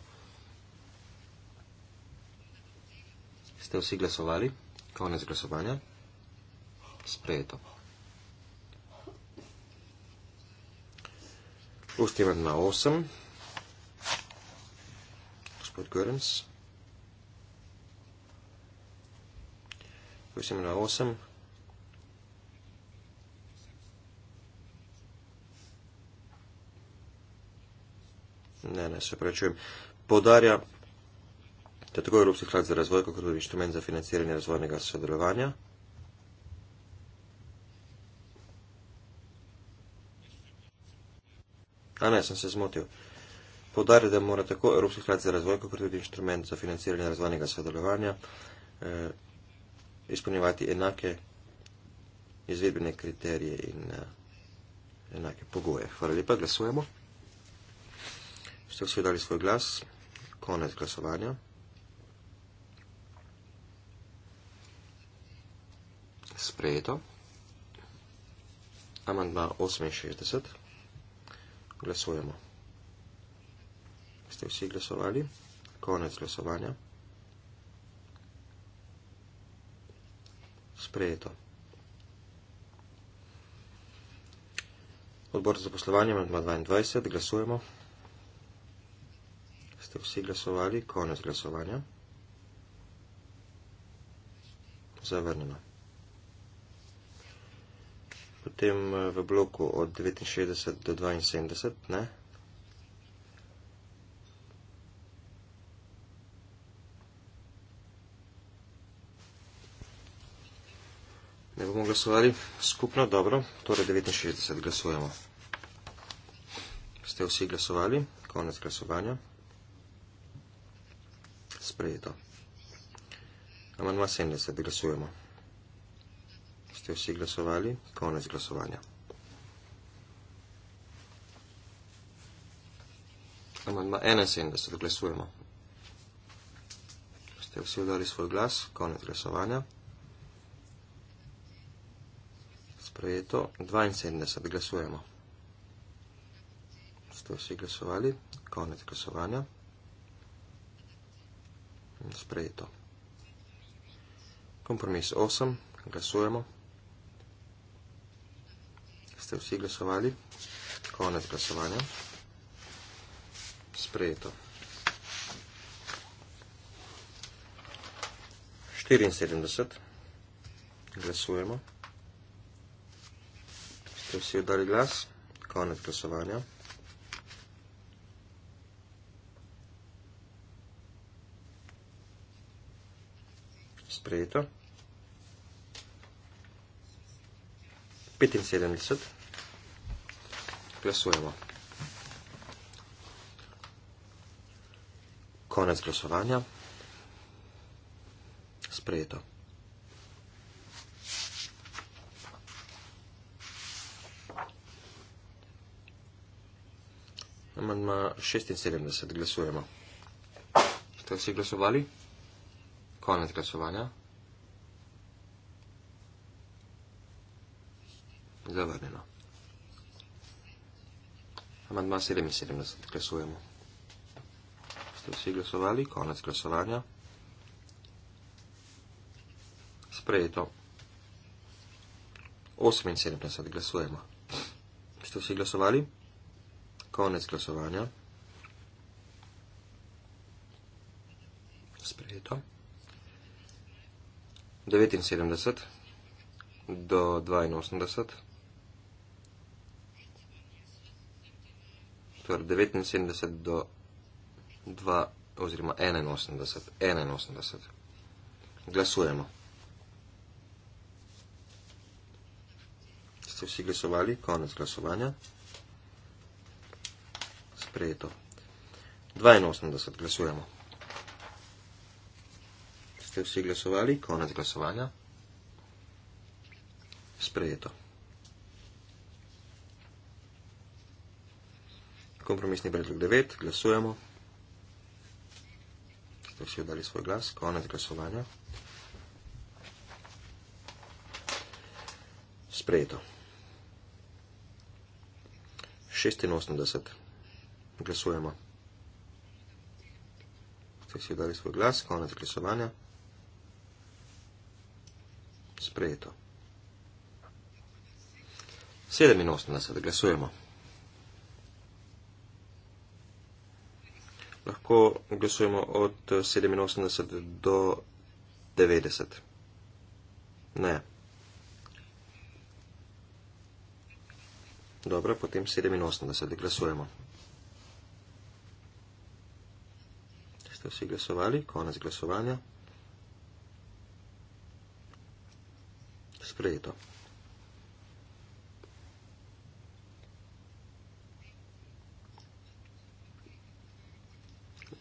Ste vsi glasovali? Konec glasovanja. Sprejeto. Pustimo na 8. Gospod Görens. Pustimo na 8. ne, ne, se prečujem, podarja, da je tako Evropski hlad za razvoj, kot tudi inštrument za financiranje razvojnega sodelovanja. A ne, sem se zmotil. Podarja, da mora tako Evropski hlad za razvoj, kot tudi inštrument za financiranje razvojnega sodelovanja, eh, izpolnjevati enake izvedbene kriterije in eh, enake pogoje. Hvala lepa, glasujemo ste vsi dali svoj glas, konec glasovanja. Sprejeto. Amandma 68. Glasujemo. Ste vsi glasovali? Konec glasovanja. Sprejeto. Odbor za poslovanje, amandma 22. Glasujemo ste vsi glasovali, konec glasovanja. Zavrnjeno. Potem eh, v bloku od 69 do 72, ne? Ne bomo glasovali skupno, dobro, torej 69 glasujemo. Ste vsi glasovali, konec glasovanja sprejeto. Amanma 70. Glasujemo. Ste vsi glasovali? Konec glasovanja. Amanma 71. Glasujemo. Ste vsi vdali svoj glas? Konec glasovanja. Sprejeto. 72. Glasujemo. Ste vsi glasovali? Konec glasovanja sprejeto. Kompromis 8. Glasujemo. Ste vsi glasovali? Konec glasovanja. Sprejeto. 74. Glasujemo. Ste vsi oddali glas? Konec glasovanja. sprejeto. 75. Glasujemo. Konec glasovanja. Sprejeto. Amandma 76. Glasujemo. Ste vsi glasovali? Koniec glasovanja. Zavrnjeno. Amandma 77. Glasujemo. Ste vsi glasovali? Konec glasovanja. Sprejeto. 78. Glasujemo. Ste vsi glasovali? Konec glasovanja. Sprejeto. 79 do 82. Torej 79 do 2 oziroma 81. 81. Glasujemo. Ste vsi glasovali? Konec glasovanja. Sprejeto. 82 glasujemo ste vsi glasovali? Konec glasovanja. Sprejeto. Kompromisni predlog 9. Glasujemo. Ste vsi dali svoj glas? Konec glasovanja. Sprejeto. 86. Glasujemo. Ste si dali svoj glas? Konec glasovanja sprejeto. 87. Glasujemo. Lahko glasujemo od 87 do 90. Ne. Dobro, potem 87. Glasujemo. Ste vsi glasovali? Konec glasovanja. sprejeto.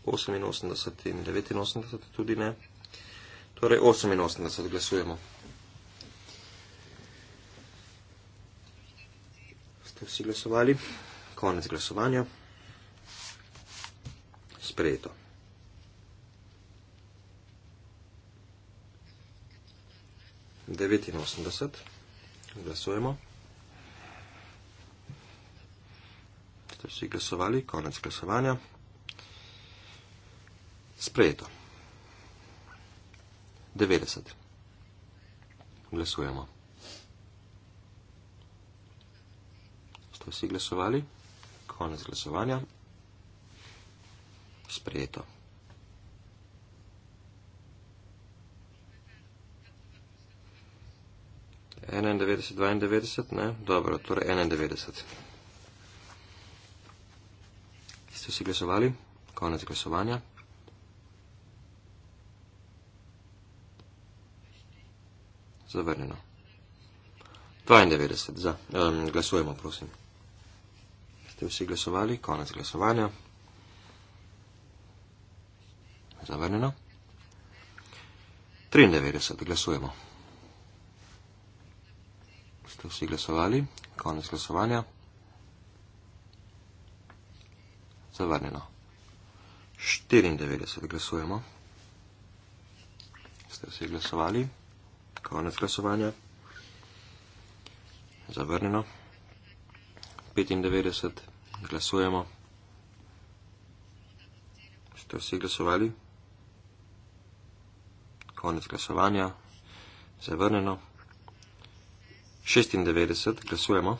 Oseminosemdeset in devetinosemdeset tudi ne. Torej, oseminosemdeset glasujemo. Ste vsi glasovali? Konec glasovanja. Sprejeto. 89. Glasujemo. Ste vsi glasovali? Konec glasovanja. Sprejeto. 90. Glasujemo. Ste vsi glasovali? Konec glasovanja. Sprejeto. 91. 91, 92, ne? Dobro, torej 91. Ste vsi glasovali? Konec glasovanja. Zavrnjeno. 92, za. Um, glasujemo, prosim. Ste vsi glasovali? Konec glasovanja. Zavrnjeno. 93, glasujemo ste vsi glasovali. Konec glasovanja. Zavrnjeno. 94 glasujemo. Ste vsi glasovali. Konec glasovanja. Zavrnjeno. 95 glasujemo. Ste vsi glasovali. Konec glasovanja. Zavrnjeno. 96, glasujemo.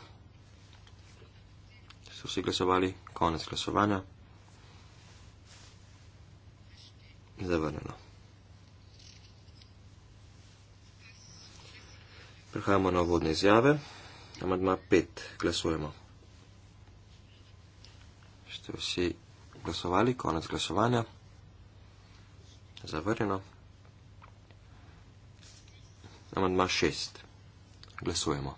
So vsi glasovali, konec glasovanja. Zavrnjeno. Prehajamo na vodne izjave. Amadma 5, glasujemo. Ste vsi glasovali, konec glasovanja. Zavrnjeno. Amadma 6 glasujemo.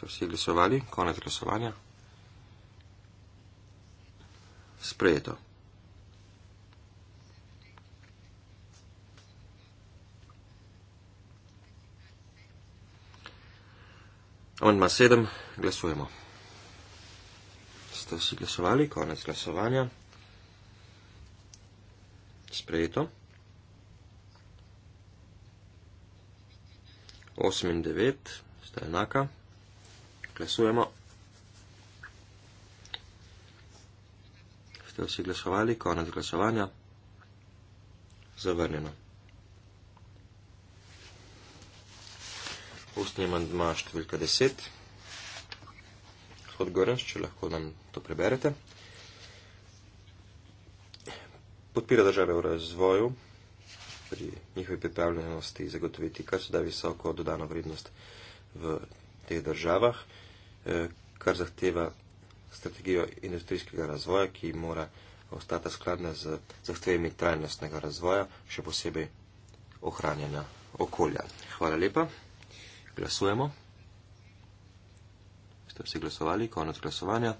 So vsi glasovali? Konec glasovanja? Sprejeto. Amandma 7, glasujemo. Ste vsi glasovali? Konec glasovanja? Sprejeto. 8 in 9 sta enaka. Glasujemo. Ste vsi glasovali? Konec glasovanja. Zavrnjeno. Ustni mandma številka 10. Gospod Gorenš, če lahko nam to preberete. Podpira države v razvoju pri njihovi pripravljenosti zagotoviti kar se da visoko dodano vrednost v teh državah, eh, kar zahteva strategijo industrijskega razvoja, ki mora ostati skladna z zahtevami trajnostnega razvoja, še posebej ohranjena okolja. Hvala lepa. Glasujemo. Ste vsi glasovali? Konec glasovanja.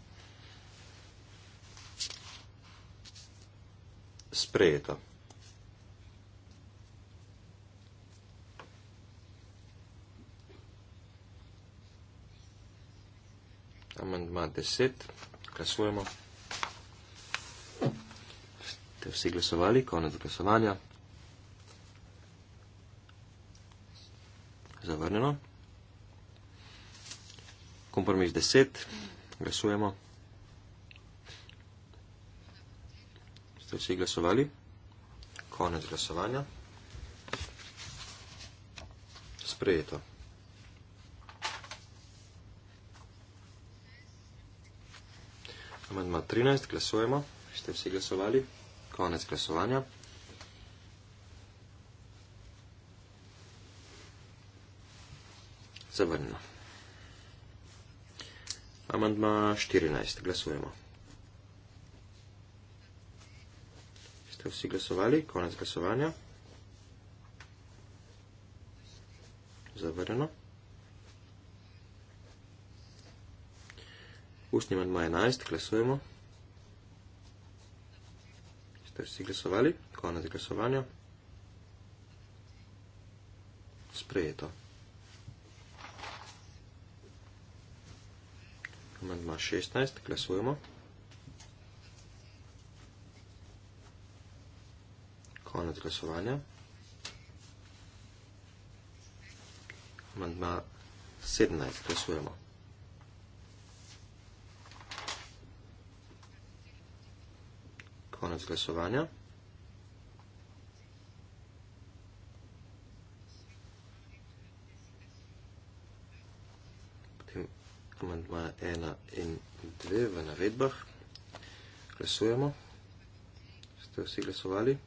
Sprejeto. amandma 10, glasujemo. Ste vsi glasovali, konec glasovanja. Zavrnjeno. Kompromis 10, glasujemo. Ste vsi glasovali, konec glasovanja. Sprejeto. Amendma 13, glasujemo. Ste vsi glasovali? Konec glasovanja. Zavrnjeno. Amendma 14, glasujemo. Ste vsi glasovali? Konec glasovanja. Zavrnjeno. Ustni med 11, glasujemo. Ste vsi glasovali? Konec glasovanja. Sprejeto. Amandma 16, glasujemo. Konec glasovanja. Amandma 17, glasujemo. konec glasovanja. Potem amandmaja 1 in 2 v navedbah. Glasujemo. Ste vsi glasovali?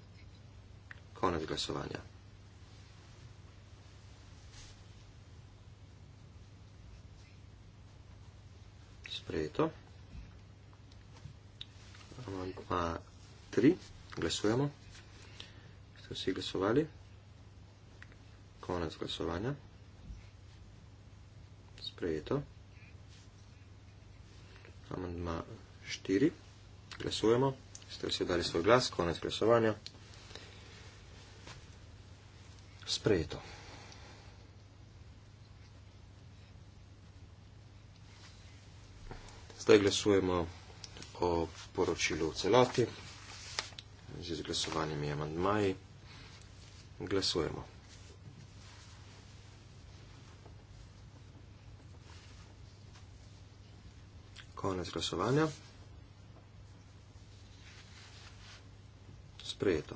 Konec glasovanja. Sprejeto. Amandma 3, glasujemo. Ste vsi glasovali? Konec glasovanja. Sprejeto. Amandma 4, glasujemo. Ste vsi dali svoj glas? Konec glasovanja. Sprejeto. Zdaj glasujemo o poročilu v celoti z izglasovanimi amantmaji. Glasujemo. Konec glasovanja. Sprejeto.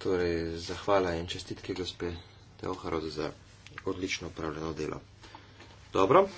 Torej, zahvala in čestitke gospe Teoharod za odlično upravljeno delo. Dobro,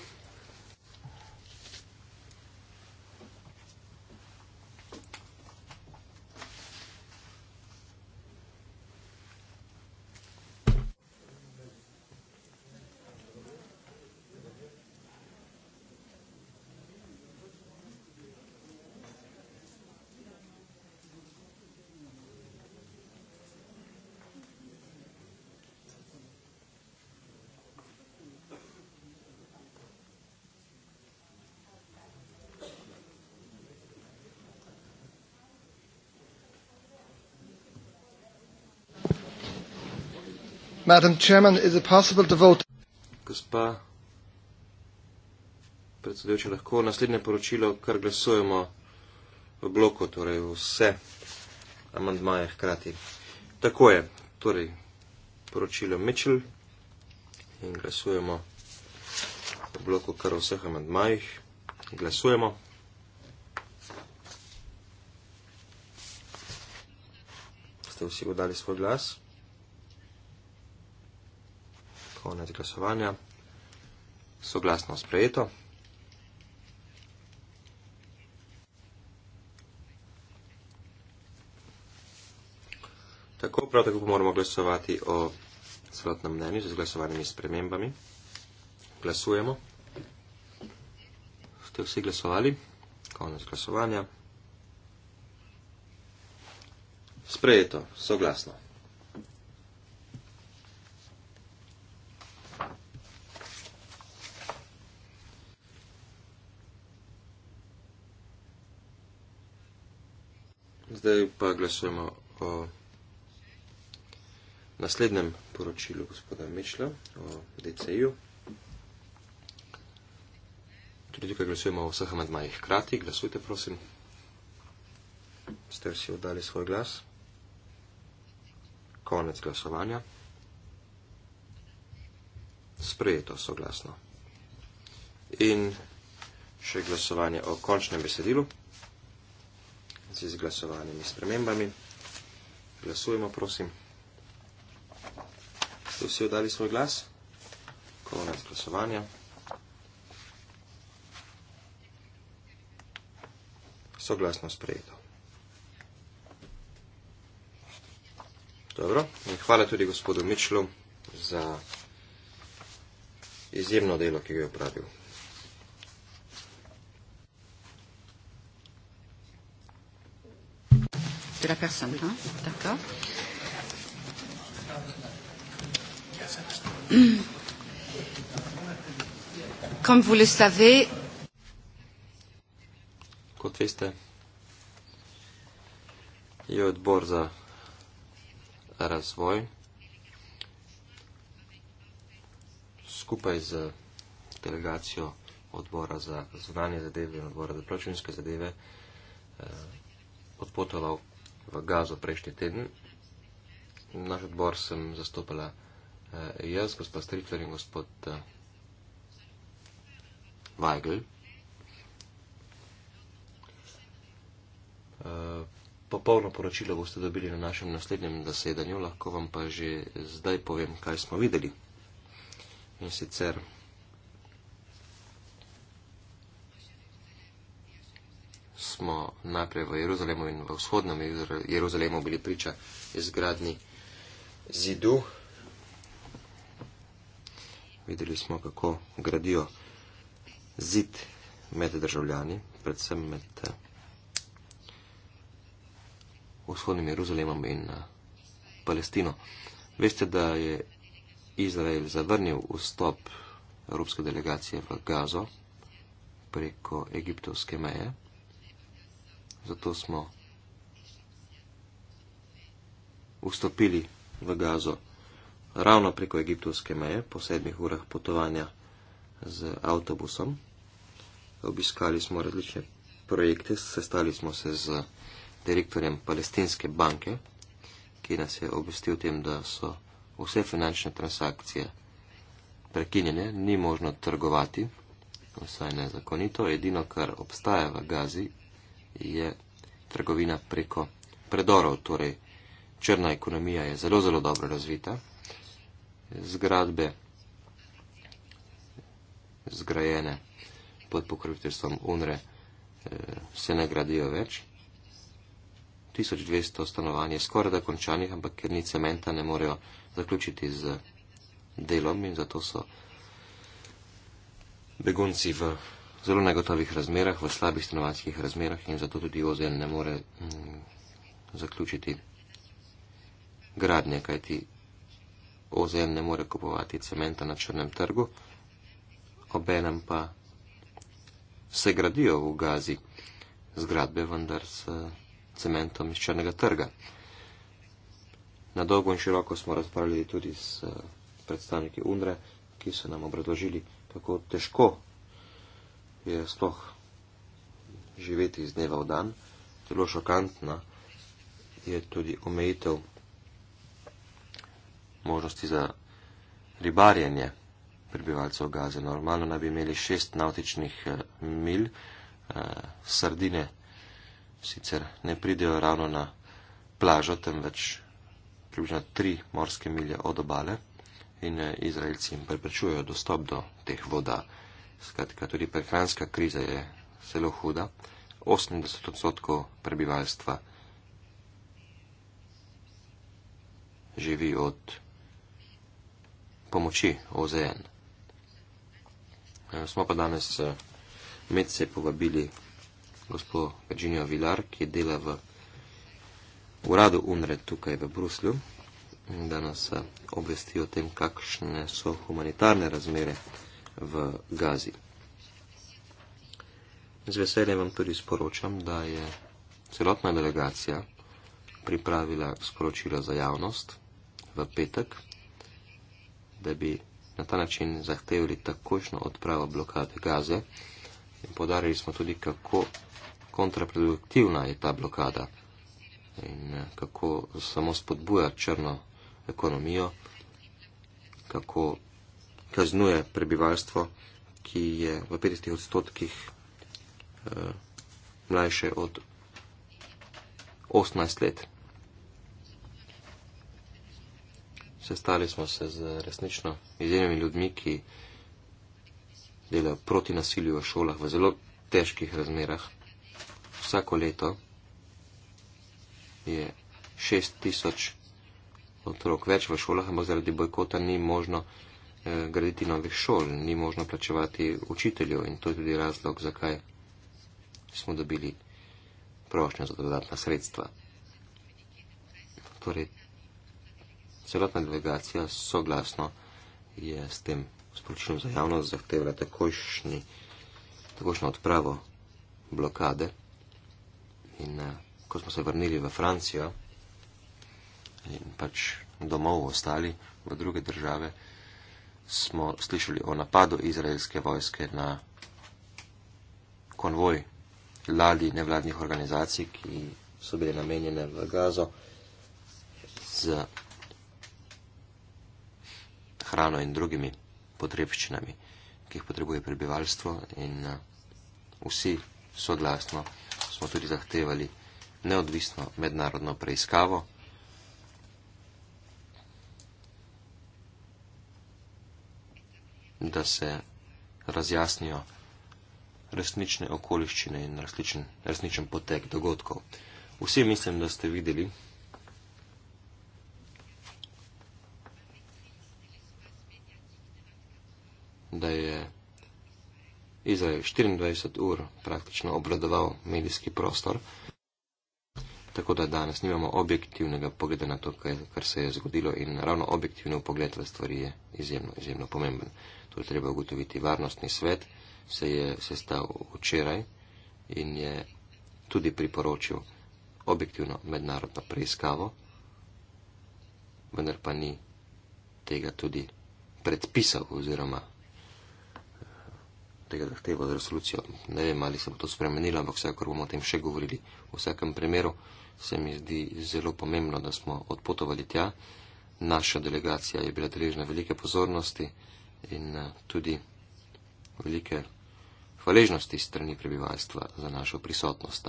Madam Chairman, is it possible to vote? Gospa predsedujoča, lahko naslednje poročilo, kar glasujemo v bloku, torej vse amandmaje hkrati. Tako je, torej poročilo Mitchell in glasujemo v bloku kar vseh amandmajih. Glasujemo. Ste vsi podali svoj glas? konec glasovanja. Soglasno sprejeto. Tako prav tako moramo glasovati o celotnem mnenju z glasovanimi spremembami. Glasujemo. Ste vsi glasovali? Konec glasovanja. Sprejeto. Soglasno. Zdaj pa glasujemo o naslednjem poročilu gospoda Mišla o DCU. Tudi tukaj glasujemo o vseh amadmajih krati. Glasujte, prosim. Ste vsi oddali svoj glas? Konec glasovanja. Sprejeto soglasno. In še glasovanje o končnem besedilu z izglasovanimi spremembami. Glasujemo, prosim. Ste vsi oddali svoj glas? Konec glasovanja. Soglasno sprejeto. Dobro, in hvala tudi gospodu Mičlu za izjemno delo, ki ga je upravil. de la personne. Hein? D'accord. Comme vous le savez. Kot veste, je odbor za razvoj skupaj z delegacijo odbora za zvanje zadeve in odbora za pročunske zadeve eh, odpotoval v Gazo prejšnji teden. Naš odbor sem zastopala eh, jaz, gospod Stricler in gospod eh, Weigl. Eh, popolno poročilo boste dobili na našem naslednjem zasedanju, lahko vam pa že zdaj povem, kaj smo videli. In sicer smo najprej v Jeruzalemu in v vzhodnem Jeruzalemu bili priča izgradni zidu. Videli smo, kako gradijo zid med državljani, predvsem med eh, vzhodnim Jeruzalemom in eh, Palestino. Veste, da je Izrael zavrnil vstop evropske delegacije v Gazo preko egiptovske meje zato smo vstopili v Gazo ravno preko egiptovske meje, po sedmih urah potovanja z avtobusom. Obiskali smo različne projekte, sestali smo se z direktorjem Palestinske banke, ki nas je obvestil tem, da so vse finančne transakcije prekinjene, ni možno trgovati, vsaj nezakonito. Edino, kar obstaja v Gazi, je trgovina preko predorov, torej črna ekonomija je zelo, zelo dobro razvita. Zgradbe, zgrajene pod pokroviteljstvom UNRE, eh, se ne gradijo več. 1200 stanovanj je skoraj da končanih, ampak ker ni cementa, ne morejo zaključiti z delom in zato so begunci v zelo negotovih razmerah, v slabih stanovanjskih razmerah in zato tudi Ozel ne more mm, zaključiti gradnje, kajti Ozel ne more kupovati cementa na črnem trgu, obenem pa se gradijo v gazi zgradbe, vendar s cementom iz črnega trga. Na dolgo in široko smo razpravljali tudi s predstavniki UNRE, ki so nam obrazložili, kako težko je sploh živeti iz dneva v dan, zelo šokantna je tudi omejitev možnosti za ribarjenje prebivalcev Gaze. Normalno naj bi imeli šest nautičnih eh, mil, eh, sardine sicer ne pridejo ravno na plažo, temveč približno tri morske milje od obale in eh, Izraelci jim preprečujejo dostop do teh voda skratka tudi prehranska kriza je zelo huda, 80 odstotkov prebivalstva živi od pomoči OZN. Eh, smo pa danes eh, med se povabili gospod Virginijo Vilar, ki dela v uradu UNRE tukaj v Bruslju, da nas eh, obvesti o tem, kakšne so humanitarne razmere v Gazi. Z veseljem vam tudi sporočam, da je celotna delegacija pripravila sporočilo za javnost v petek, da bi na ta način zahtevali takošno odpravo blokade Gaze. In podarili smo tudi, kako kontraproduktivna je ta blokada in eh, kako samo spodbuja črno ekonomijo, kako kaznuje prebivalstvo, ki je v 50 odstotkih eh, mlajše od 18 let. Sestali smo se z resnično izjemnimi ljudmi, ki delajo proti nasilju v šolah v zelo težkih razmerah. Vsako leto je 6000 otrok več v šolah, ampak zaradi bojkota ni možno. Eh, graditi novih šol, ni možno plačevati učiteljev in to je tudi razlog, zakaj smo dobili prošnjo za dodatna sredstva. Torej, celotna delegacija soglasno je s tem sporočilom za javnost zahtevala takošnji, takošnjo odpravo blokade in eh, ko smo se vrnili v Francijo in pač domov ostali v druge države, smo slišali o napadu izraelske vojske na konvoj ladij nevladnih organizacij, ki so bile namenjene v Gazo z hrano in drugimi potrebščinami, ki jih potrebuje prebivalstvo in eh, vsi soglasno smo tudi zahtevali neodvisno mednarodno preiskavo. da se razjasnijo resnične okoliščine in resničen, resničen potek dogodkov. Vsi mislim, da ste videli, da je Izrael 24 ur praktično obladoval medijski prostor tako da danes nimamo objektivnega pogleda na to, kar se je zgodilo in ravno objektivni pogled v stvari je izjemno, izjemno pomemben. To je treba ugotoviti. Varnostni svet se je sestal včeraj in je tudi priporočil objektivno mednarodno preiskavo, vendar pa ni tega tudi predpisal oziroma eh, tega zahtevo z resolucijo. Ne vem, ali se bo to spremenilo, ampak vsekakor bomo o tem še govorili. V vsakem primeru se mi zdi zelo pomembno, da smo odpotovali tja. Naša delegacija je bila deležna velike pozornosti in eh, tudi velike hvaležnosti strani prebivalstva za našo prisotnost.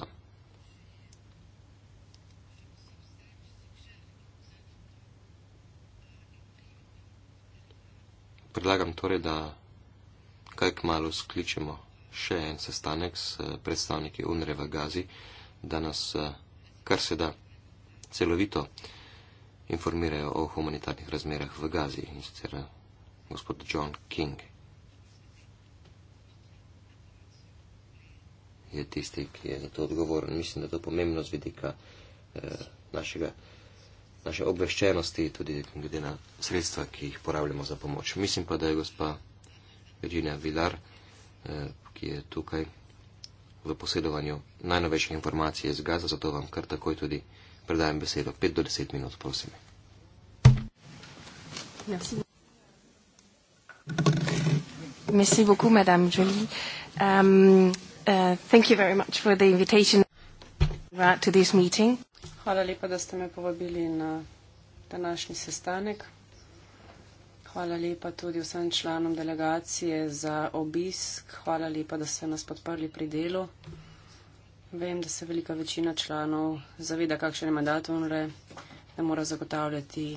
Predlagam torej, da kaj k malu skličemo še en sestanek s eh, predstavniki UNRE v Gazi, da nas eh, kar se da celovito informirajo o humanitarnih razmerah v Gazi in sicer eh, gospod John King. Je tisti, ki je za to odgovoren. Mislim, da je to pomembno z vidika eh, našega, naše obveščenosti, tudi glede na sredstva, ki jih porabljamo za pomoč. Mislim pa, da je gospa Virginia Vilar, eh, ki je tukaj v posedovanju najnovejših informacij iz Gaza, zato vam kar takoj tudi predajem besedo. 5 do 10 minut, prosim. Um, uh, Hvala lepa, da ste me povabili na današnji sestanek. Hvala lepa tudi vsem članom delegacije za obisk. Hvala lepa, da ste nas podprli pri delu. Vem, da se velika večina članov zaveda, kakšen je mandat UNRE, da mora zagotavljati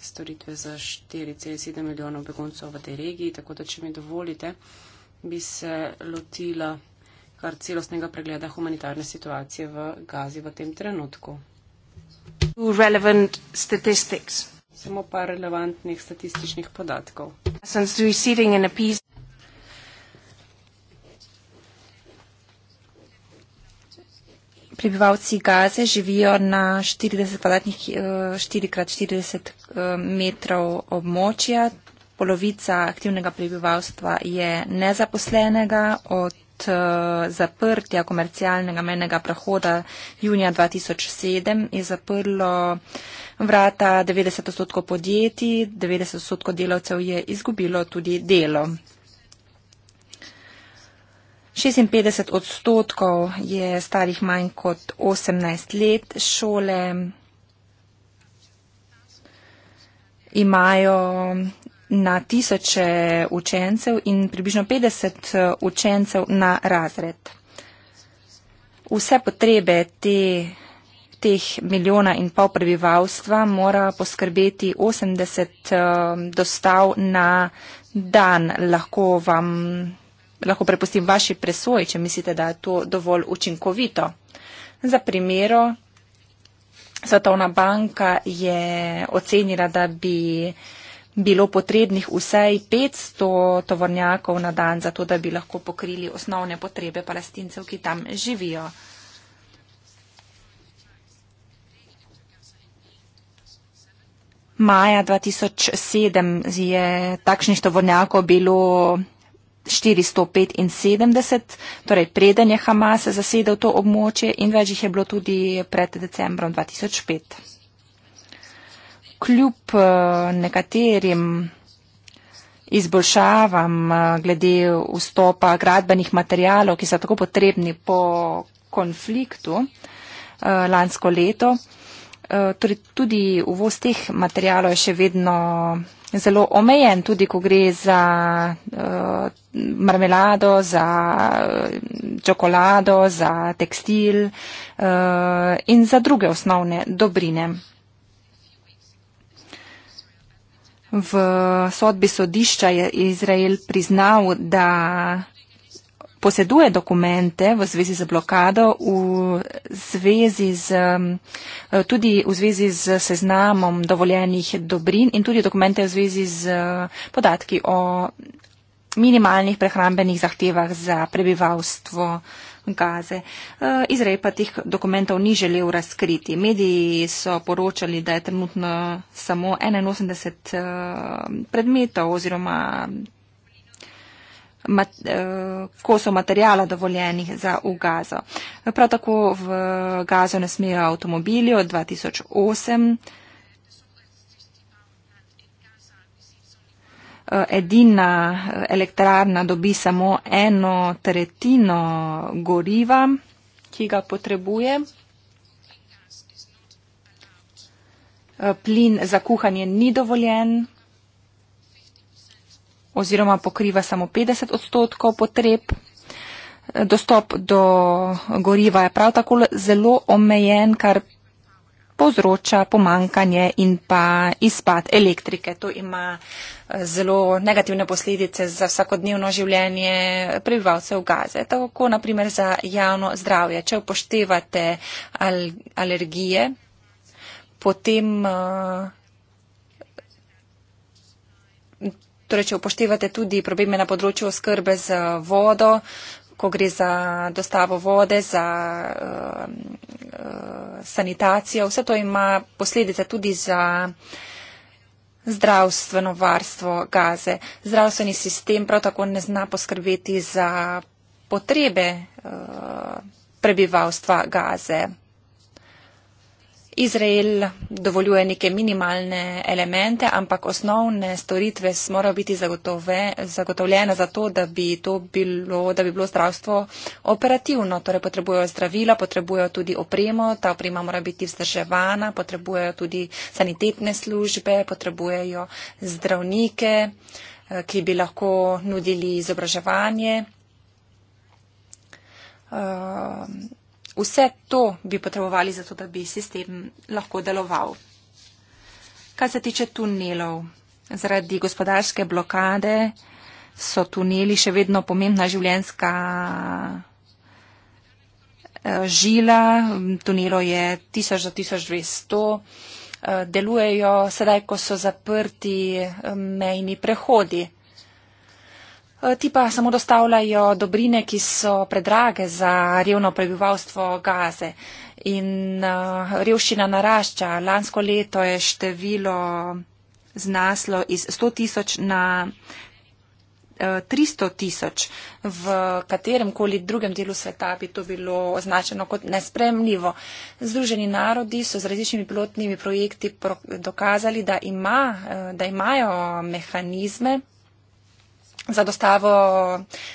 storitve za 4,7 milijonov beguncov v tej regiji. Tako da, če mi dovolite, bi se lotila kar celostnega pregleda humanitarne situacije v Gazi v tem trenutku. Relevant statistics samo par relevantnih statističnih podatkov. Prebivalci Gaze živijo na 40 4x40 eh, eh, metrov območja. Polovica aktivnega prebivalstva je nezaposlenega, od Eh, zaprtja komercialnega menega prehoda junija 2007 je zaprlo vrata 90 odstotkov podjetij, 90 odstotkov delavcev je izgubilo tudi delo. 56 odstotkov je starih manj kot 18 let šole. Imajo na tisoče učencev in približno 50 eh, učencev na razred. Vse potrebe te, teh milijona in pol prebivalstva mora poskrbeti 80 eh, dostav na dan. Lahko, vam, lahko prepustim vaši presoji, če mislite, da je to dovolj učinkovito. Za primero, Svetovna banka je ocenila, da bi bilo potrebnih vsej 500 tovornjakov na dan, zato da bi lahko pokrili osnovne potrebe palestincev, ki tam živijo. Maja 2007 je takšnih tovornjakov bilo 475, torej preden je Hamas zasedel to območje in več jih je bilo tudi pred decembrom 2005 kljub eh, nekaterim izboljšavam eh, glede vstopa gradbenih materijalov, ki so tako potrebni po konfliktu eh, lansko leto, torej tudi uvoz teh materijalov je še vedno zelo omejen, tudi ko gre za marmelado, za čokolado, za tekstil in za druge osnovne dobrine. V sodbi sodišča je Izrael priznal, da poseduje dokumente v zvezi z blokado, v zvezi z, um, tudi v zvezi z seznamom dovoljenih dobrin in tudi dokumente v zvezi z uh, podatki o minimalnih prehrambenih zahtevah za prebivalstvo. Gaze. Eh, Izrael pa tih dokumentov ni želel razkriti. Mediji so poročali, da je trenutno samo 81 eh, predmetov oziroma mat, eh, kosov materijala dovoljenih za v Gazo. Prav tako v Gazo ne smejo avtomobili od 2008. Eh, edina eh, elektrarna dobi samo eno tretjino goriva, ki ga potrebuje. Eh, plin za kuhanje ni dovoljen oziroma pokriva samo 50 odstotkov potreb. Dostop do goriva je prav tako zelo omejen, kar povzroča pomankanje in pa izpad elektrike. To ima eh, zelo negativne posledice za vsakodnevno življenje prebivalcev gaze, tako naprimer za javno zdravje. Če upoštevate al alergije, potem. Eh, torej, če upoštevate tudi probleme na področju oskrbe z vodo, ko gre za dostavo vode, za uh, uh, sanitacijo, vse to ima posledice tudi za zdravstveno varstvo gaze. Zdravstveni sistem prav tako ne zna poskrbeti za potrebe uh, prebivalstva gaze. Izrael dovoljuje neke minimalne elemente, ampak osnovne storitve morajo biti zagotove, zagotovljene za to, da bi, to bilo, da bi bilo zdravstvo operativno. Torej potrebujejo zdravila, potrebujejo tudi opremo, ta oprema mora biti vzdrževana, potrebujejo tudi sanitetne službe, potrebujejo zdravnike, eh, ki bi lahko nudili izobraževanje. Uh, Vse to bi potrebovali za to, da bi sistem lahko deloval. Kar se tiče tunelov, zaradi gospodarske blokade so tuneli še vedno pomembna življenska eh, žila. Tunelo je 1000 do 1200. Eh, delujejo sedaj, ko so zaprti eh, mejni prehodi. Eh, ti pa samo dostavljajo dobrine, ki so predrage za revno prebivalstvo Gaze. In uh, revščina narašča. Lansko leto je število znaslo iz 100 tisoč na uh, eh, 300 tisoč. V katerem koli drugem delu sveta bi to bilo označeno kot nespremljivo. Združeni narodi so z različnimi pilotnimi projekti pro dokazali, da, ima, uh, da imajo mehanizme za dostavo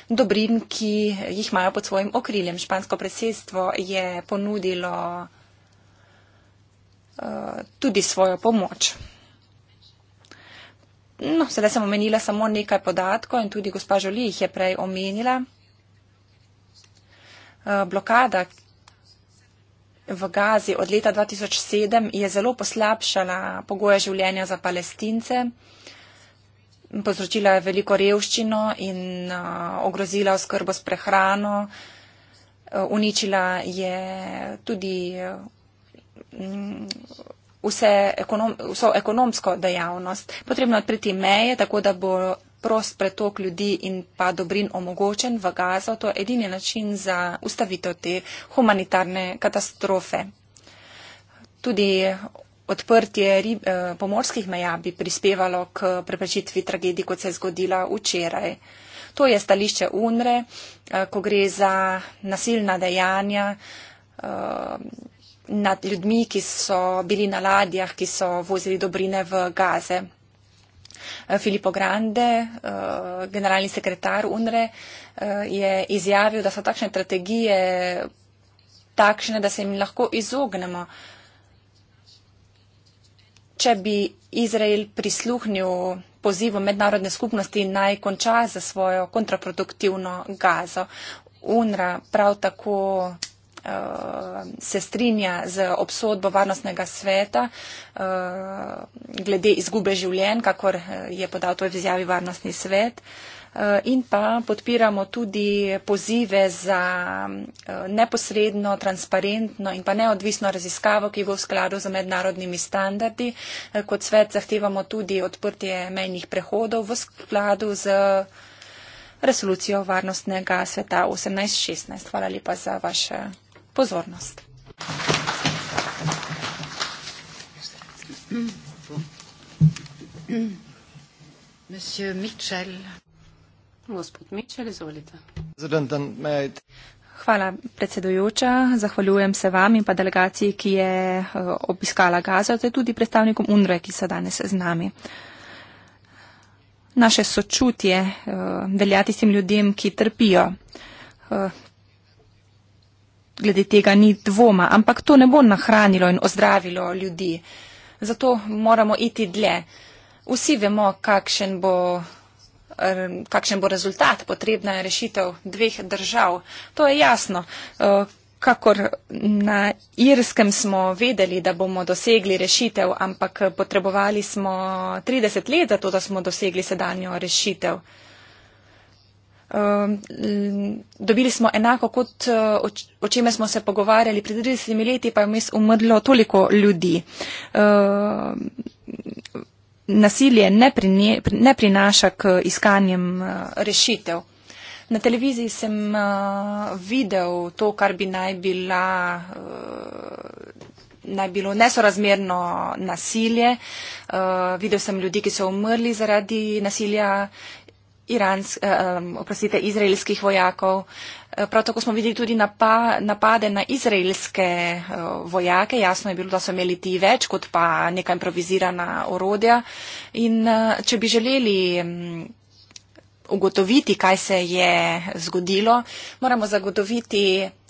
dobrin, ki jih imajo pod svojim okriljem. Špansko predsedstvo je ponudilo uh, tudi svojo pomoč. No, sedaj sem omenila samo nekaj podatkov in tudi gospa Žoli jih je prej omenila. Uh, blokada v Gazi od leta 2007 je zelo poslabšala pogoje življenja za palestince. Uh, povzročila je veliko revščino in uh, ogrozila oskrbo s prehrano, uh, uničila je tudi uh, vse ekonom vso ekonomsko dejavnost. Potrebno je odpreti meje, tako da bo prost pretok ljudi in pa dobrin omogočen v Gazo. To je edini način za ustavitev te humanitarne katastrofe. Tudi odprtje rib, eh, pomorskih meja bi prispevalo k preprečitvi tragediji, kot se je zgodila včeraj. To je stališče UNRE, eh, ko gre za nasilna dejanja eh, nad ljudmi, ki so bili na ladjah, ki so vozili dobrine v gaze. Filipo Grande, generalni sekretar UNRE, je izjavil, da so takšne strategije takšne, da se jim lahko izognemo če bi Izrael prisluhnil pozivu mednarodne skupnosti naj konča za svojo kontraproduktivno gazo. UNRA prav tako eh, se strinja z obsodbo Varnostnega sveta eh, glede izgube življenj, kakor eh, je podal to v izjavi Varnostni svet. Eh, in pa podpiramo tudi pozive za eh, neposredno, transparentno in pa neodvisno raziskavo, ki bo v skladu z mednarodnimi standardi. Eh, kot svet zahtevamo tudi odprtje mejnih prehodov v skladu z resolucijo varnostnega sveta 1816. Hvala lepa za vašo pozornost. Monsieur Mitchell. Gospod Mičel, izvolite. Hvala, predsedujoča. Zahvaljujem se vam in pa delegaciji, ki je eh, obiskala Gaza, te tudi predstavnikom UNRWE, ki so danes z nami. Naše sočutje eh, velja tistim ljudem, ki trpijo. Eh, glede tega ni dvoma, ampak to ne bo nahranilo in ozdravilo ljudi. Zato moramo iti dlje. Vsi vemo, kakšen bo kakšen bo rezultat, potrebna je rešitev dveh držav. To je jasno. E, kakor na Irskem smo vedeli, da bomo dosegli rešitev, ampak potrebovali smo 30 let za to, da smo dosegli sedanjo rešitev. E, dobili smo enako, kot e, o čem smo se pogovarjali pred 30 leti, pa je umrlo toliko ljudi nasilje ne, prinje, ne prinaša k iskanjem eh, rešitev. Na televiziji sem eh, videl to, kar bi naj, bila, eh, naj bilo nesorazmerno nasilje. Videl sem ljudi, ki so umrli zaradi nasilja iransk, oprostite, izraelskih vojakov. Eh, prav tako smo videli tudi napade na izraelske eh, vojake. Jasno je bilo, da so imeli ti več kot pa neka improvizirana orodja. In eh, če bi želeli mm, ugotoviti, kaj se je zgodilo, moramo zagotoviti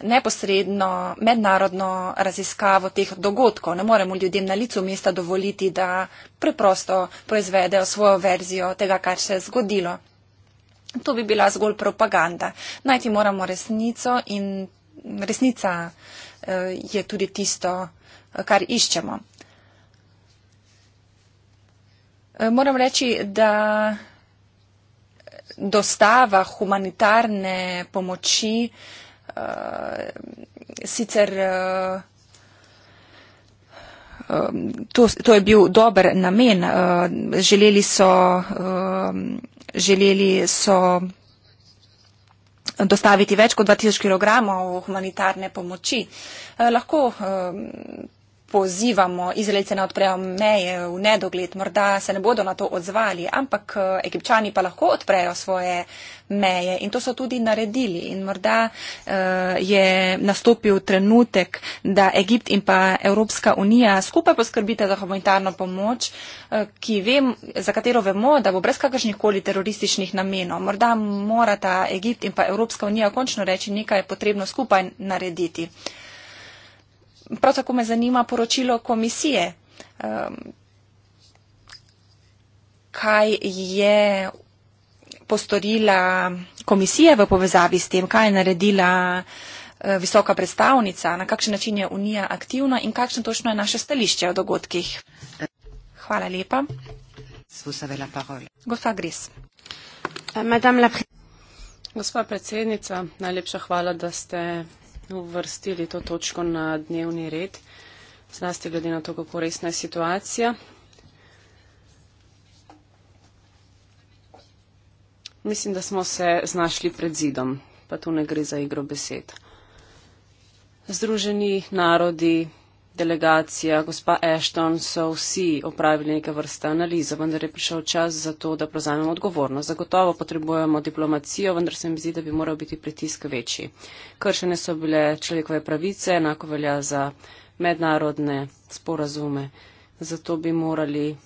neposredno mednarodno raziskavo teh dogodkov. Ne moremo ljudem na licu mesta dovoliti, da preprosto proizvedejo svojo verzijo tega, kar se je zgodilo. To bi bila zgolj propaganda. Najti moramo resnico in resnica eh, je tudi tisto, eh, kar iščemo. Eh, moram reči, da dostava humanitarne pomoči sicer Ehm, to, to je bil dober namen. Ehm, želeli so, ehm, želeli so dostaviti več kot 2000 kg humanitarne pomoči. Lahko pozivamo izraelce na odprejo meje v nedogled, morda se ne bodo na to odzvali, ampak eh, egipčani pa lahko odprejo svoje meje in to so tudi naredili. In morda uh, je nastopil trenutek, da Egipt in pa Evropska unija skupaj poskrbite za humanitarno pomoč, uh, vem, za katero vemo, da bo brez kakršnih koli terorističnih namenov. Morda morata Egipt in pa Evropska unija končno reči, nekaj je potrebno skupaj narediti prav tako me zanima poročilo komisije. Um, kaj je postorila komisija v povezavi s tem, kaj je naredila e, visoka predstavnica, na kakšen način je Unija aktivna in kakšno točno je naše stališče o dogodkih. Hvala lepa. Gospa Gris. Gospa predsednica, najlepša hvala, da ste uvrstili to točko na dnevni red, zlasti glede na to, kako resna je situacija. Mislim, da smo se znašli pred zidom, pa tu ne gre za igro besed. Združeni narodi, delegacija, gospa Ashton, so vsi opravili neke vrste analize, vendar je prišel čas za to, da prevzamemo odgovornost. Zagotovo potrebujemo diplomacijo, vendar se mi zdi, da bi moral biti pritisk večji. Kršene so bile človekove pravice, enako velja za mednarodne sporazume. Zato bi morali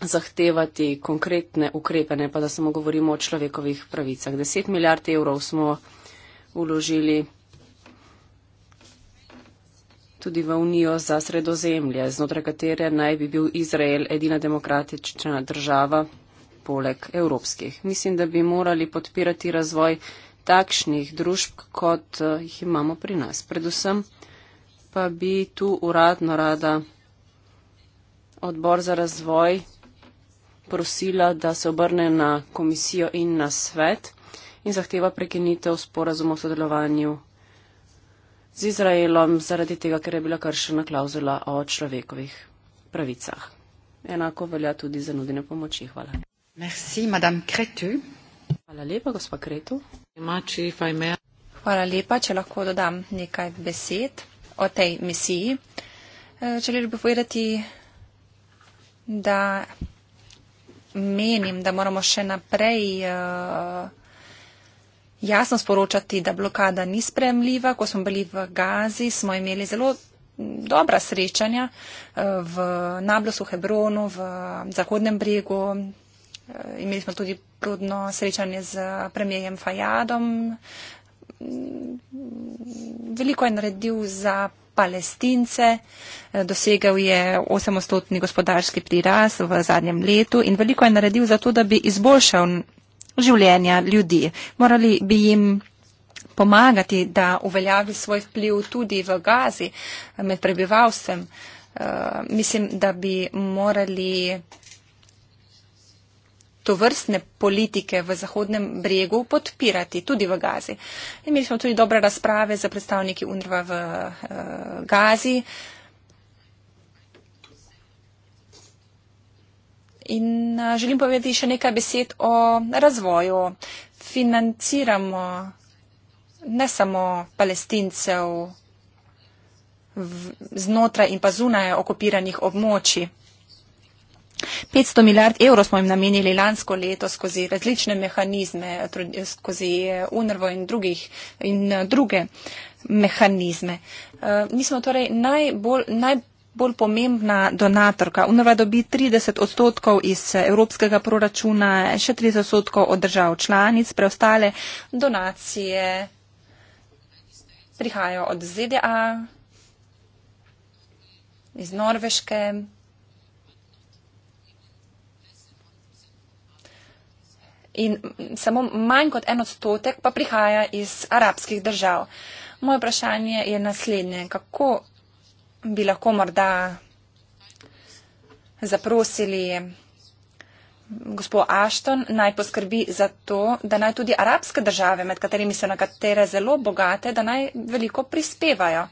zahtevati konkretne ukrepe, ne pa da samo govorimo o človekovih pravicah. 10 milijard evrov smo vložili tudi v Unijo za sredozemlje, znotraj katere naj bi bil Izrael edina demokratična država poleg evropskih. Mislim, da bi morali podpirati razvoj takšnih družb, kot eh, jih imamo pri nas. Predvsem pa bi tu uradno rada odbor za razvoj prosila, da se obrne na komisijo in na svet in zahteva prekinitev sporazuma o sodelovanju z Izraelom zaradi tega, ker je bila kršena klauzula o človekovih pravicah. Enako velja tudi za nudene pomoči. Hvala. Merci, Hvala lepa, gospod Kretu. Hvala lepa, če lahko dodam nekaj besed o tej misiji. Eh, Želel bi povedati, da menim, da moramo še naprej. Uh, jasno sporočati, da blokada ni spremljiva. Ko smo bili v Gazi, smo imeli zelo dobra srečanja eh, v Nablusu, Hebronu, v Zahodnem bregu. Eh, imeli smo tudi prudno srečanje z premijejem Fajadom. Mm, veliko je naredil za palestince, eh, dosegal je 8-stotni gospodarski prirast v zadnjem letu in veliko je naredil za to, da bi izboljšal življenja ljudi. Morali bi jim pomagati, da uveljavi svoj vpliv tudi v gazi med prebivalstvem. Uh, eh, mislim, da bi morali to vrstne politike v Zahodnem bregu podpirati tudi v Gazi. Imeli smo tudi dobre razprave za predstavniki UNRVA v uh, Gazi. Uh, In želim povedati še nekaj besed o razvoju. Financiramo ne samo palestincev znotraj in pa zunaj okupiranih območij. 500 milijard evrov smo jim namenili lansko leto skozi različne mehanizme, skozi UNRVO in, drugih, in druge mehanizme. E, mi smo torej najbolj, najbolj bolj pomembna donatorka. UNRWA dobi 30 odstotkov iz eh, evropskega proračuna, še 30 odstotkov od držav članic, preostale donacije prihajajo od ZDA, iz Norveške. In samo manj kot en odstotek pa prihaja iz arabskih držav. Moje vprašanje je naslednje. Kako bi lahko morda zaprosili gospod Ashton, naj poskrbi za to, da naj tudi arabske države, med katerimi so nekatere zelo bogate, da naj veliko prispevajo.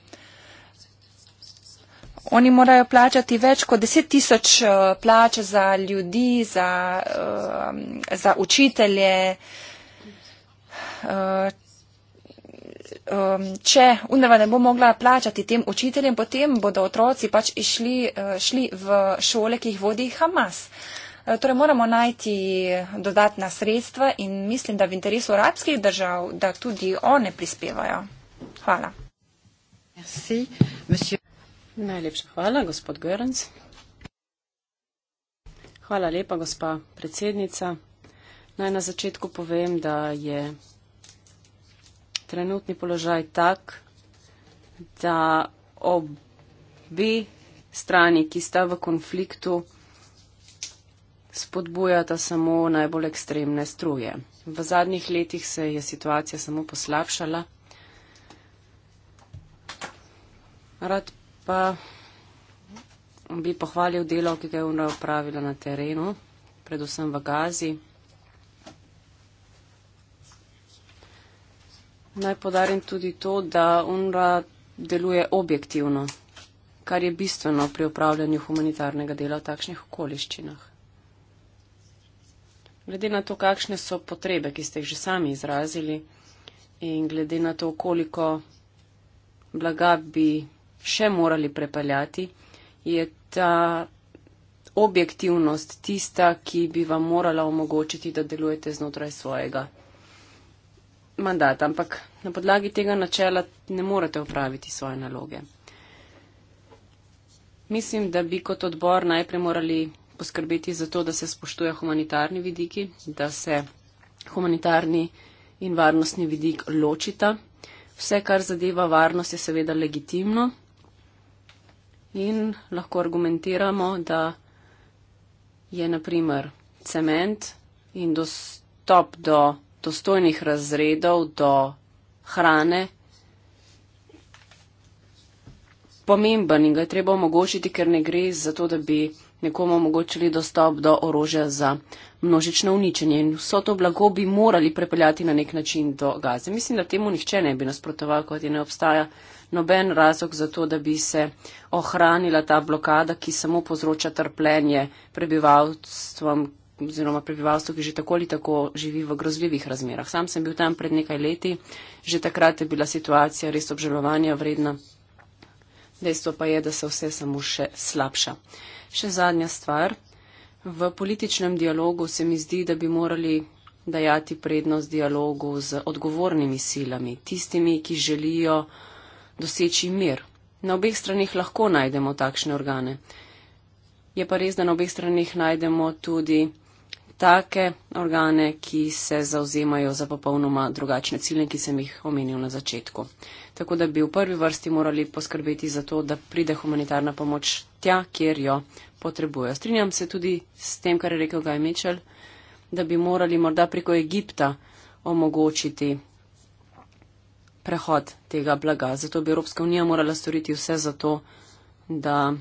Oni morajo plačati več kot 10 tisoč eh, plač za ljudi, za, eh, za učitelje, eh, um, če UNRWA ne bo mogla plačati tem učiteljem, potem bodo otroci pač išli, uh, šli v šole, ki jih vodi Hamas. Uh, torej moramo najti dodatna sredstva in mislim, da v interesu arabskih držav, da tudi one prispevajo. Hvala. Merci, Najlepša hvala, gospod Görens. Hvala lepa, gospa predsednica. Naj na začetku povem, da je trenutni položaj tak, da obi strani, ki sta v konfliktu, spodbujata samo najbolj ekstremne struje. V zadnjih letih se je situacija samo poslabšala. Rad pa bi pohvalil delo, ki ga je upravila na terenu, predvsem v Gazi. Naj podarim tudi to, da UNRWA deluje objektivno, kar je bistveno pri upravljanju humanitarnega dela v takšnih okoliščinah. Glede na to, kakšne so potrebe, ki ste jih že sami izrazili, in glede na to, koliko blaga bi še morali prepeljati, je ta objektivnost tista, ki bi vam morala omogočiti, da delujete znotraj svojega mandat, ampak na podlagi tega načela ne morete upraviti svoje naloge. Mislim, da bi kot odbor najprej morali poskrbeti za to, da se spoštuje humanitarni vidiki, da se humanitarni in varnostni vidik ločita. Vse, kar zadeva varnost, je seveda legitimno in lahko argumentiramo, da je naprimer cement in dostop do dostojnih razredov do hrane pomemben in ga je treba omogočiti, ker ne gre za to, da bi nekomu omogočili dostop do orožja za množično uničenje. In vso to blago bi morali prepeljati na nek način do gaze. Mislim, da temu nihče ne bi nasprotoval, kot je ne obstaja noben razlog za to, da bi se ohranila ta blokada, ki samo povzroča trpljenje prebivalstvom, oziroma prebivalstvo, ki že tako ali tako živi v grozljivih razmerah. Sam sem bil tam pred nekaj leti, že takrat je bila situacija res obžalovanja vredna. Dejstvo pa je, da se vse samo še slabša. Še zadnja stvar. V političnem dialogu se mi zdi, da bi morali dajati prednost dialogu z odgovornimi silami, tistimi, ki želijo doseči mir. Na obeh stranih lahko najdemo takšne organe. Je pa res, da na obeh stranih najdemo tudi take organe, ki se zauzemajo za popolnoma drugačne cilje, ki sem jih omenil na začetku. Tako da bi v prvi vrsti morali poskrbeti za to, da pride humanitarna pomoč tja, kjer jo potrebujejo. Strinjam se tudi s tem, kar je rekel Gaj Mičel, da bi morali morda preko Egipta omogočiti prehod tega blaga. Zato bi Evropska unija morala storiti vse za to, da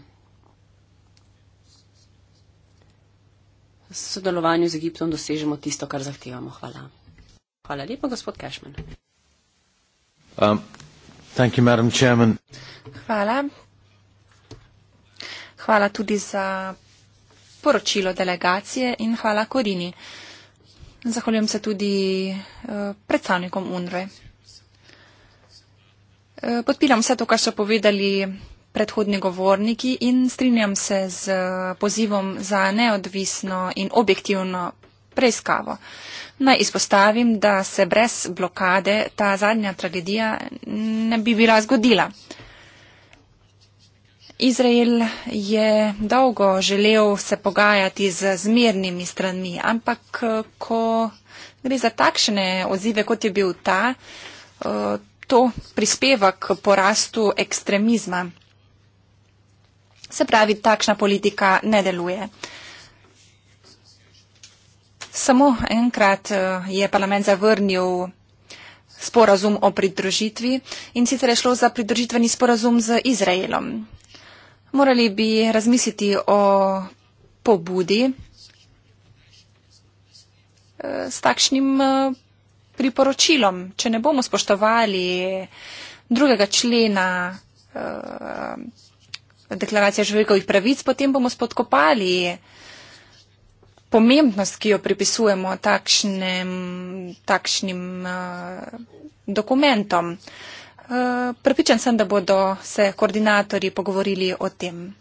sodelovanju z Egiptom dosežemo tisto, kar zahtevamo. Hvala. Hvala lepa, gospod Kešman. Um, Hvala. Hvala tudi za poročilo delegacije in hvala Korini. Zahvaljujem se tudi eh, predstavnikom UNRWE. Eh, podpiram vse to, kar so povedali predhodni govorniki in strinjam se z eh, pozivom za neodvisno in objektivno preiskavo. Naj izpostavim, da se brez blokade ta zadnja tragedija ne bi bila zgodila. Izrael je dolgo želel se pogajati z zmernimi stranmi, ampak eh, ko gre za takšne odzive, kot je bil ta, eh, to prispeva k porastu ekstremizma. Se pravi, takšna politika ne deluje. Samo enkrat eh, je parlament zavrnil sporazum o pridružitvi in sicer je šlo za pridružitveni sporazum z Izraelom. Morali bi razmisliti o pobudi eh, s takšnim eh, priporočilom, če ne bomo spoštovali drugega člena deklaracija človekovih pravic, potem bomo spodkopali pomembnost, ki jo pripisujemo takšnem, takšnim uh, dokumentom. Uh, eh, Pripričan sem, da bodo se koordinatori pogovorili o tem.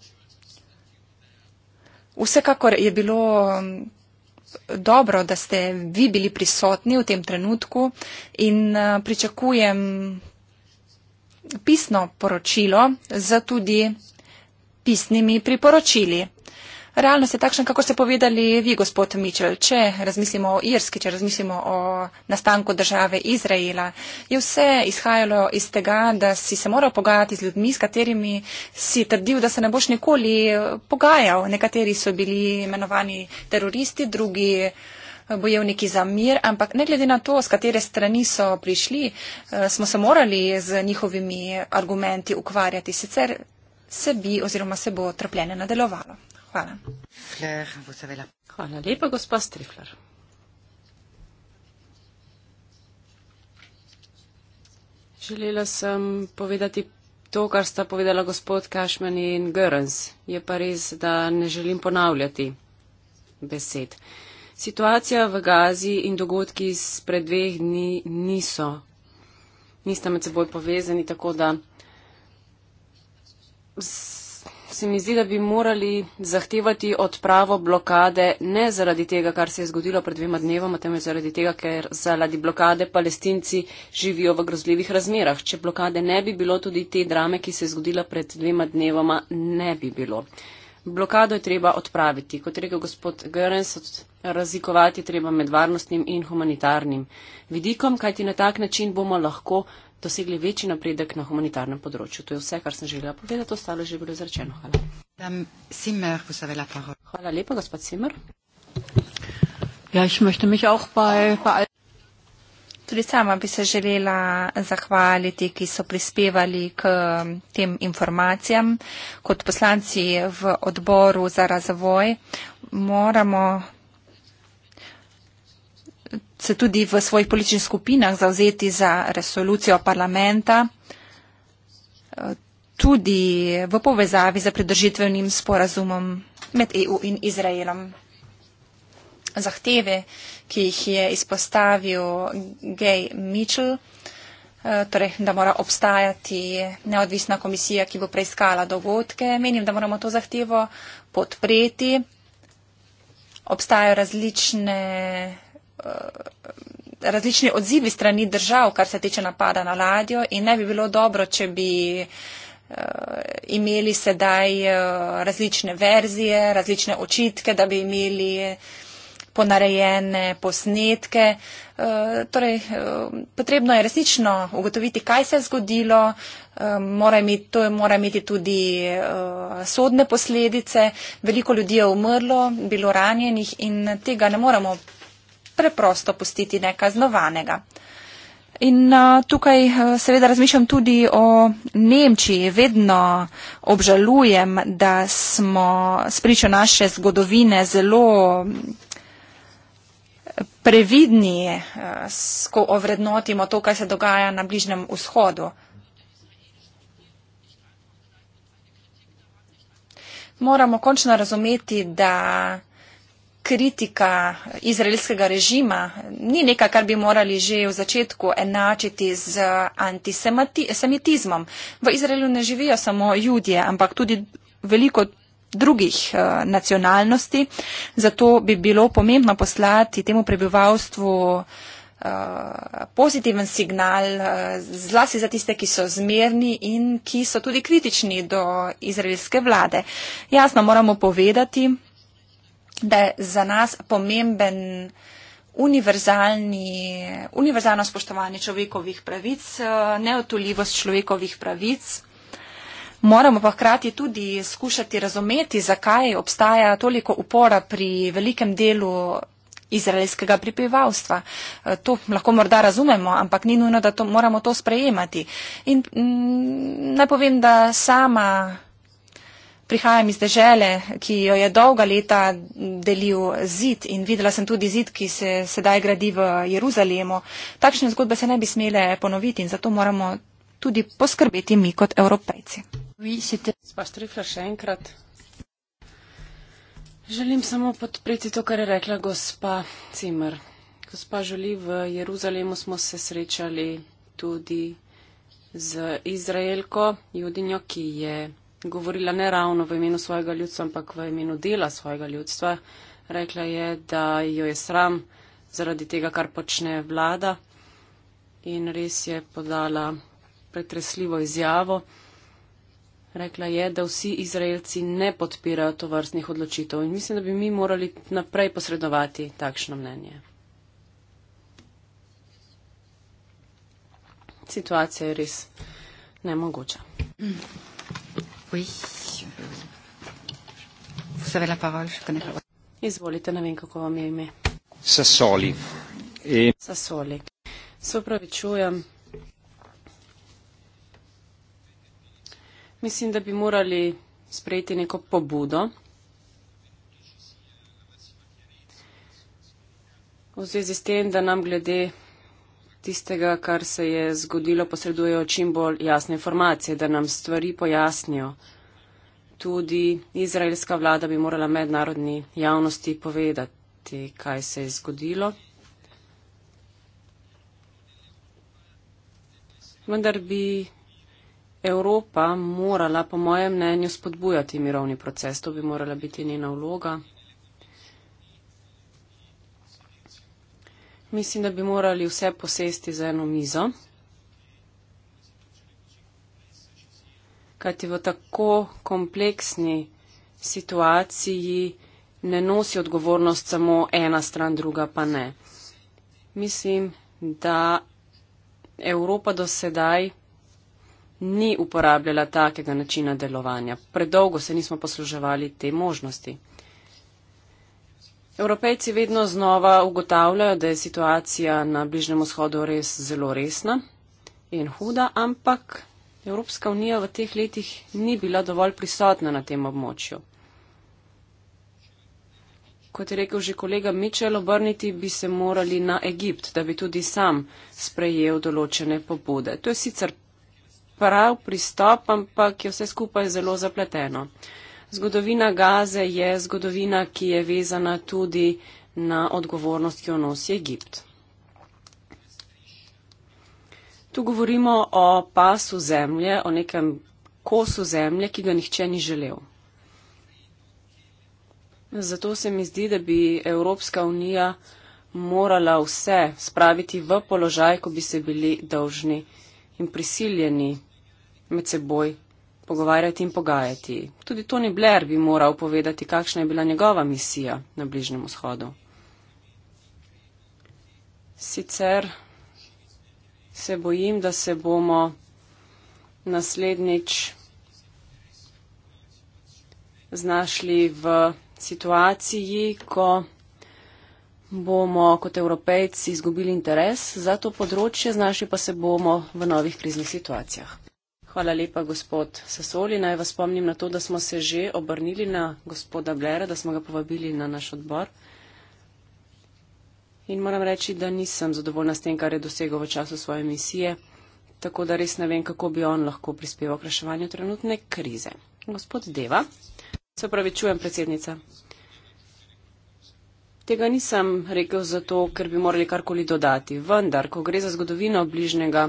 Vsekakor je bilo eh, dobro, da ste vi bili prisotni v tem trenutku in pričakujem pisno poročilo za tudi pisnimi priporočili. Realnost je takšna, kako ste povedali vi, gospod Mičel. Če razmislimo o Irski, če razmislimo o nastanku države Izraela, je vse izhajalo iz tega, da si se moral pogajati z ljudmi, s katerimi si trdil, da se ne boš nikoli pogajal. Nekateri so bili imenovani teroristi, drugi bojevniki za mir, ampak ne glede na to, z katere strani so prišli, eh, smo se morali z njihovimi argumenti ukvarjati. Sicer se bi oziroma se bo trpljenje nadaljevalo. Hvala. Hvala lepa, gospa Strifler. Želela sem povedati to, kar sta povedala gospod Kašman in Görens. Je pa res, da ne želim ponavljati besed. Situacija v Gazi in dogodki spred dveh dni niso. Nista med seboj povezani, tako da se mi zdi, da bi morali zahtevati odpravo blokade ne zaradi tega, kar se je zgodilo pred dvema dnevoma, temveč zaradi tega, ker zaradi blokade palestinci živijo v grozljivih razmerah. Če blokade ne bi bilo, tudi te drame, ki se je zgodila pred dvema dnevoma, ne bi bilo. Blokado je treba odpraviti, kot je rekel gospod Görens, razlikovati treba med varnostnim in humanitarnim vidikom, kajti na tak način bomo lahko dosegli večji napredek na humanitarnem področju. To je vse, kar sem želela povedati, ostalo je že bilo izrečeno. Hvala. Hvala lepa, gospod Simr. Ja, Tudi sama bi se želela zahvaliti, ki so prispevali k tem informacijam. Kot poslanci v odboru za razvoj moramo se tudi v svojih političnih skupinah zavzeti za resolucijo parlamenta, eh, tudi v povezavi z pridržitvenim sporazumom med EU in Izraelom. Zahteve, ki jih je izpostavil Gay Mitchell, eh, torej, da mora obstajati neodvisna komisija, ki bo preiskala dogodke, menim, da moramo to zahtevo podpreti. Obstajajo različne Eh, različni odzivi strani držav, kar se tiče napada na ladjo in ne bi bilo dobro, če bi eh, imeli sedaj eh, različne verzije, različne očitke, da bi imeli ponarejene posnetke. Torej, potrebno je resnično ugotoviti, kaj se je zgodilo, mora imeti, to mora imeti tudi sodne posledice, veliko ljudi je umrlo, bilo ranjenih in tega ne moramo preprosto pustiti nekaznovanega. In uh, tukaj uh, seveda razmišljam tudi o Nemčiji. Vedno obžalujem, da smo spričo naše zgodovine zelo previdni, uh, ko ovrednotimo to, kaj se dogaja na Bližnjem vzhodu. Moramo končno razumeti, da kritika izraelskega režima ni nekaj, kar bi morali že v začetku enačiti z antisemitizmom. V Izraelu ne živijo samo ljudje, ampak tudi veliko drugih uh, nacionalnosti, zato bi bilo pomembno poslati temu prebivalstvu uh, pozitiven signal, uh, zlasti za tiste, ki so zmerni in ki so tudi kritični do izraelske vlade. Jasno moramo povedati, da je za nas pomemben univerzalni, univerzalno spoštovanje človekovih pravic, eh, neotoljivost človekovih pravic. Moramo pa hkrati tudi skušati razumeti, zakaj obstaja toliko upora pri velikem delu izraelskega pripivalstva. Eh, to lahko morda razumemo, ampak ni nujno, da to, moramo to sprejemati. In m, mm, naj povem, da sama Prihajam iz dežele, ki jo je dolga leta delil zid in videla sem tudi zid, ki se sedaj gradi v Jeruzalemu. Takšne zgodbe se ne bi smele ponoviti in zato moramo tudi poskrbeti mi kot evropejci. Želim samo podpreti to, kar je rekla gospa Cimer. Gospa Žuli, v Jeruzalemu smo se srečali tudi z Izraelko, judinjo, ki je govorila ne ravno v imenu svojega ljudstva, ampak v imenu dela svojega ljudstva. Rekla je, da jo je sram zaradi tega, kar počne vlada in res je podala pretresljivo izjavo. Rekla je, da vsi Izraelci ne podpirajo to vrstnih odločitev in mislim, da bi mi morali naprej posredovati takšno mnenje. Situacija je res nemogoča. Mm. Oui. Vous avez la parole, je connais pas votre. Izvolite, ne vem, kako vam je ime. Sasoli. E... Sasoli. Se upravičujem. Mislim, da bi morali sprejeti neko pobudo v zvezi s tem, da nam glede tistega, kar se je zgodilo, posredujejo čim bolj jasne informacije, da nam stvari pojasnijo. Tudi izraelska vlada bi morala mednarodni javnosti povedati, kaj se je zgodilo. Vendar bi Evropa morala, po mojem mnenju, spodbujati mirovni proces. To bi morala biti njena vloga. Mislim, da bi morali vse posesti za eno mizo. Kajti v tako kompleksni situaciji ne nosi odgovornost samo ena stran, druga pa ne. Mislim, da Evropa do sedaj ni uporabljala takega načina delovanja. Predolgo se nismo posluževali te možnosti. Evropejci vedno znova ugotavljajo, da je situacija na Bližnjem vzhodu res zelo resna in huda, ampak Evropska unija v teh letih ni bila dovolj prisotna na tem območju. Kot je rekel že kolega Mičel, obrniti bi se morali na Egipt, da bi tudi sam sprejel določene pobude. To je sicer prav pristop, ampak je vse skupaj zelo zapleteno. Zgodovina Gaze je zgodovina, ki je vezana tudi na odgovornost, ki jo nosi Egipt. Tu govorimo o pasu zemlje, o nekem kosu zemlje, ki ga nihče ni želel. Zato se mi zdi, da bi Evropska unija morala vse spraviti v položaj, ko bi se bili dolžni in prisiljeni med seboj pogovarjati in pogajati. Tudi Tony Blair bi moral povedati, kakšna je bila njegova misija na Bližnjem vzhodu. Sicer se bojim, da se bomo naslednjič znašli v situaciji, ko bomo kot evropejci izgubili interes za to področje, znašli pa se bomo v novih kriznih situacijah. Hvala lepa, gospod Sasoli. Naj vas spomnim na to, da smo se že obrnili na gospoda Blera, da smo ga povabili na naš odbor. In moram reči, da nisem zadovoljna s tem, kar je dosegel v času svoje misije, tako da res ne vem, kako bi on lahko prispeval k reševanju trenutne krize. Gospod Deva, se pravi, čujem predsednica. Tega nisem rekel zato, ker bi morali karkoli dodati. Vendar, ko gre za zgodovino bližnjega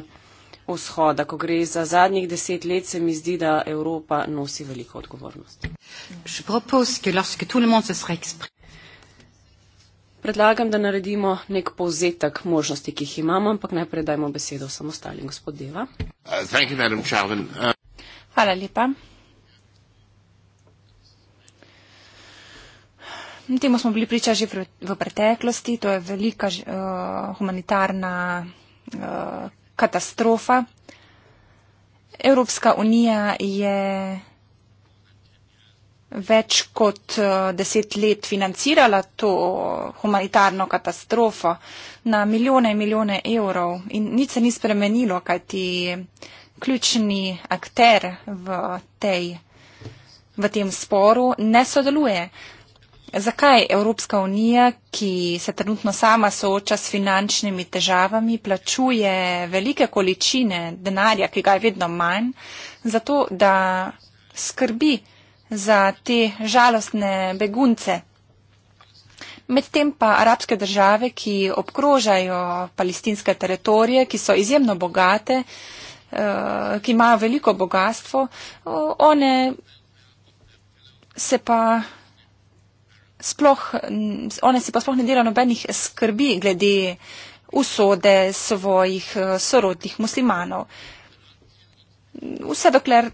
vzhoda. Ko gre za zadnjih deset let, se mi zdi, da Evropa nosi veliko odgovornosti. Predlagam, da naredimo nek povzetek možnosti, ki jih imamo, ampak najprej dajmo besedo samostalim gospod Deva. Uh, uh, Hvala lepa. Temu smo bili priča že v preteklosti, to je velika uh, humanitarna uh, katastrofa. Evropska unija je več kot eh, deset let financirala to humanitarno katastrofo na milijone in milijone evrov in nič se ni spremenilo, kajti ključni akter v, tej, v tem sporu ne sodeluje. Zakaj Evropska unija, ki se trenutno sama sooča s finančnimi težavami, plačuje velike količine denarja, ki ga je vedno manj, zato da skrbi za te žalostne begunce? Medtem pa arabske države, ki obkrožajo palestinske teritorije, ki so izjemno bogate, eh, ki imajo veliko bogatstvo, one se pa sploh, one si pa sploh ne dela nobenih skrbi glede usode svojih eh, sorodnih muslimanov. Vse dokler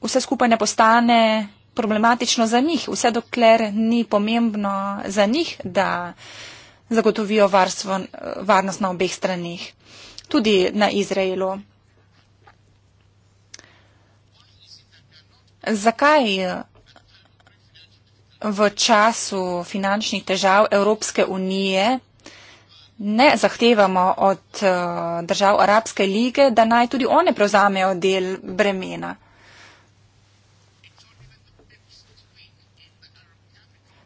vse skupaj ne postane problematično za njih, vse dokler ni pomembno za njih, da zagotovijo varstvo, eh, varnost na obeh stranih, tudi na Izraelu. Zakaj eh, v času finančnih težav Evropske unije ne zahtevamo od eh, držav Arabske lige, da naj tudi one prevzamejo del bremena.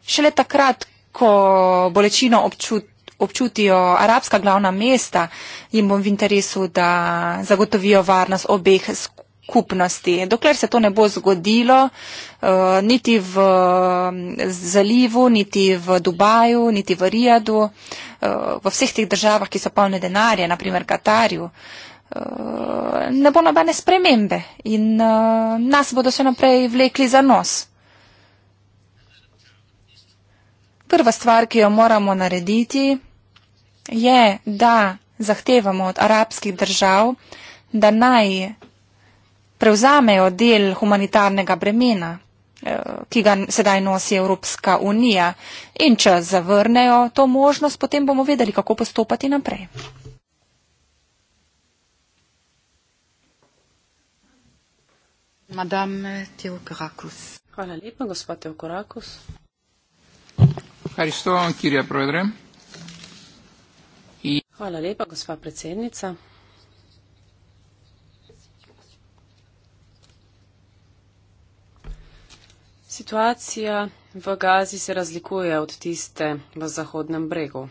Šele takrat, ko bolečino občut, občutijo arabska glavna mesta, jim bo v interesu, da zagotovijo varnost obeh skupin skupnosti. Dokler se to ne bo zgodilo, eh, niti v zalivu, niti v Dubaju, niti v Rijadu, eh, v vseh teh državah, ki so polne denarja, naprimer Katarju, eh, ne bo nobene spremembe in nas bodo še naprej vlekli za nos. Prva stvar, ki jo moramo narediti, je, da zahtevamo od arabskih držav, da naj prevzamejo del humanitarnega bremena, eh, ki ga sedaj nosi Evropska unija. In če zavrnejo to možnost, potem bomo vedeli, kako postopati naprej. Madame Teokorakus. Hvala lepa, gospod Teokorakus. Haristo, kirja Proedre. I... Hvala lepa, gospa predsednica. Situacija v Gazi se razlikuje od tiste v Zahodnem bregu.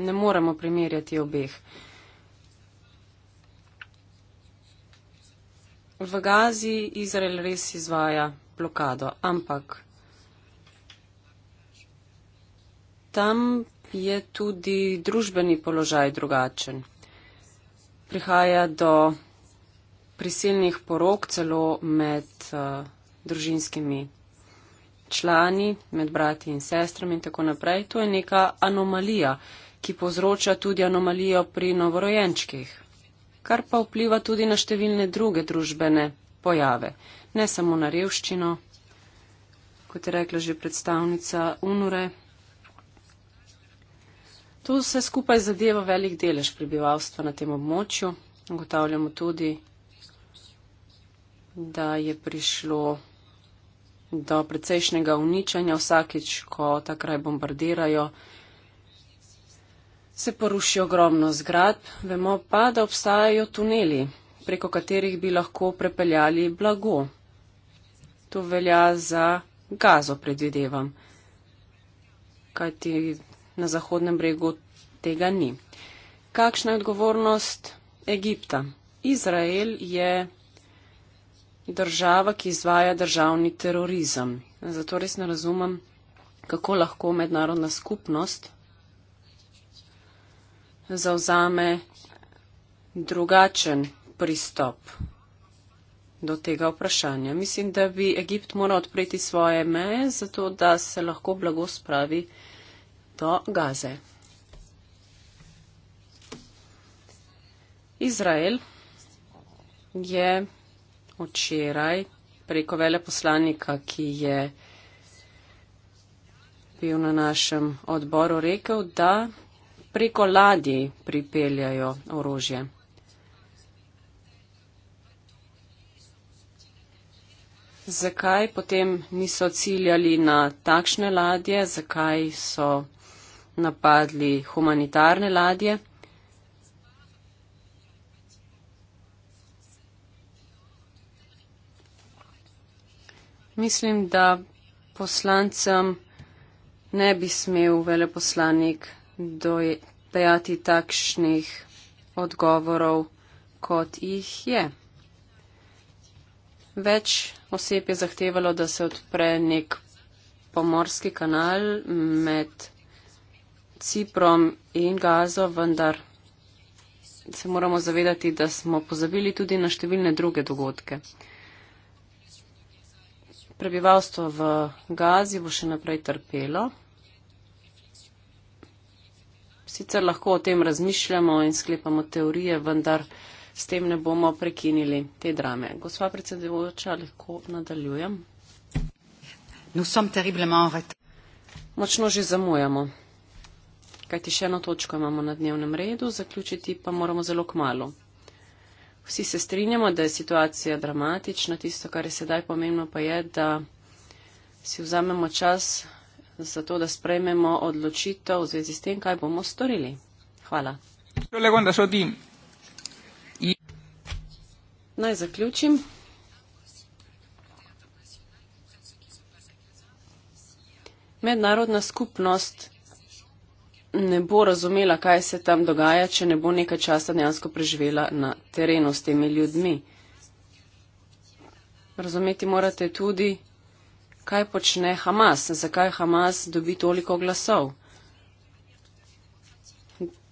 Ne moremo primerjati obeh. V Gazi Izrael res izvaja blokado, ampak tam je tudi družbeni položaj drugačen. Prihaja do prisilnih porok celo med uh, družinskimi člani, med brati in sestrami in tako naprej, to je neka anomalija, ki povzroča tudi anomalijo pri novorojenčkih, kar pa vpliva tudi na številne druge družbene pojave, ne samo na revščino, kot je rekla že predstavnica Unure. To vse skupaj zadeva velik delež prebivalstva na tem območju. Ugotavljamo tudi, da je prišlo do precejšnjega uničenja vsakeč, ko ta kraj bombardirajo. Se poruši ogromno zgrad, vemo pa, da obstajajo tuneli, preko katerih bi lahko prepeljali blago. To velja za gazo, predvidevam, kajti na zahodnem bregu tega ni. Kakšna je odgovornost Egipta? Izrael je država, ki izvaja državni terorizem. Zato res ne razumem, kako lahko mednarodna skupnost zauzame drugačen pristop do tega vprašanja. Mislim, da bi Egipt moral odpreti svoje meje, zato da se lahko blago spravi do Gaze. Izrael je včeraj preko veleposlanika, ki je bil na našem odboru, rekel, da preko ladi pripeljajo orožje. Zakaj potem niso ciljali na takšne ladje, zakaj so napadli humanitarne ladje? Mislim, da poslancem ne bi smel veleposlanik dajati takšnih odgovorov, kot jih je. Več oseb je zahtevalo, da se odpre nek pomorski kanal med Ciprom in Gazo, vendar se moramo zavedati, da smo pozabili tudi na številne druge dogodke prebivalstvo v Gazi bo še naprej trpelo. Sicer lahko o tem razmišljamo in sklepamo teorije, vendar s tem ne bomo prekinili te drame. Gospa predsedujoča, lahko nadaljujem. Močno že zamujamo, kajti še eno točko imamo na dnevnem redu, zaključiti pa moramo zelo k malu vsi se strinjamo, da je situacija dramatična. Tisto, kar je sedaj pomembno, pa je, da si vzamemo čas za to, da sprejmemo odločitev v zvezi s tem, kaj bomo storili. Hvala. Naj zaključim. Mednarodna skupnost ne bo razumela, kaj se tam dogaja, če ne bo nekaj časa dejansko preživela na terenu s temi ljudmi. Razumeti morate tudi, kaj počne Hamas, zakaj Hamas dobi toliko glasov.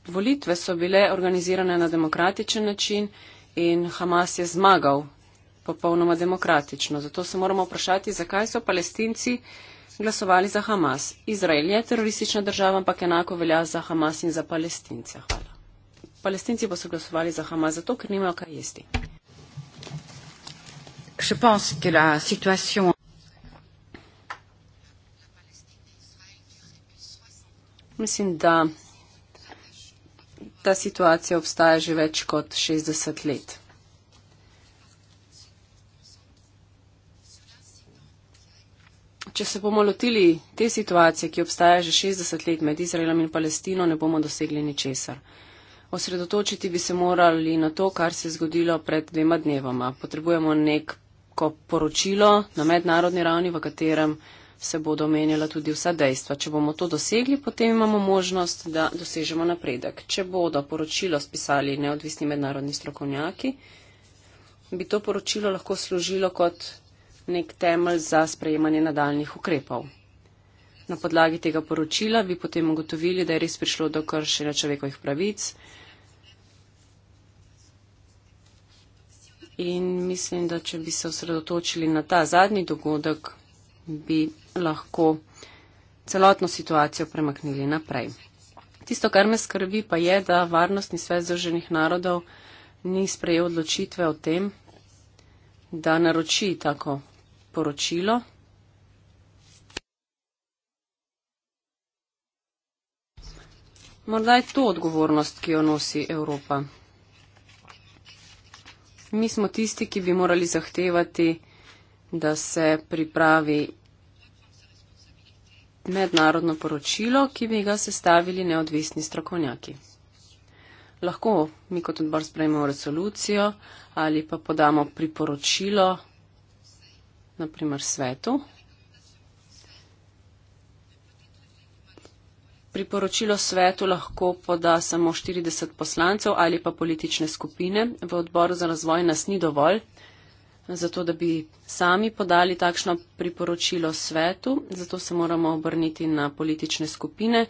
Volitve so bile organizirane na demokratičen način in Hamas je zmagal popolnoma demokratično. Zato se moramo vprašati, zakaj so palestinci glasovali za Hamas. Izrael je teroristična država, ampak enako velja za Hamas in za palestince. Hvala. Palestinci pa so glasovali za Hamas zato, ker nimajo kaj jesti. Mislim, da ta situacija obstaja že več kot 60 let. če se bomo lotili te situacije, ki obstaja že 60 let med Izraelom in Palestino, ne bomo dosegli ničesar. Osredotočiti bi se morali na to, kar se je zgodilo pred dvema dnevoma. Potrebujemo neko poročilo na mednarodni ravni, v katerem se bodo omenjala tudi vsa dejstva. Če bomo to dosegli, potem imamo možnost, da dosežemo napredek. Če bodo poročilo spisali neodvisni mednarodni strokovnjaki, bi to poročilo lahko služilo kot nek temelj za sprejemanje nadaljnih ukrepov. Na podlagi tega poročila bi potem ugotovili, da je res prišlo do kršenja človekovih pravic. In mislim, da če bi se osredotočili na ta zadnji dogodek, bi lahko celotno situacijo premaknili naprej. Tisto, kar me skrbi, pa je, da Varnostni svet Združenih narodov ni sprejel odločitve o tem, da naroči tako poročilo. Morda je to odgovornost, ki jo nosi Evropa. Mi smo tisti, ki bi morali zahtevati, da se pripravi mednarodno poročilo, ki bi ga sestavili neodvisni strokovnjaki. Lahko mi kot odbor sprejmemo resolucijo ali pa podamo priporočilo na primer svetu. Priporočilo svetu lahko poda samo 40 poslancev ali pa politične skupine. V odboru za razvoj nas ni dovolj, zato da bi sami podali takšno priporočilo svetu, zato se moramo obrniti na politične skupine.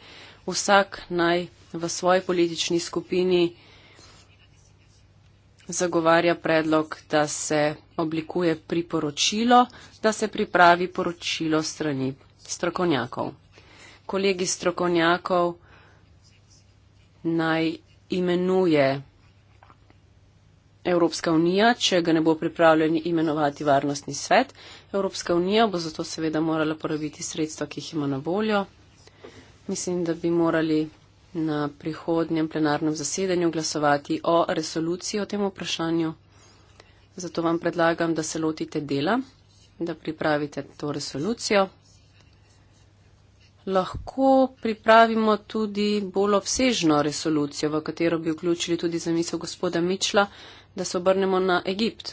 Vsak naj v svoji politični skupini zagovarja predlog, da se oblikuje priporočilo, da se pripravi poročilo strani strokovnjakov. Kolegi strokovnjakov naj imenuje Evropska unija, če ga ne bo pripravljeni imenovati varnostni svet. Evropska unija bo zato seveda morala porabiti sredstva, ki jih ima na voljo. Mislim, da bi morali na prihodnjem plenarnem zasedanju glasovati o resoluciji o tem vprašanju. Zato vam predlagam, da se lotite dela, da pripravite to resolucijo. Lahko pripravimo tudi bolj obsežno resolucijo, v katero bi vključili tudi zamisel gospoda Mičla, da se obrnemo na Egipt.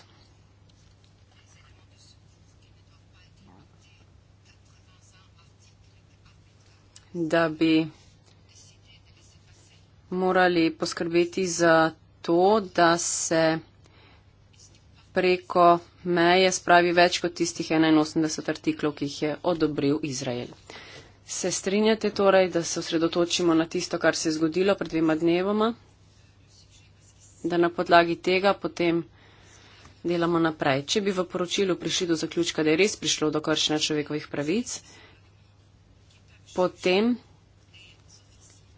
Da bi morali poskrbeti za to, da se preko meje spravi več kot tistih 81 artiklov, ki jih je odobril Izrael. Se strinjate torej, da se osredotočimo na tisto, kar se je zgodilo pred dvema dnevoma, da na podlagi tega potem delamo naprej. Če bi v poročilu prišli do zaključka, da je res prišlo do kršenja človekovih pravic, potem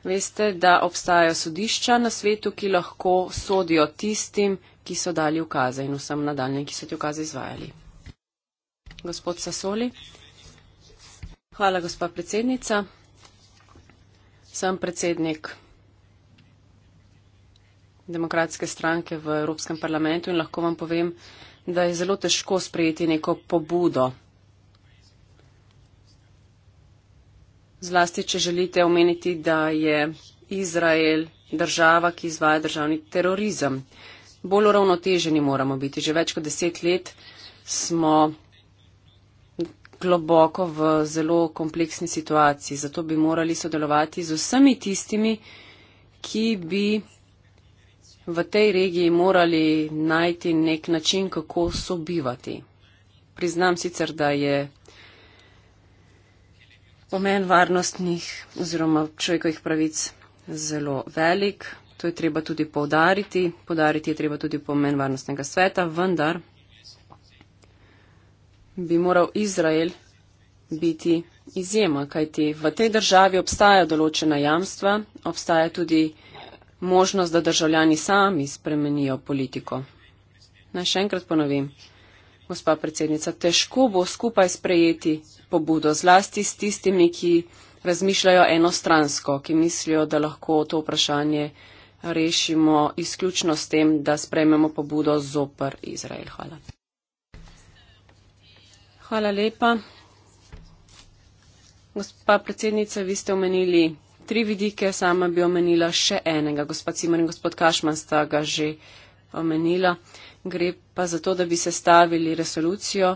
veste, da obstajajo sodišča na svetu, ki lahko sodijo tistim, ki so dali ukaze in vsem nadaljnjem, ki so ti ukaze izvajali. Gospod Sasoli. Hvala, gospa predsednica. Sem predsednik demokratske stranke v Evropskem parlamentu in lahko vam povem, da je zelo težko sprejeti neko pobudo zlasti če želite omeniti, da je Izrael država, ki izvaja državni terorizem. Bolj uravnoteženi moramo biti. Že več kot deset let smo globoko v zelo kompleksni situaciji, zato bi morali sodelovati z vsemi tistimi, ki bi v tej regiji morali najti nek način, kako sobivati. Priznam sicer, da je pomen varnostnih oziroma človekovih pravic zelo velik. To je treba tudi povdariti. Podariti je treba tudi pomen varnostnega sveta, vendar bi moral Izrael biti izjema, kajti v tej državi obstajajo določena jamstva, obstaja tudi možnost, da državljani sami spremenijo politiko. Naj še enkrat ponovim, gospa predsednica, težko bo skupaj sprejeti pobudo, zlasti s tistimi, ki razmišljajo enostransko, ki mislijo, da lahko to vprašanje rešimo izključno s tem, da sprememo pobudo zopr Izrael. Hvala. Hvala lepa. Gospa predsednica, vi ste omenili tri vidike, sama bi omenila še enega. Gospod Cimer in gospod Kašman sta ga že omenila. Gre pa za to, da bi sestavili resolucijo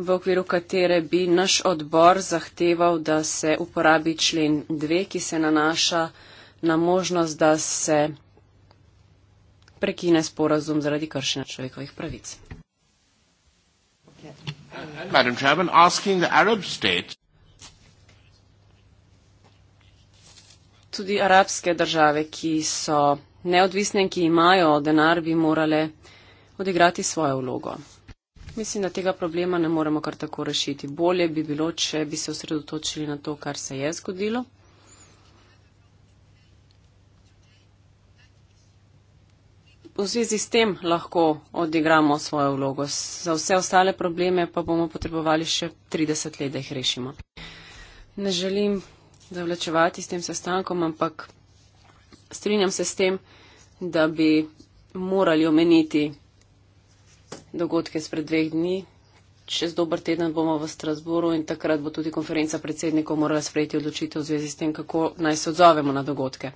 v okviru katere bi naš odbor zahteval, da se uporabi člen 2, ki se nanaša na možnost, da se prekine sporazum zaradi kršenja človekovih pravic. Tudi arabske države, ki so neodvisne in ki imajo denar, bi morale odigrati svojo vlogo. Mislim, da tega problema ne moremo kar tako rešiti. Bolje bi bilo, če bi se osredotočili na to, kar se je zgodilo. V zvezi s tem lahko odigramo svojo vlogo. Za vse ostale probleme pa bomo potrebovali še 30 let, da jih rešimo. Ne želim zavlačevati s tem sestankom, ampak strinjam se s tem, da bi morali omeniti dogodke spred dveh dni. Čez dober teden bomo v Strasboru in takrat bo tudi konferenca predsednikov morala sprejeti odločitev v zvezi s tem, kako naj se odzovemo na dogodke.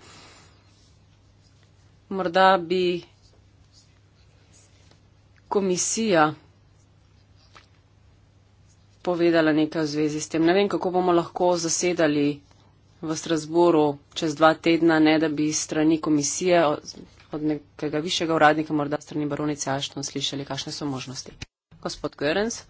Morda bi komisija povedala nekaj v zvezi s tem. Ne vem, kako bomo lahko zasedali v Strasboru čez dva tedna, ne da bi strani komisije od nekega višjega uradnika, morda strani baronice Ašton, slišali, kakšne so možnosti. Gospod Görens.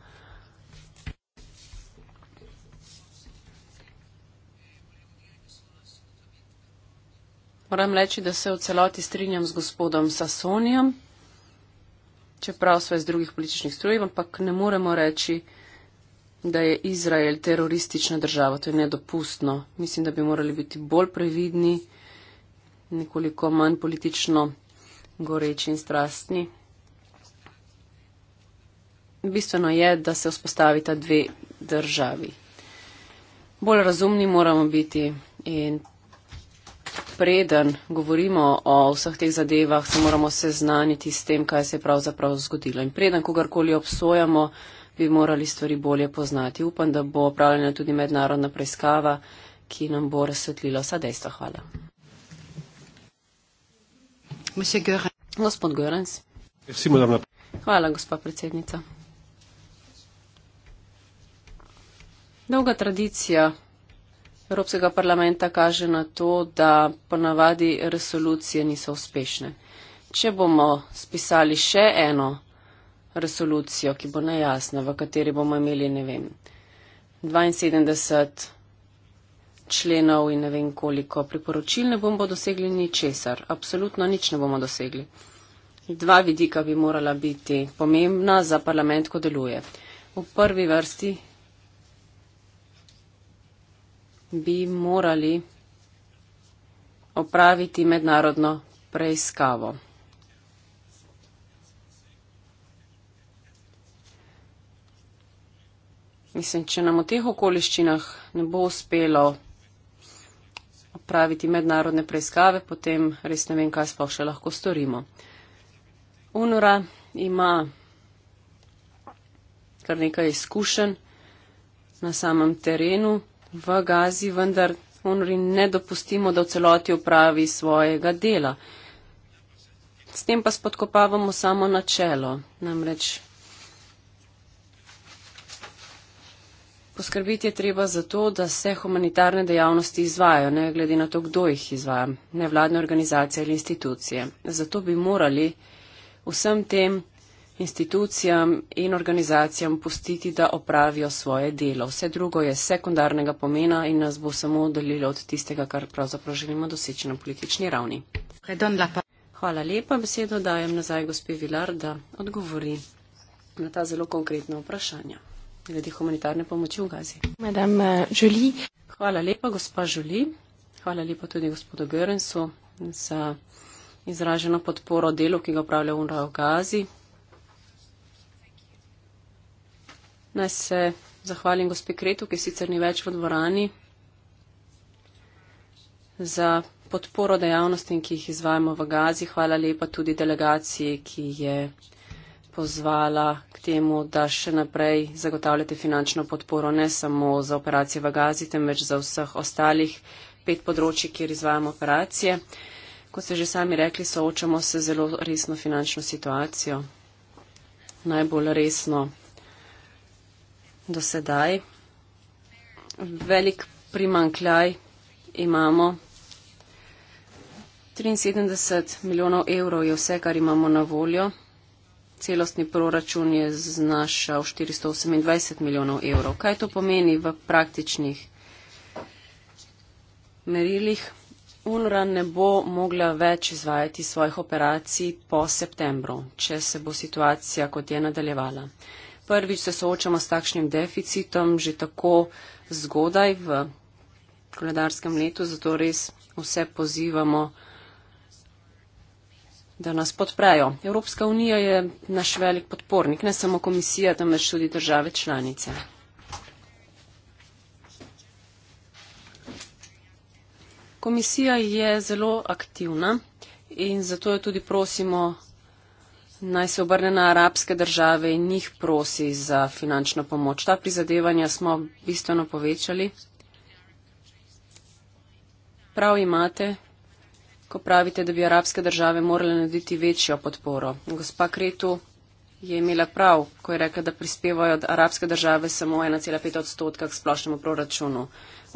Moram reči, da se v celoti strinjam z gospodom Sasonijem, čeprav sva iz drugih političnih strojev, ampak ne moremo reči, da je Izrael teroristična država. To je nedopustno. Mislim, da bi morali biti bolj previdni nekoliko manj politično goreči in strastni. Bistveno je, da se vzpostavita dve državi. Bolj razumni moramo biti in preden govorimo o vseh teh zadevah, se moramo seznaniti s tem, kaj se je pravzaprav zgodilo. In preden kogarkoli obsojamo, bi morali stvari bolje poznati. Upam, da bo opravljena tudi mednarodna preiskava, ki nam bo razsvetlila vsa dejstva. Hvala. Gospod Görens. Hvala, gospa predsednica. Dolga tradicija Evropskega parlamenta kaže na to, da ponavadi resolucije niso uspešne. Če bomo spisali še eno resolucijo, ki bo nejasna, v kateri bomo imeli, ne vem, 72 členov in ne vem koliko priporočil ne bomo dosegli ničesar. Absolutno nič ne bomo dosegli. Dva vidika bi morala biti pomembna za parlament, ko deluje. V prvi vrsti bi morali opraviti mednarodno preiskavo. Mislim, če nam v teh okoliščinah ne bo uspelo opraviti mednarodne preiskave, potem res ne vem, kaj sploh še lahko storimo. UNURA ima kar nekaj izkušenj na samem terenu v Gazi, vendar UNURI ne dopustimo, da v celoti opravi svojega dela. S tem pa spodkopavamo samo načelo, namreč Poskrbiti je treba za to, da se humanitarne dejavnosti izvajo, ne glede na to, kdo jih izvaja, ne vladne organizacije ali institucije. Zato bi morali vsem tem institucijam in organizacijam pustiti, da opravijo svoje delo. Vse drugo je sekundarnega pomena in nas bo samo oddaljilo od tistega, kar pravzaprav želimo doseči na politični ravni. Hvala lepa. Besedo dajem nazaj gospe Vilar, da odgovori na ta zelo konkretna vprašanja glede humanitarne pomoči v Gazi. Eh, Hvala lepa, gospa Žuli. Hvala lepa tudi gospodu Görensu za izraženo podporo delu, ki ga upravlja UNRWA v Gazi. Naj se zahvalim gospe Kretu, ki sicer ni več v dvorani, za podporo dejavnostim, ki jih izvajamo v Gazi. Hvala lepa tudi delegaciji, ki je pozvala k temu, da še naprej zagotavljate finančno podporo ne samo za operacije v Gazi, temveč za vseh ostalih pet področji, kjer izvajamo operacije. Kot ste že sami rekli, soočamo se zelo resno finančno situacijo. Najbolj resno do sedaj. Velik primankljaj imamo. 73 milijonov evrov je vse, kar imamo na voljo celostni proračun je znašal 428 milijonov evrov. Kaj to pomeni v praktičnih merilih? UNRWA ne bo mogla več izvajati svojih operacij po septembru, če se bo situacija kot je nadaljevala. Prvič se soočamo s takšnim deficitom že tako zgodaj v koledarskem letu, zato res vse pozivamo da nas podprejo. Evropska unija je naš velik podpornik, ne samo komisija, temveč tudi države članice. Komisija je zelo aktivna in zato jo tudi prosimo, naj se obrne na arabske države in njih prosi za finančno pomoč. Ta prizadevanja smo bistveno povečali. Prav imate, ko pravite, da bi arabske države morale narediti večjo podporo. Gospa Kretu je imela prav, ko je rekla, da prispevajo arabske države samo 1,5 odstotka k splošnemu proračunu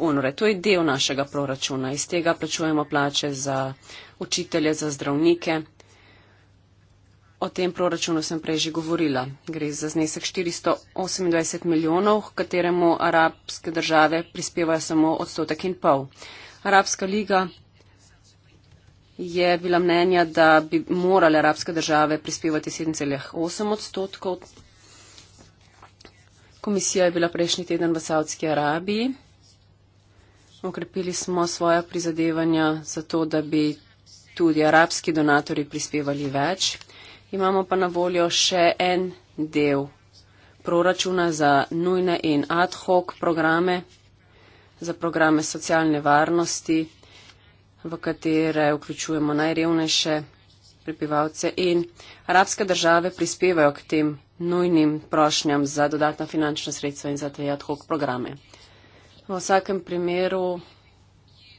UNRE. To je del našega proračuna. Iz tega plačujemo plače za učitelje, za zdravnike. O tem proračunu sem prej že govorila. Gre za znesek 428 milijonov, kateremu arabske države prispevajo samo odstotek in pol. Arabska liga je bila mnenja, da bi morale arabske države prispevati 7,8 odstotkov. Komisija je bila prejšnji teden v Saudski Arabiji. Okrepili smo svoja prizadevanja za to, da bi tudi arabski donatori prispevali več. Imamo pa na voljo še en del proračuna za nujne in ad hoc programe, za programe socialne varnosti v katere vključujemo najrevnejše prebivalce in arabske države prispevajo k tem nujnim prošnjam za dodatna finančna sredstva in za te ad hoc programe. V vsakem primeru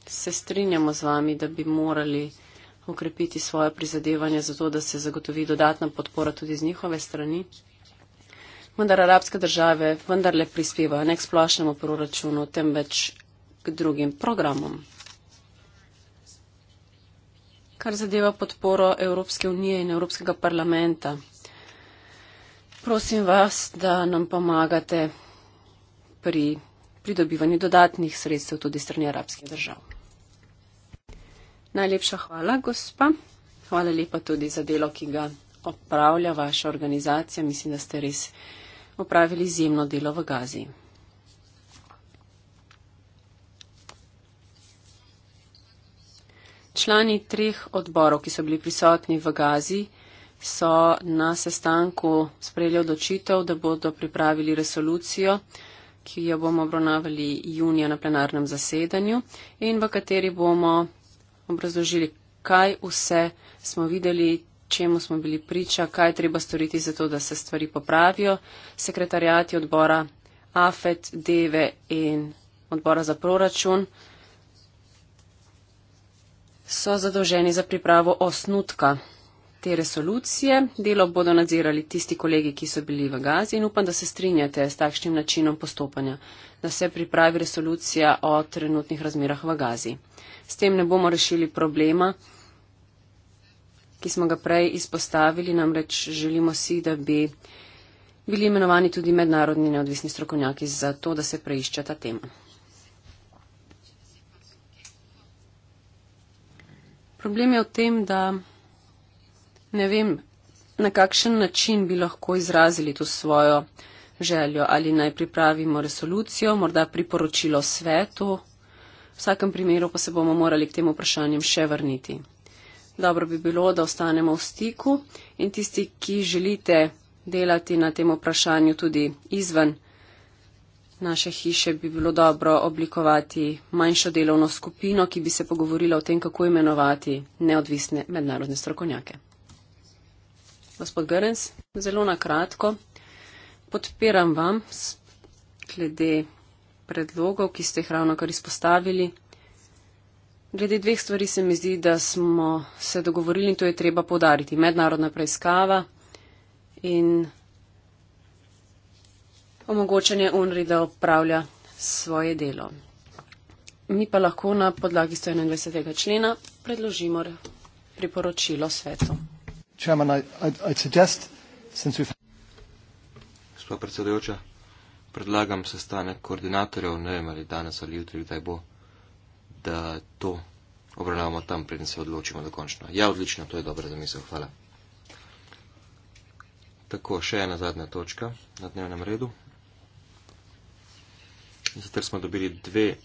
se strinjamo z vami, da bi morali ukrepiti svoje prizadevanje za to, da se zagotovi dodatna podpora tudi z njihove strani. Vendar arabske države vendarle prispevajo ne k splošnemu proračunu, temveč k drugim programom kar zadeva podporo Evropske unije in Evropskega parlamenta. Prosim vas, da nam pomagate pri pridobivanju dodatnih sredstev tudi strani arabskih držav. Najlepša hvala, gospa. Hvala lepa tudi za delo, ki ga opravlja vaša organizacija. Mislim, da ste res opravili izjemno delo v Gazi. Člani treh odborov, ki so bili prisotni v Gazi, so na sestanku sprejeli odločitev, da bodo pripravili resolucijo, ki jo bomo obravnavali junija na plenarnem zasedanju in v kateri bomo obrazložili, kaj vse smo videli, čemu smo bili priča, kaj je treba storiti za to, da se stvari popravijo. Sekretarjati odbora AFET, DEVE in odbora za proračun so zadolženi za pripravo osnutka te resolucije. Delo bodo nadzirali tisti kolegi, ki so bili v Gazi in upam, da se strinjate s takšnim načinom postopanja, da se pripravi resolucija o trenutnih razmerah v Gazi. S tem ne bomo rešili problema, ki smo ga prej izpostavili, namreč želimo si, da bi bili imenovani tudi mednarodni neodvisni strokovnjaki za to, da se preišča ta tema. Problem je v tem, da ne vem, na kakšen način bi lahko izrazili to svojo željo. Ali naj pripravimo resolucijo, morda priporočilo svetu. V vsakem primeru pa se bomo morali k tem vprašanjem še vrniti. Dobro bi bilo, da ostanemo v stiku in tisti, ki želite delati na tem vprašanju tudi izven naše hiše bi bilo dobro oblikovati manjšo delovno skupino, ki bi se pogovorila o tem, kako imenovati neodvisne mednarodne strokovnjake. Gospod Gerens, zelo na kratko. Podpiram vam glede predlogov, ki ste jih ravno kar izpostavili. Glede dveh stvari se mi zdi, da smo se dogovorili in to je treba podariti. Mednarodna preiskava in omogočanje UNRI, da upravlja svoje delo. Mi pa lahko na podlagi 121. člena predložimo priporočilo svetu. Chairman, I'd, I'd suggest, Gospod predsedujoča, predlagam sestanek koordinatorjev, ne vem ali danes ali jutri, kdaj bo, da to obravnavamo tam, preden se odločimo dokončno. Ja, odlično, to je dobra zamisel, hvala. Tako, še ena zadnja točka na dnevnem redu. In zato smo dobili dve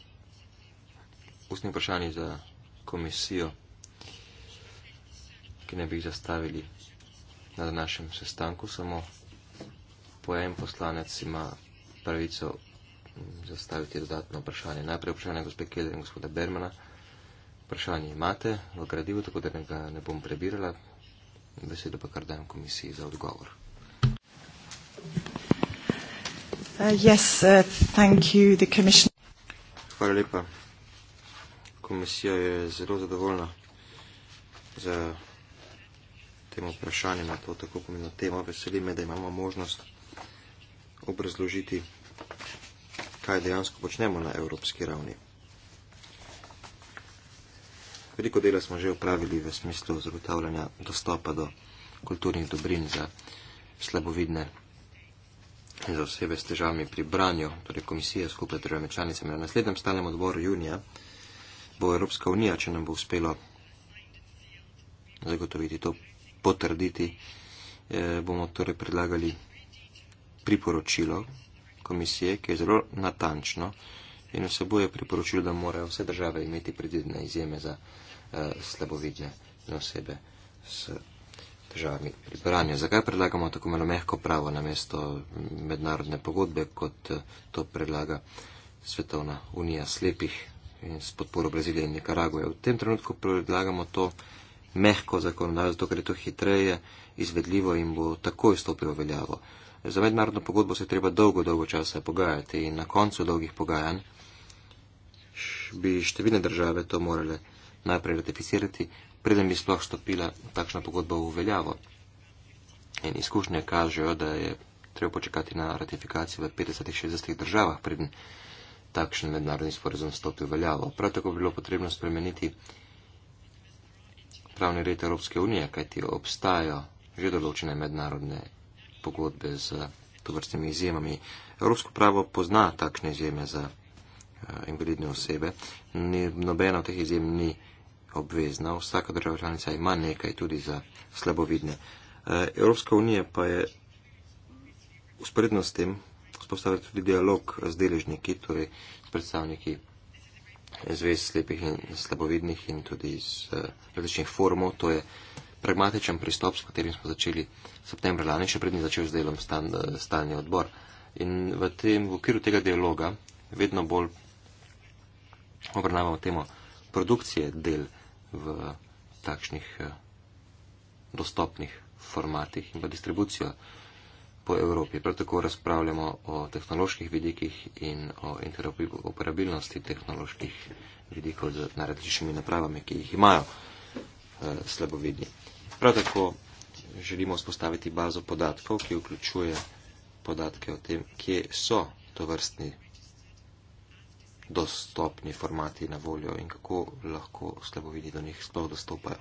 ustni vprašanji za komisijo, ki ne bi jih zastavili na današnjem sestanku, samo po en poslanec ima pravico zastaviti dodatno vprašanje. Najprej vprašanje gospe Kelly in gospoda Bermana. Vprašanje imate v gradivu, tako da ga ne bom prebirala. Besedo pa kar dajem komisiji za odgovor. Thank you. Uh, yes, uh, thank you, the commission. Hvala lepa. Komisija je zelo zadovoljna za tem vprašanjem na to tako pomembno temo. Veseli me, da imamo možnost obrazložiti, kaj dejansko počnemo na evropski ravni. Veliko dela smo že upravili v smislu zagotavljanja dostopa do kulturnih dobrin za slabovidne za osebe s težavami pri branju, torej komisija skupaj državami članicami. Na naslednjem stalnem odboru junija bo Evropska unija, če nam bo uspelo zagotoviti to, potrditi, eh, bomo torej predlagali priporočilo komisije, ki je zelo natančno in vsebuje priporočilo, da morajo vse države imeti predvidene izjeme za eh, slabovidne osebe s težavami pri branju. Zakaj predlagamo tako malo mehko pravo na mesto mednarodne pogodbe, kot eh, to predlaga Svetovna unija slepih in s podporo Brazilije in Nikaragoje? V tem trenutku predlagamo to mehko zakonodajo, zato ker je to hitreje, izvedljivo in bo takoj stopilo v veljavo. Za mednarodno pogodbo se treba dolgo, dolgo časa pogajati in na koncu dolgih pogajanj bi številne države to morale najprej ratificirati, preden bi sploh stopila takšna pogodba v veljavo. In izkušnje kažejo, da je treba počekati na ratifikacijo v 50-60 državah, preden takšen mednarodni sporazum stopi v veljavo. Prav tako bi bilo potrebno spremeniti pravni red Evropske unije, kajti obstajajo že določene mednarodne pogodbe z tovrstnimi izjemami. Evropsko pravo pozna takšne izjeme za eh, invalidne osebe, nobena od teh izjem ni obvezna. Vsaka država članica ima nekaj tudi za slabovidne. Eh, Evropska unija pa je usporedno s tem vzpostavila tudi dialog z deležniki, torej s predstavniki zvez slepih in slabovidnih in tudi z eh, različnih forumov. To je pragmatičen pristop, s katerim smo začeli septembra lani, še prednji začel z delom stan, stalni odbor. In v, tem, v okviru tega dialoga vedno bolj obrnavamo temo produkcije del v takšnih eh, dostopnih formatih in pa distribucijo po Evropi. Prav tako razpravljamo o tehnoloških vidikih in o interoperabilnosti tehnoloških vidikov z najrazličnejšimi napravami, ki jih imajo eh, slabovidni. Prav tako želimo spostaviti bazo podatkov, ki vključuje podatke o tem, kje so to vrstni dostopni formati na voljo in kako lahko slabovidi do njih sploh dostopajo.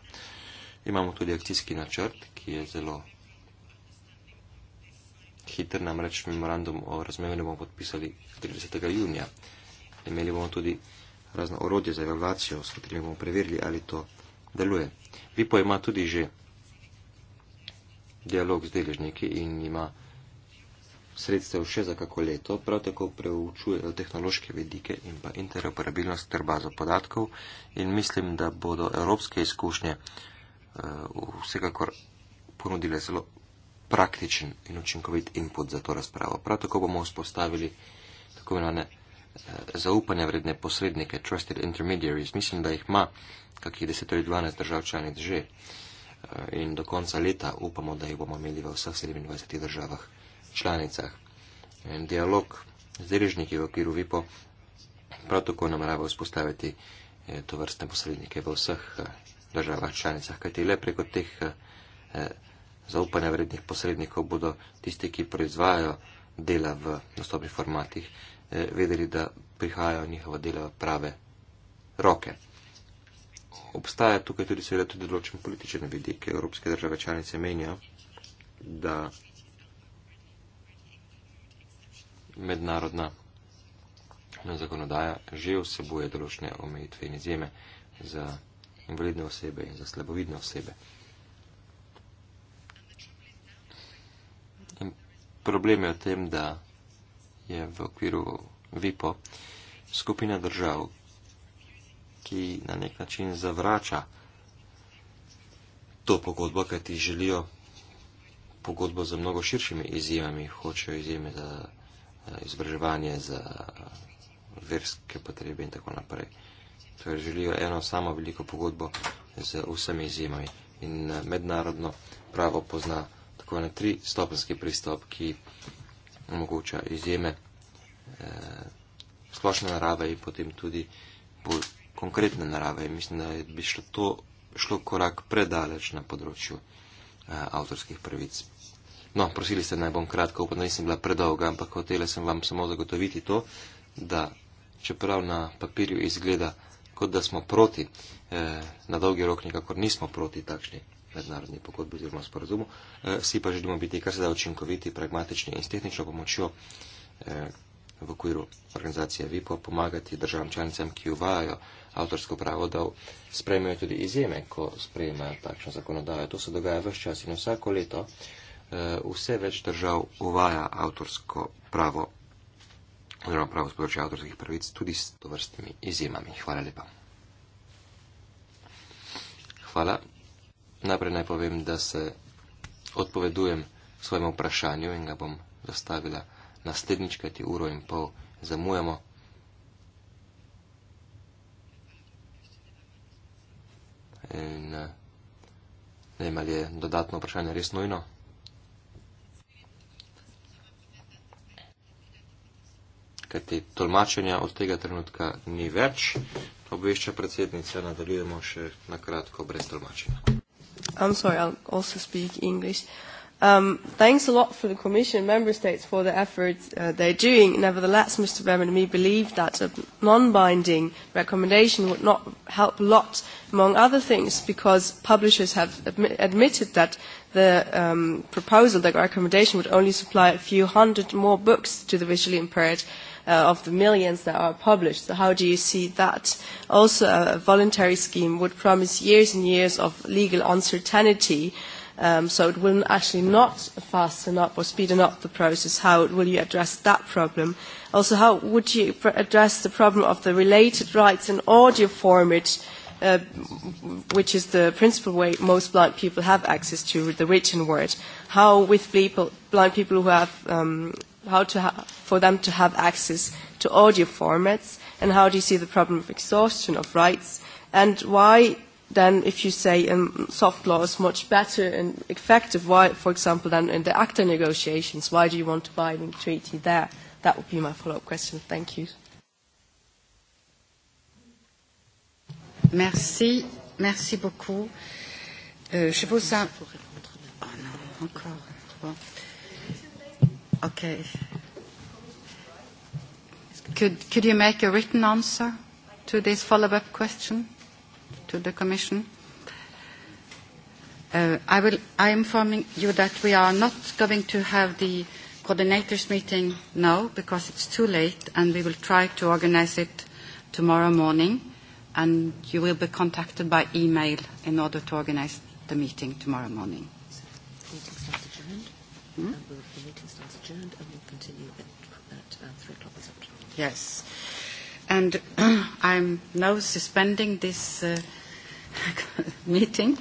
Imamo tudi akcijski načrt, ki je zelo hiter, namreč memorandum o razmevanju bomo podpisali 30. junija. Imeli bomo tudi razno orodje za evaluacijo, s katerimi bomo preverili, ali to deluje. Vipo ima tudi že dialog z deležniki in ima sredstev še za kako leto, prav tako preučujejo tehnološke vidike in pa interoperabilnost ter bazo podatkov in mislim, da bodo evropske izkušnje uh, vsekakor ponudile zelo praktičen in učinkovit input za to razpravo. Prav tako bomo vzpostavili tako imenovane eh, zaupanja vredne posrednike, trusted intermediaries. Mislim, da jih ima kakih 10 ali 12 držav članic že eh, in do konca leta upamo, da jih bomo imeli v vseh 27 državah članicah. Dialog z deležniki v okviru VIPO prav tako namerava vzpostaviti eh, to vrste posrednike v vseh eh, državah članicah, kajti le preko teh eh, zaupanja vrednih posrednikov bodo tisti, ki proizvajajo dela v nastopnih formatih, vedeli, da prihajajo njihova dela v prave roke. Obstaja tukaj tudi seveda tudi določen političen vidik. Evropske države članice menijo, da mednarodna zakonodaja že vsebuje določene omejitve in izjeme za invalidne osebe in za slabovidne osebe. In problem je v tem, da je v okviru VIPO skupina držav, ki na nek način zavrača to pogodbo, kajti želijo pogodbo za mnogo širšimi izjemami, hočejo izjeme za Eh, izobraževanje za verske potrebe in tako naprej. Torej želijo eno samo veliko pogodbo z vsemi izjemami in eh, mednarodno pravo pozna tako na tri stopenski pristop, ki omogoča izjeme eh, splošne narave in potem tudi bolj konkretne narave. In mislim, da bi šlo to šlo korak predaleč na področju eh, avtorskih prvic. No, prosili ste naj bom kratko, upam, da nisem bila predolga, ampak hotela sem vam samo zagotoviti to, da čeprav na papirju izgleda, kot da smo proti, eh, na dolgi rok nekakor nismo proti takšni mednarodni pogodbi oziroma sporazumu, eh, vsi pa želimo biti kar se da učinkoviti, pragmatični in s tehnično pomočjo eh, v okviru organizacije VIPO pomagati državam članicam, ki uvajajo avtorsko pravo, da sprejmejo tudi izjeme, ko sprejmejo takšno zakonodajo. To se dogaja vse čas in vsako leto. Eh, vse več držav uvaja avtorsko pravo, oziroma pravo z področja avtorskih pravic, tudi s tovrstnimi izjemami. Hvala lepa. Hvala. Najprej naj povem, da se odpovedujem svojemu vprašanju in ga bom zastavila naslednjič, kajti uro in pol zamujamo. In eh, ne vem, ali je dodatno vprašanje res nujno. kajte tolmačenja od tega trenutka ni več. Obvešča predsednica, nadaljujemo še na kratko brez tolmačenja. I'm sorry, I'll also speak English. Um, thanks a lot for the Commission member states for the effort uh, they're doing. Nevertheless, Mr. Behrman and me believe that a non-binding recommendation would not help a lot, among other things, because publishers have admi admitted that the um, proposal, the recommendation, would only supply a few hundred more books to the visually impaired uh, of the millions that are published. So how do you see that? Also, a voluntary scheme would promise years and years of legal uncertainty, um, so it will actually not fasten up or speeden up the process. How will you address that problem? Also, how would you pr address the problem of the related rights in audio format, uh, which is the principal way most blind people have access to the written word? How, with people, blind people who have um, how to ha- for them to have access to audio formats, and how do you see the problem of exhaustion of rights, and why then, if you say um, soft law is much better and effective, why, for example, than in the ACTA negotiations, why do you want to buy a treaty there? That would be my follow-up question. Thank you. Merci, merci beaucoup. Euh, je pose un. Oh non, encore. Bon. Okay. Could, could you make a written answer to this follow-up question to the Commission? Uh, I, will, I am informing you that we are not going to have the coordinators meeting now because it's too late and we will try to organize it tomorrow morning and you will be contacted by email in order to organize the meeting tomorrow morning. So, meeting adjourned and will continue at, at uh, 3 o'clock this afternoon. Yes. And I'm now suspending this uh, meeting.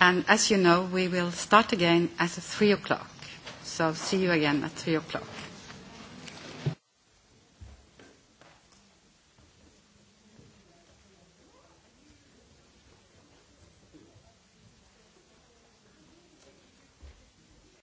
And as you know, we will start again at 3 o'clock. So see you again at 3 o'clock.